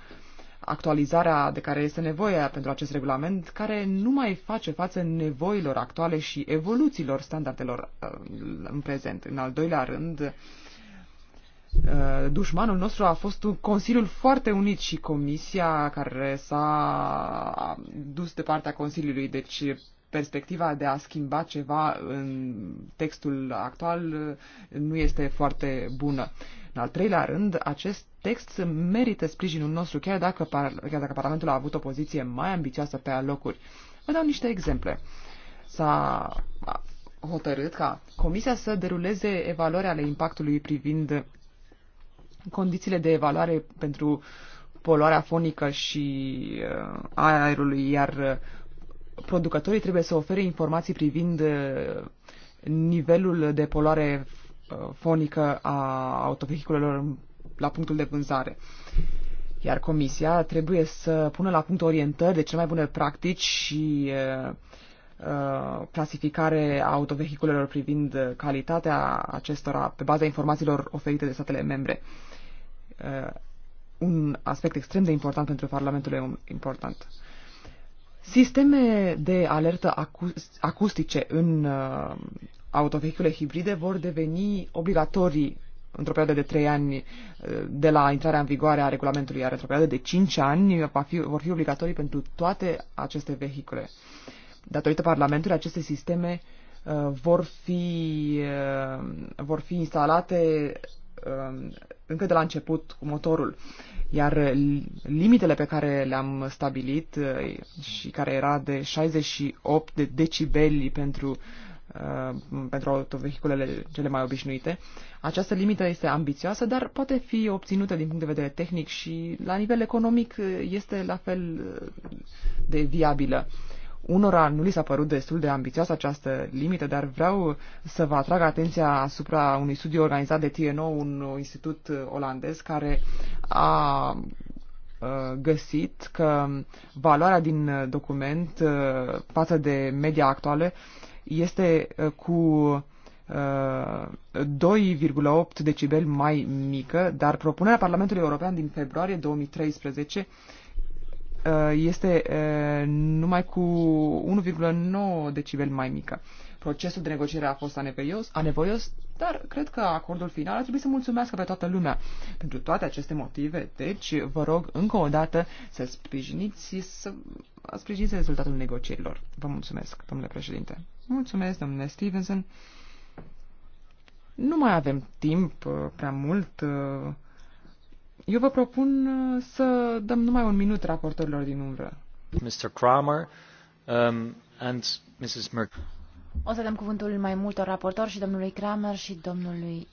actualizarea de care este nevoie pentru acest regulament, care nu mai face față nevoilor actuale și evoluțiilor standardelor uh, în prezent. În al doilea rând, Uh, dușmanul nostru a fost un Consiliul foarte unit și Comisia care s-a dus de partea Consiliului. Deci perspectiva de a schimba ceva în textul actual uh, nu este foarte bună. În al treilea rând, acest text merită sprijinul nostru, chiar dacă, chiar dacă Parlamentul a avut o poziție mai ambițioasă pe alocuri. Vă dau niște exemple. S-a hotărât ca Comisia să deruleze evaluarea ale impactului privind Condițiile de evaluare pentru poluarea fonică și uh, aerului, iar uh, producătorii trebuie să ofere informații privind uh, nivelul de poluare fonică a autovehiculelor la punctul de vânzare. Iar comisia trebuie să pună la punct orientări de cele mai bune practici și uh, Uh, clasificare a autovehiculelor privind calitatea acestora pe baza informațiilor oferite de statele membre. Uh, un aspect extrem de important pentru Parlamentul important. Sisteme de alertă acustice în uh, autovehicule hibride vor deveni obligatorii într-o perioadă de 3 ani de la intrarea în vigoare a regulamentului, iar într-o perioadă de 5 ani va fi, vor fi obligatorii pentru toate aceste vehicule. Uh, datorită Parlamentului, aceste sisteme uh, vor fi, uh, vor fi instalate uh, încă de la început cu motorul. Iar limitele pe care le-am stabilit și care era de 68 de decibeli pentru, pentru autovehiculele cele mai obișnuite, această limită este ambițioasă, dar poate fi obținută din punct de vedere tehnic și la nivel economic este la fel de viabilă. Unora nu li s-a părut destul de ambițioasă această limită, dar vreau să vă atrag atenția asupra unui studiu organizat de TNO, un institut uh, olandez, care a uh, găsit că valoarea din uh, document față de media actuală este cu 2,8 decibel mai mică, dar propunerea Parlamentului European din februarie 2013 Uh, este uh, numai cu 1,9 decibel mai mică. Procesul de negociere a fost anevoios, anevoios, dar cred că acordul final ar trebui să mulțumească pe toată lumea. Pentru toate aceste motive, deci vă rog încă o dată să sprijiniți, să sprijiniți rezultatul negocierilor. Vă mulțumesc, domnule președinte. Mulțumesc, domnule Stevenson. Nu mai avem timp uh, prea mult eu vă propun uh, să dăm numai un minut raportorilor din umbră. Mr. Kramer um, and Mrs. Merkel. O să dăm cuvântul mai multor raportori și domnului Kramer și domnului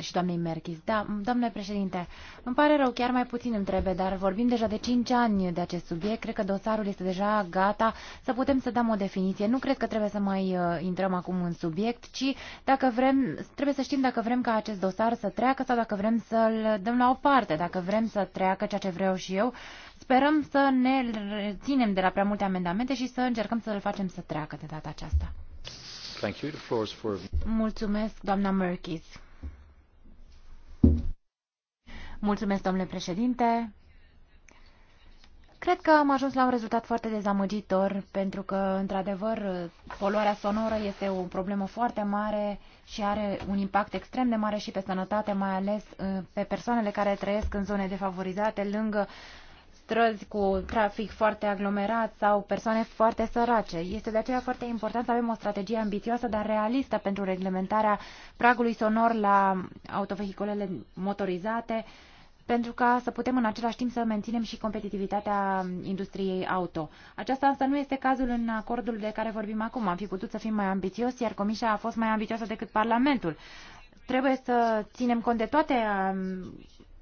și doamnei Merkis. Da, domnule președinte, îmi pare rău, chiar mai puțin îmi trebuie, dar vorbim deja de 5 ani de acest subiect. Cred că dosarul este deja gata să putem să dăm o definiție. Nu cred că trebuie să mai uh, intrăm acum în subiect, ci dacă vrem, trebuie să știm dacă vrem ca acest dosar să treacă sau dacă vrem să-l dăm la o parte, dacă vrem să treacă ceea ce vreau și eu. Sperăm să ne ținem de la prea multe amendamente și să încercăm să-l facem să treacă de data aceasta. Thank you. The floor is for... Mulțumesc, doamna Merkis. Mulțumesc, domnule președinte. Cred că am ajuns la un rezultat foarte dezamăgitor, pentru că, într-adevăr, poluarea sonoră este o problemă foarte mare și are un impact extrem de mare și pe sănătate, mai ales uh, pe persoanele care trăiesc în zone defavorizate, lângă străzi cu trafic foarte aglomerat sau persoane foarte sărace. Este de aceea foarte important să avem o strategie ambițioasă, dar realistă pentru reglementarea pragului sonor la autovehiculele motorizate, pentru ca să putem în același timp să menținem și competitivitatea industriei auto. Aceasta însă nu este cazul în acordul de care vorbim acum. Am fi putut să fim mai ambițios, iar Comisia a fost mai ambițioasă decât Parlamentul. Trebuie să ținem cont de toate um,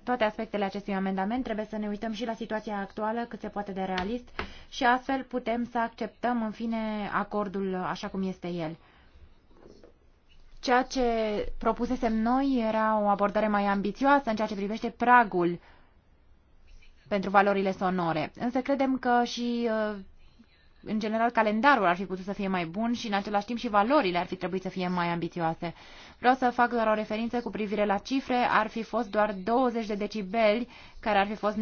toate aspectele acestui amendament, trebuie să ne uităm și la situația actuală, cât se poate de realist, și astfel putem să acceptăm, în fine, acordul așa cum este el. Ceea ce propusesem noi era o abordare mai ambițioasă în ceea ce privește pragul pentru valorile sonore. Însă credem că și uh, în general, calendarul ar fi putut să fie mai bun și, în același timp, și valorile ar fi trebuit să fie mai ambițioase. Vreau să fac doar o referință cu privire la cifre. Ar fi fost doar 20 de decibeli care ar fi fost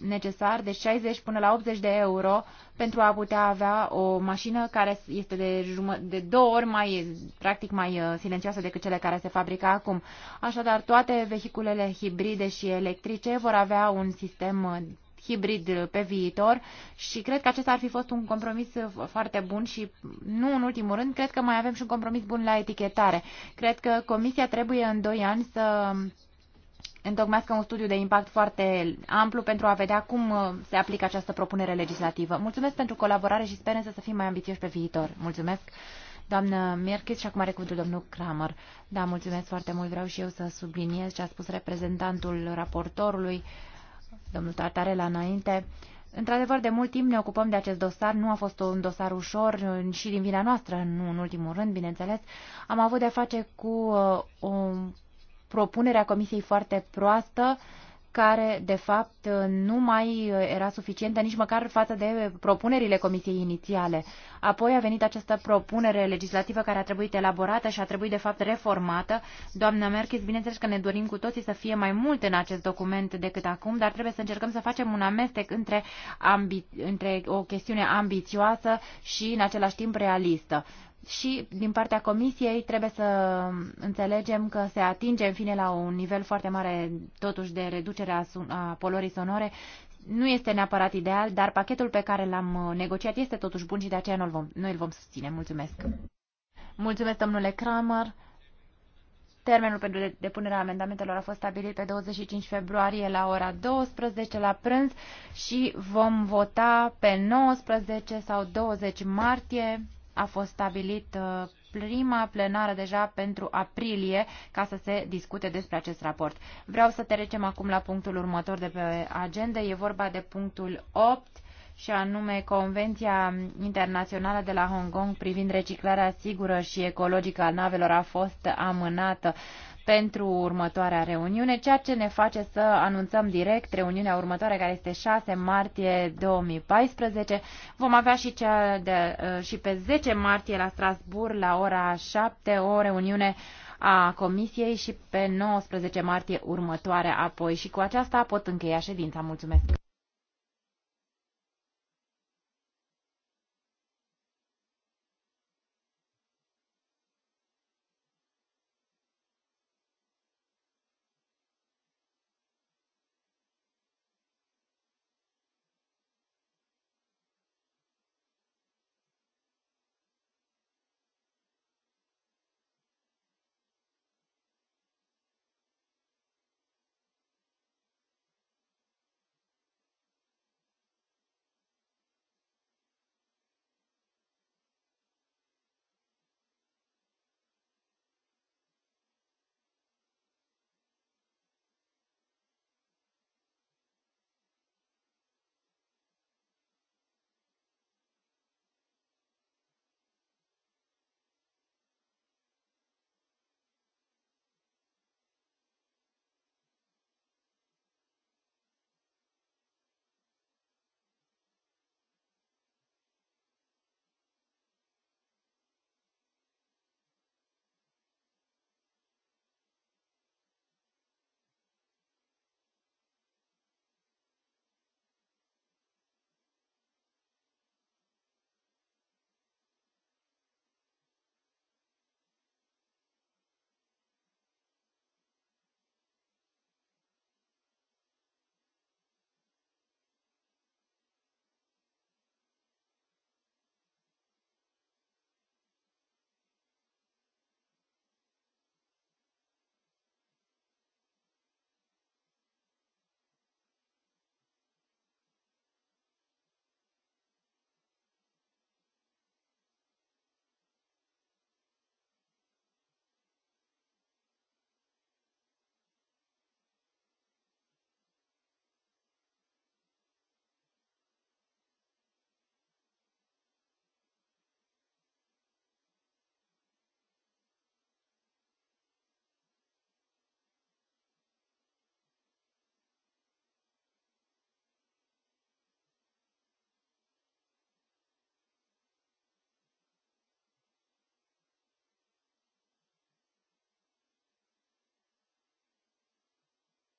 necesar, de deci 60 până la 80 de euro, pentru a putea avea o mașină care este de, de două ori mai, practic, mai uh, silențioasă decât cele care se fabrică acum. Așadar, toate vehiculele hibride și electrice vor avea un sistem uh, hibrid uh, pe viitor și cred că acesta ar fi fost un compromis uh, foarte bun și nu în ultimul rând, cred că mai avem și un compromis bun la etichetare. Cred că comisia trebuie în 2 ani să întocmească un studiu de impact foarte amplu pentru a vedea cum uh, se aplică această propunere legislativă. Mulțumesc pentru colaborare și sperăm să fim mai ambițioși pe viitor. Mulțumesc, doamnă Merkis, și acum are cuvântul domnul Kramer. Da, mulțumesc foarte mult. Vreau și eu să subliniez ce a spus reprezentantul raportorului. Uh, domnul la înainte. Într-adevăr, de mult timp ne ocupăm de acest dosar. Nu a fost un dosar ușor și din vina noastră, nu în ultimul rând, bineînțeles. Am avut de face cu uh, o propunere a Comisiei foarte proastă care, de fapt, nu mai era suficientă nici măcar față de propunerile comisiei inițiale. Apoi a venit această propunere legislativă care a trebuit elaborată și a trebuit, de fapt, reformată. Doamna Merkis, bineînțeles că ne dorim cu toții să fie mai mult în acest document decât acum, dar trebuie să încercăm să facem un amestec între, ambi- între o chestiune ambițioasă și, în același timp, realistă și din partea Comisiei trebuie să înțelegem că se atinge în fine la un nivel foarte mare totuși de reducere a polorii sonore. Nu este neapărat ideal, dar pachetul pe care l-am uh, negociat este totuși bun și de aceea noi îl vom, noi îl vom susține. Mulțumesc! Mulțumesc, domnule Kramer! Termenul pentru depunerea amendamentelor a fost stabilit pe 25 februarie la ora 12 la prânz și vom vota pe 19 sau 20 martie a fost stabilit uh, prima plenară deja pentru aprilie ca să se discute despre acest raport. Vreau să trecem acum la punctul următor de pe agenda. E vorba de punctul 8 și anume Convenția Internațională de la Hong Kong privind reciclarea sigură și ecologică a navelor a fost amânată pentru următoarea reuniune, ceea ce ne face să anunțăm direct reuniunea următoare, care este 6 martie 2014. Vom avea și, cea de, uh, și pe 10 martie la Strasbourg la ora 7 o reuniune a Comisiei și pe 19 martie următoare apoi. Și cu aceasta pot încheia ședința. Mulțumesc!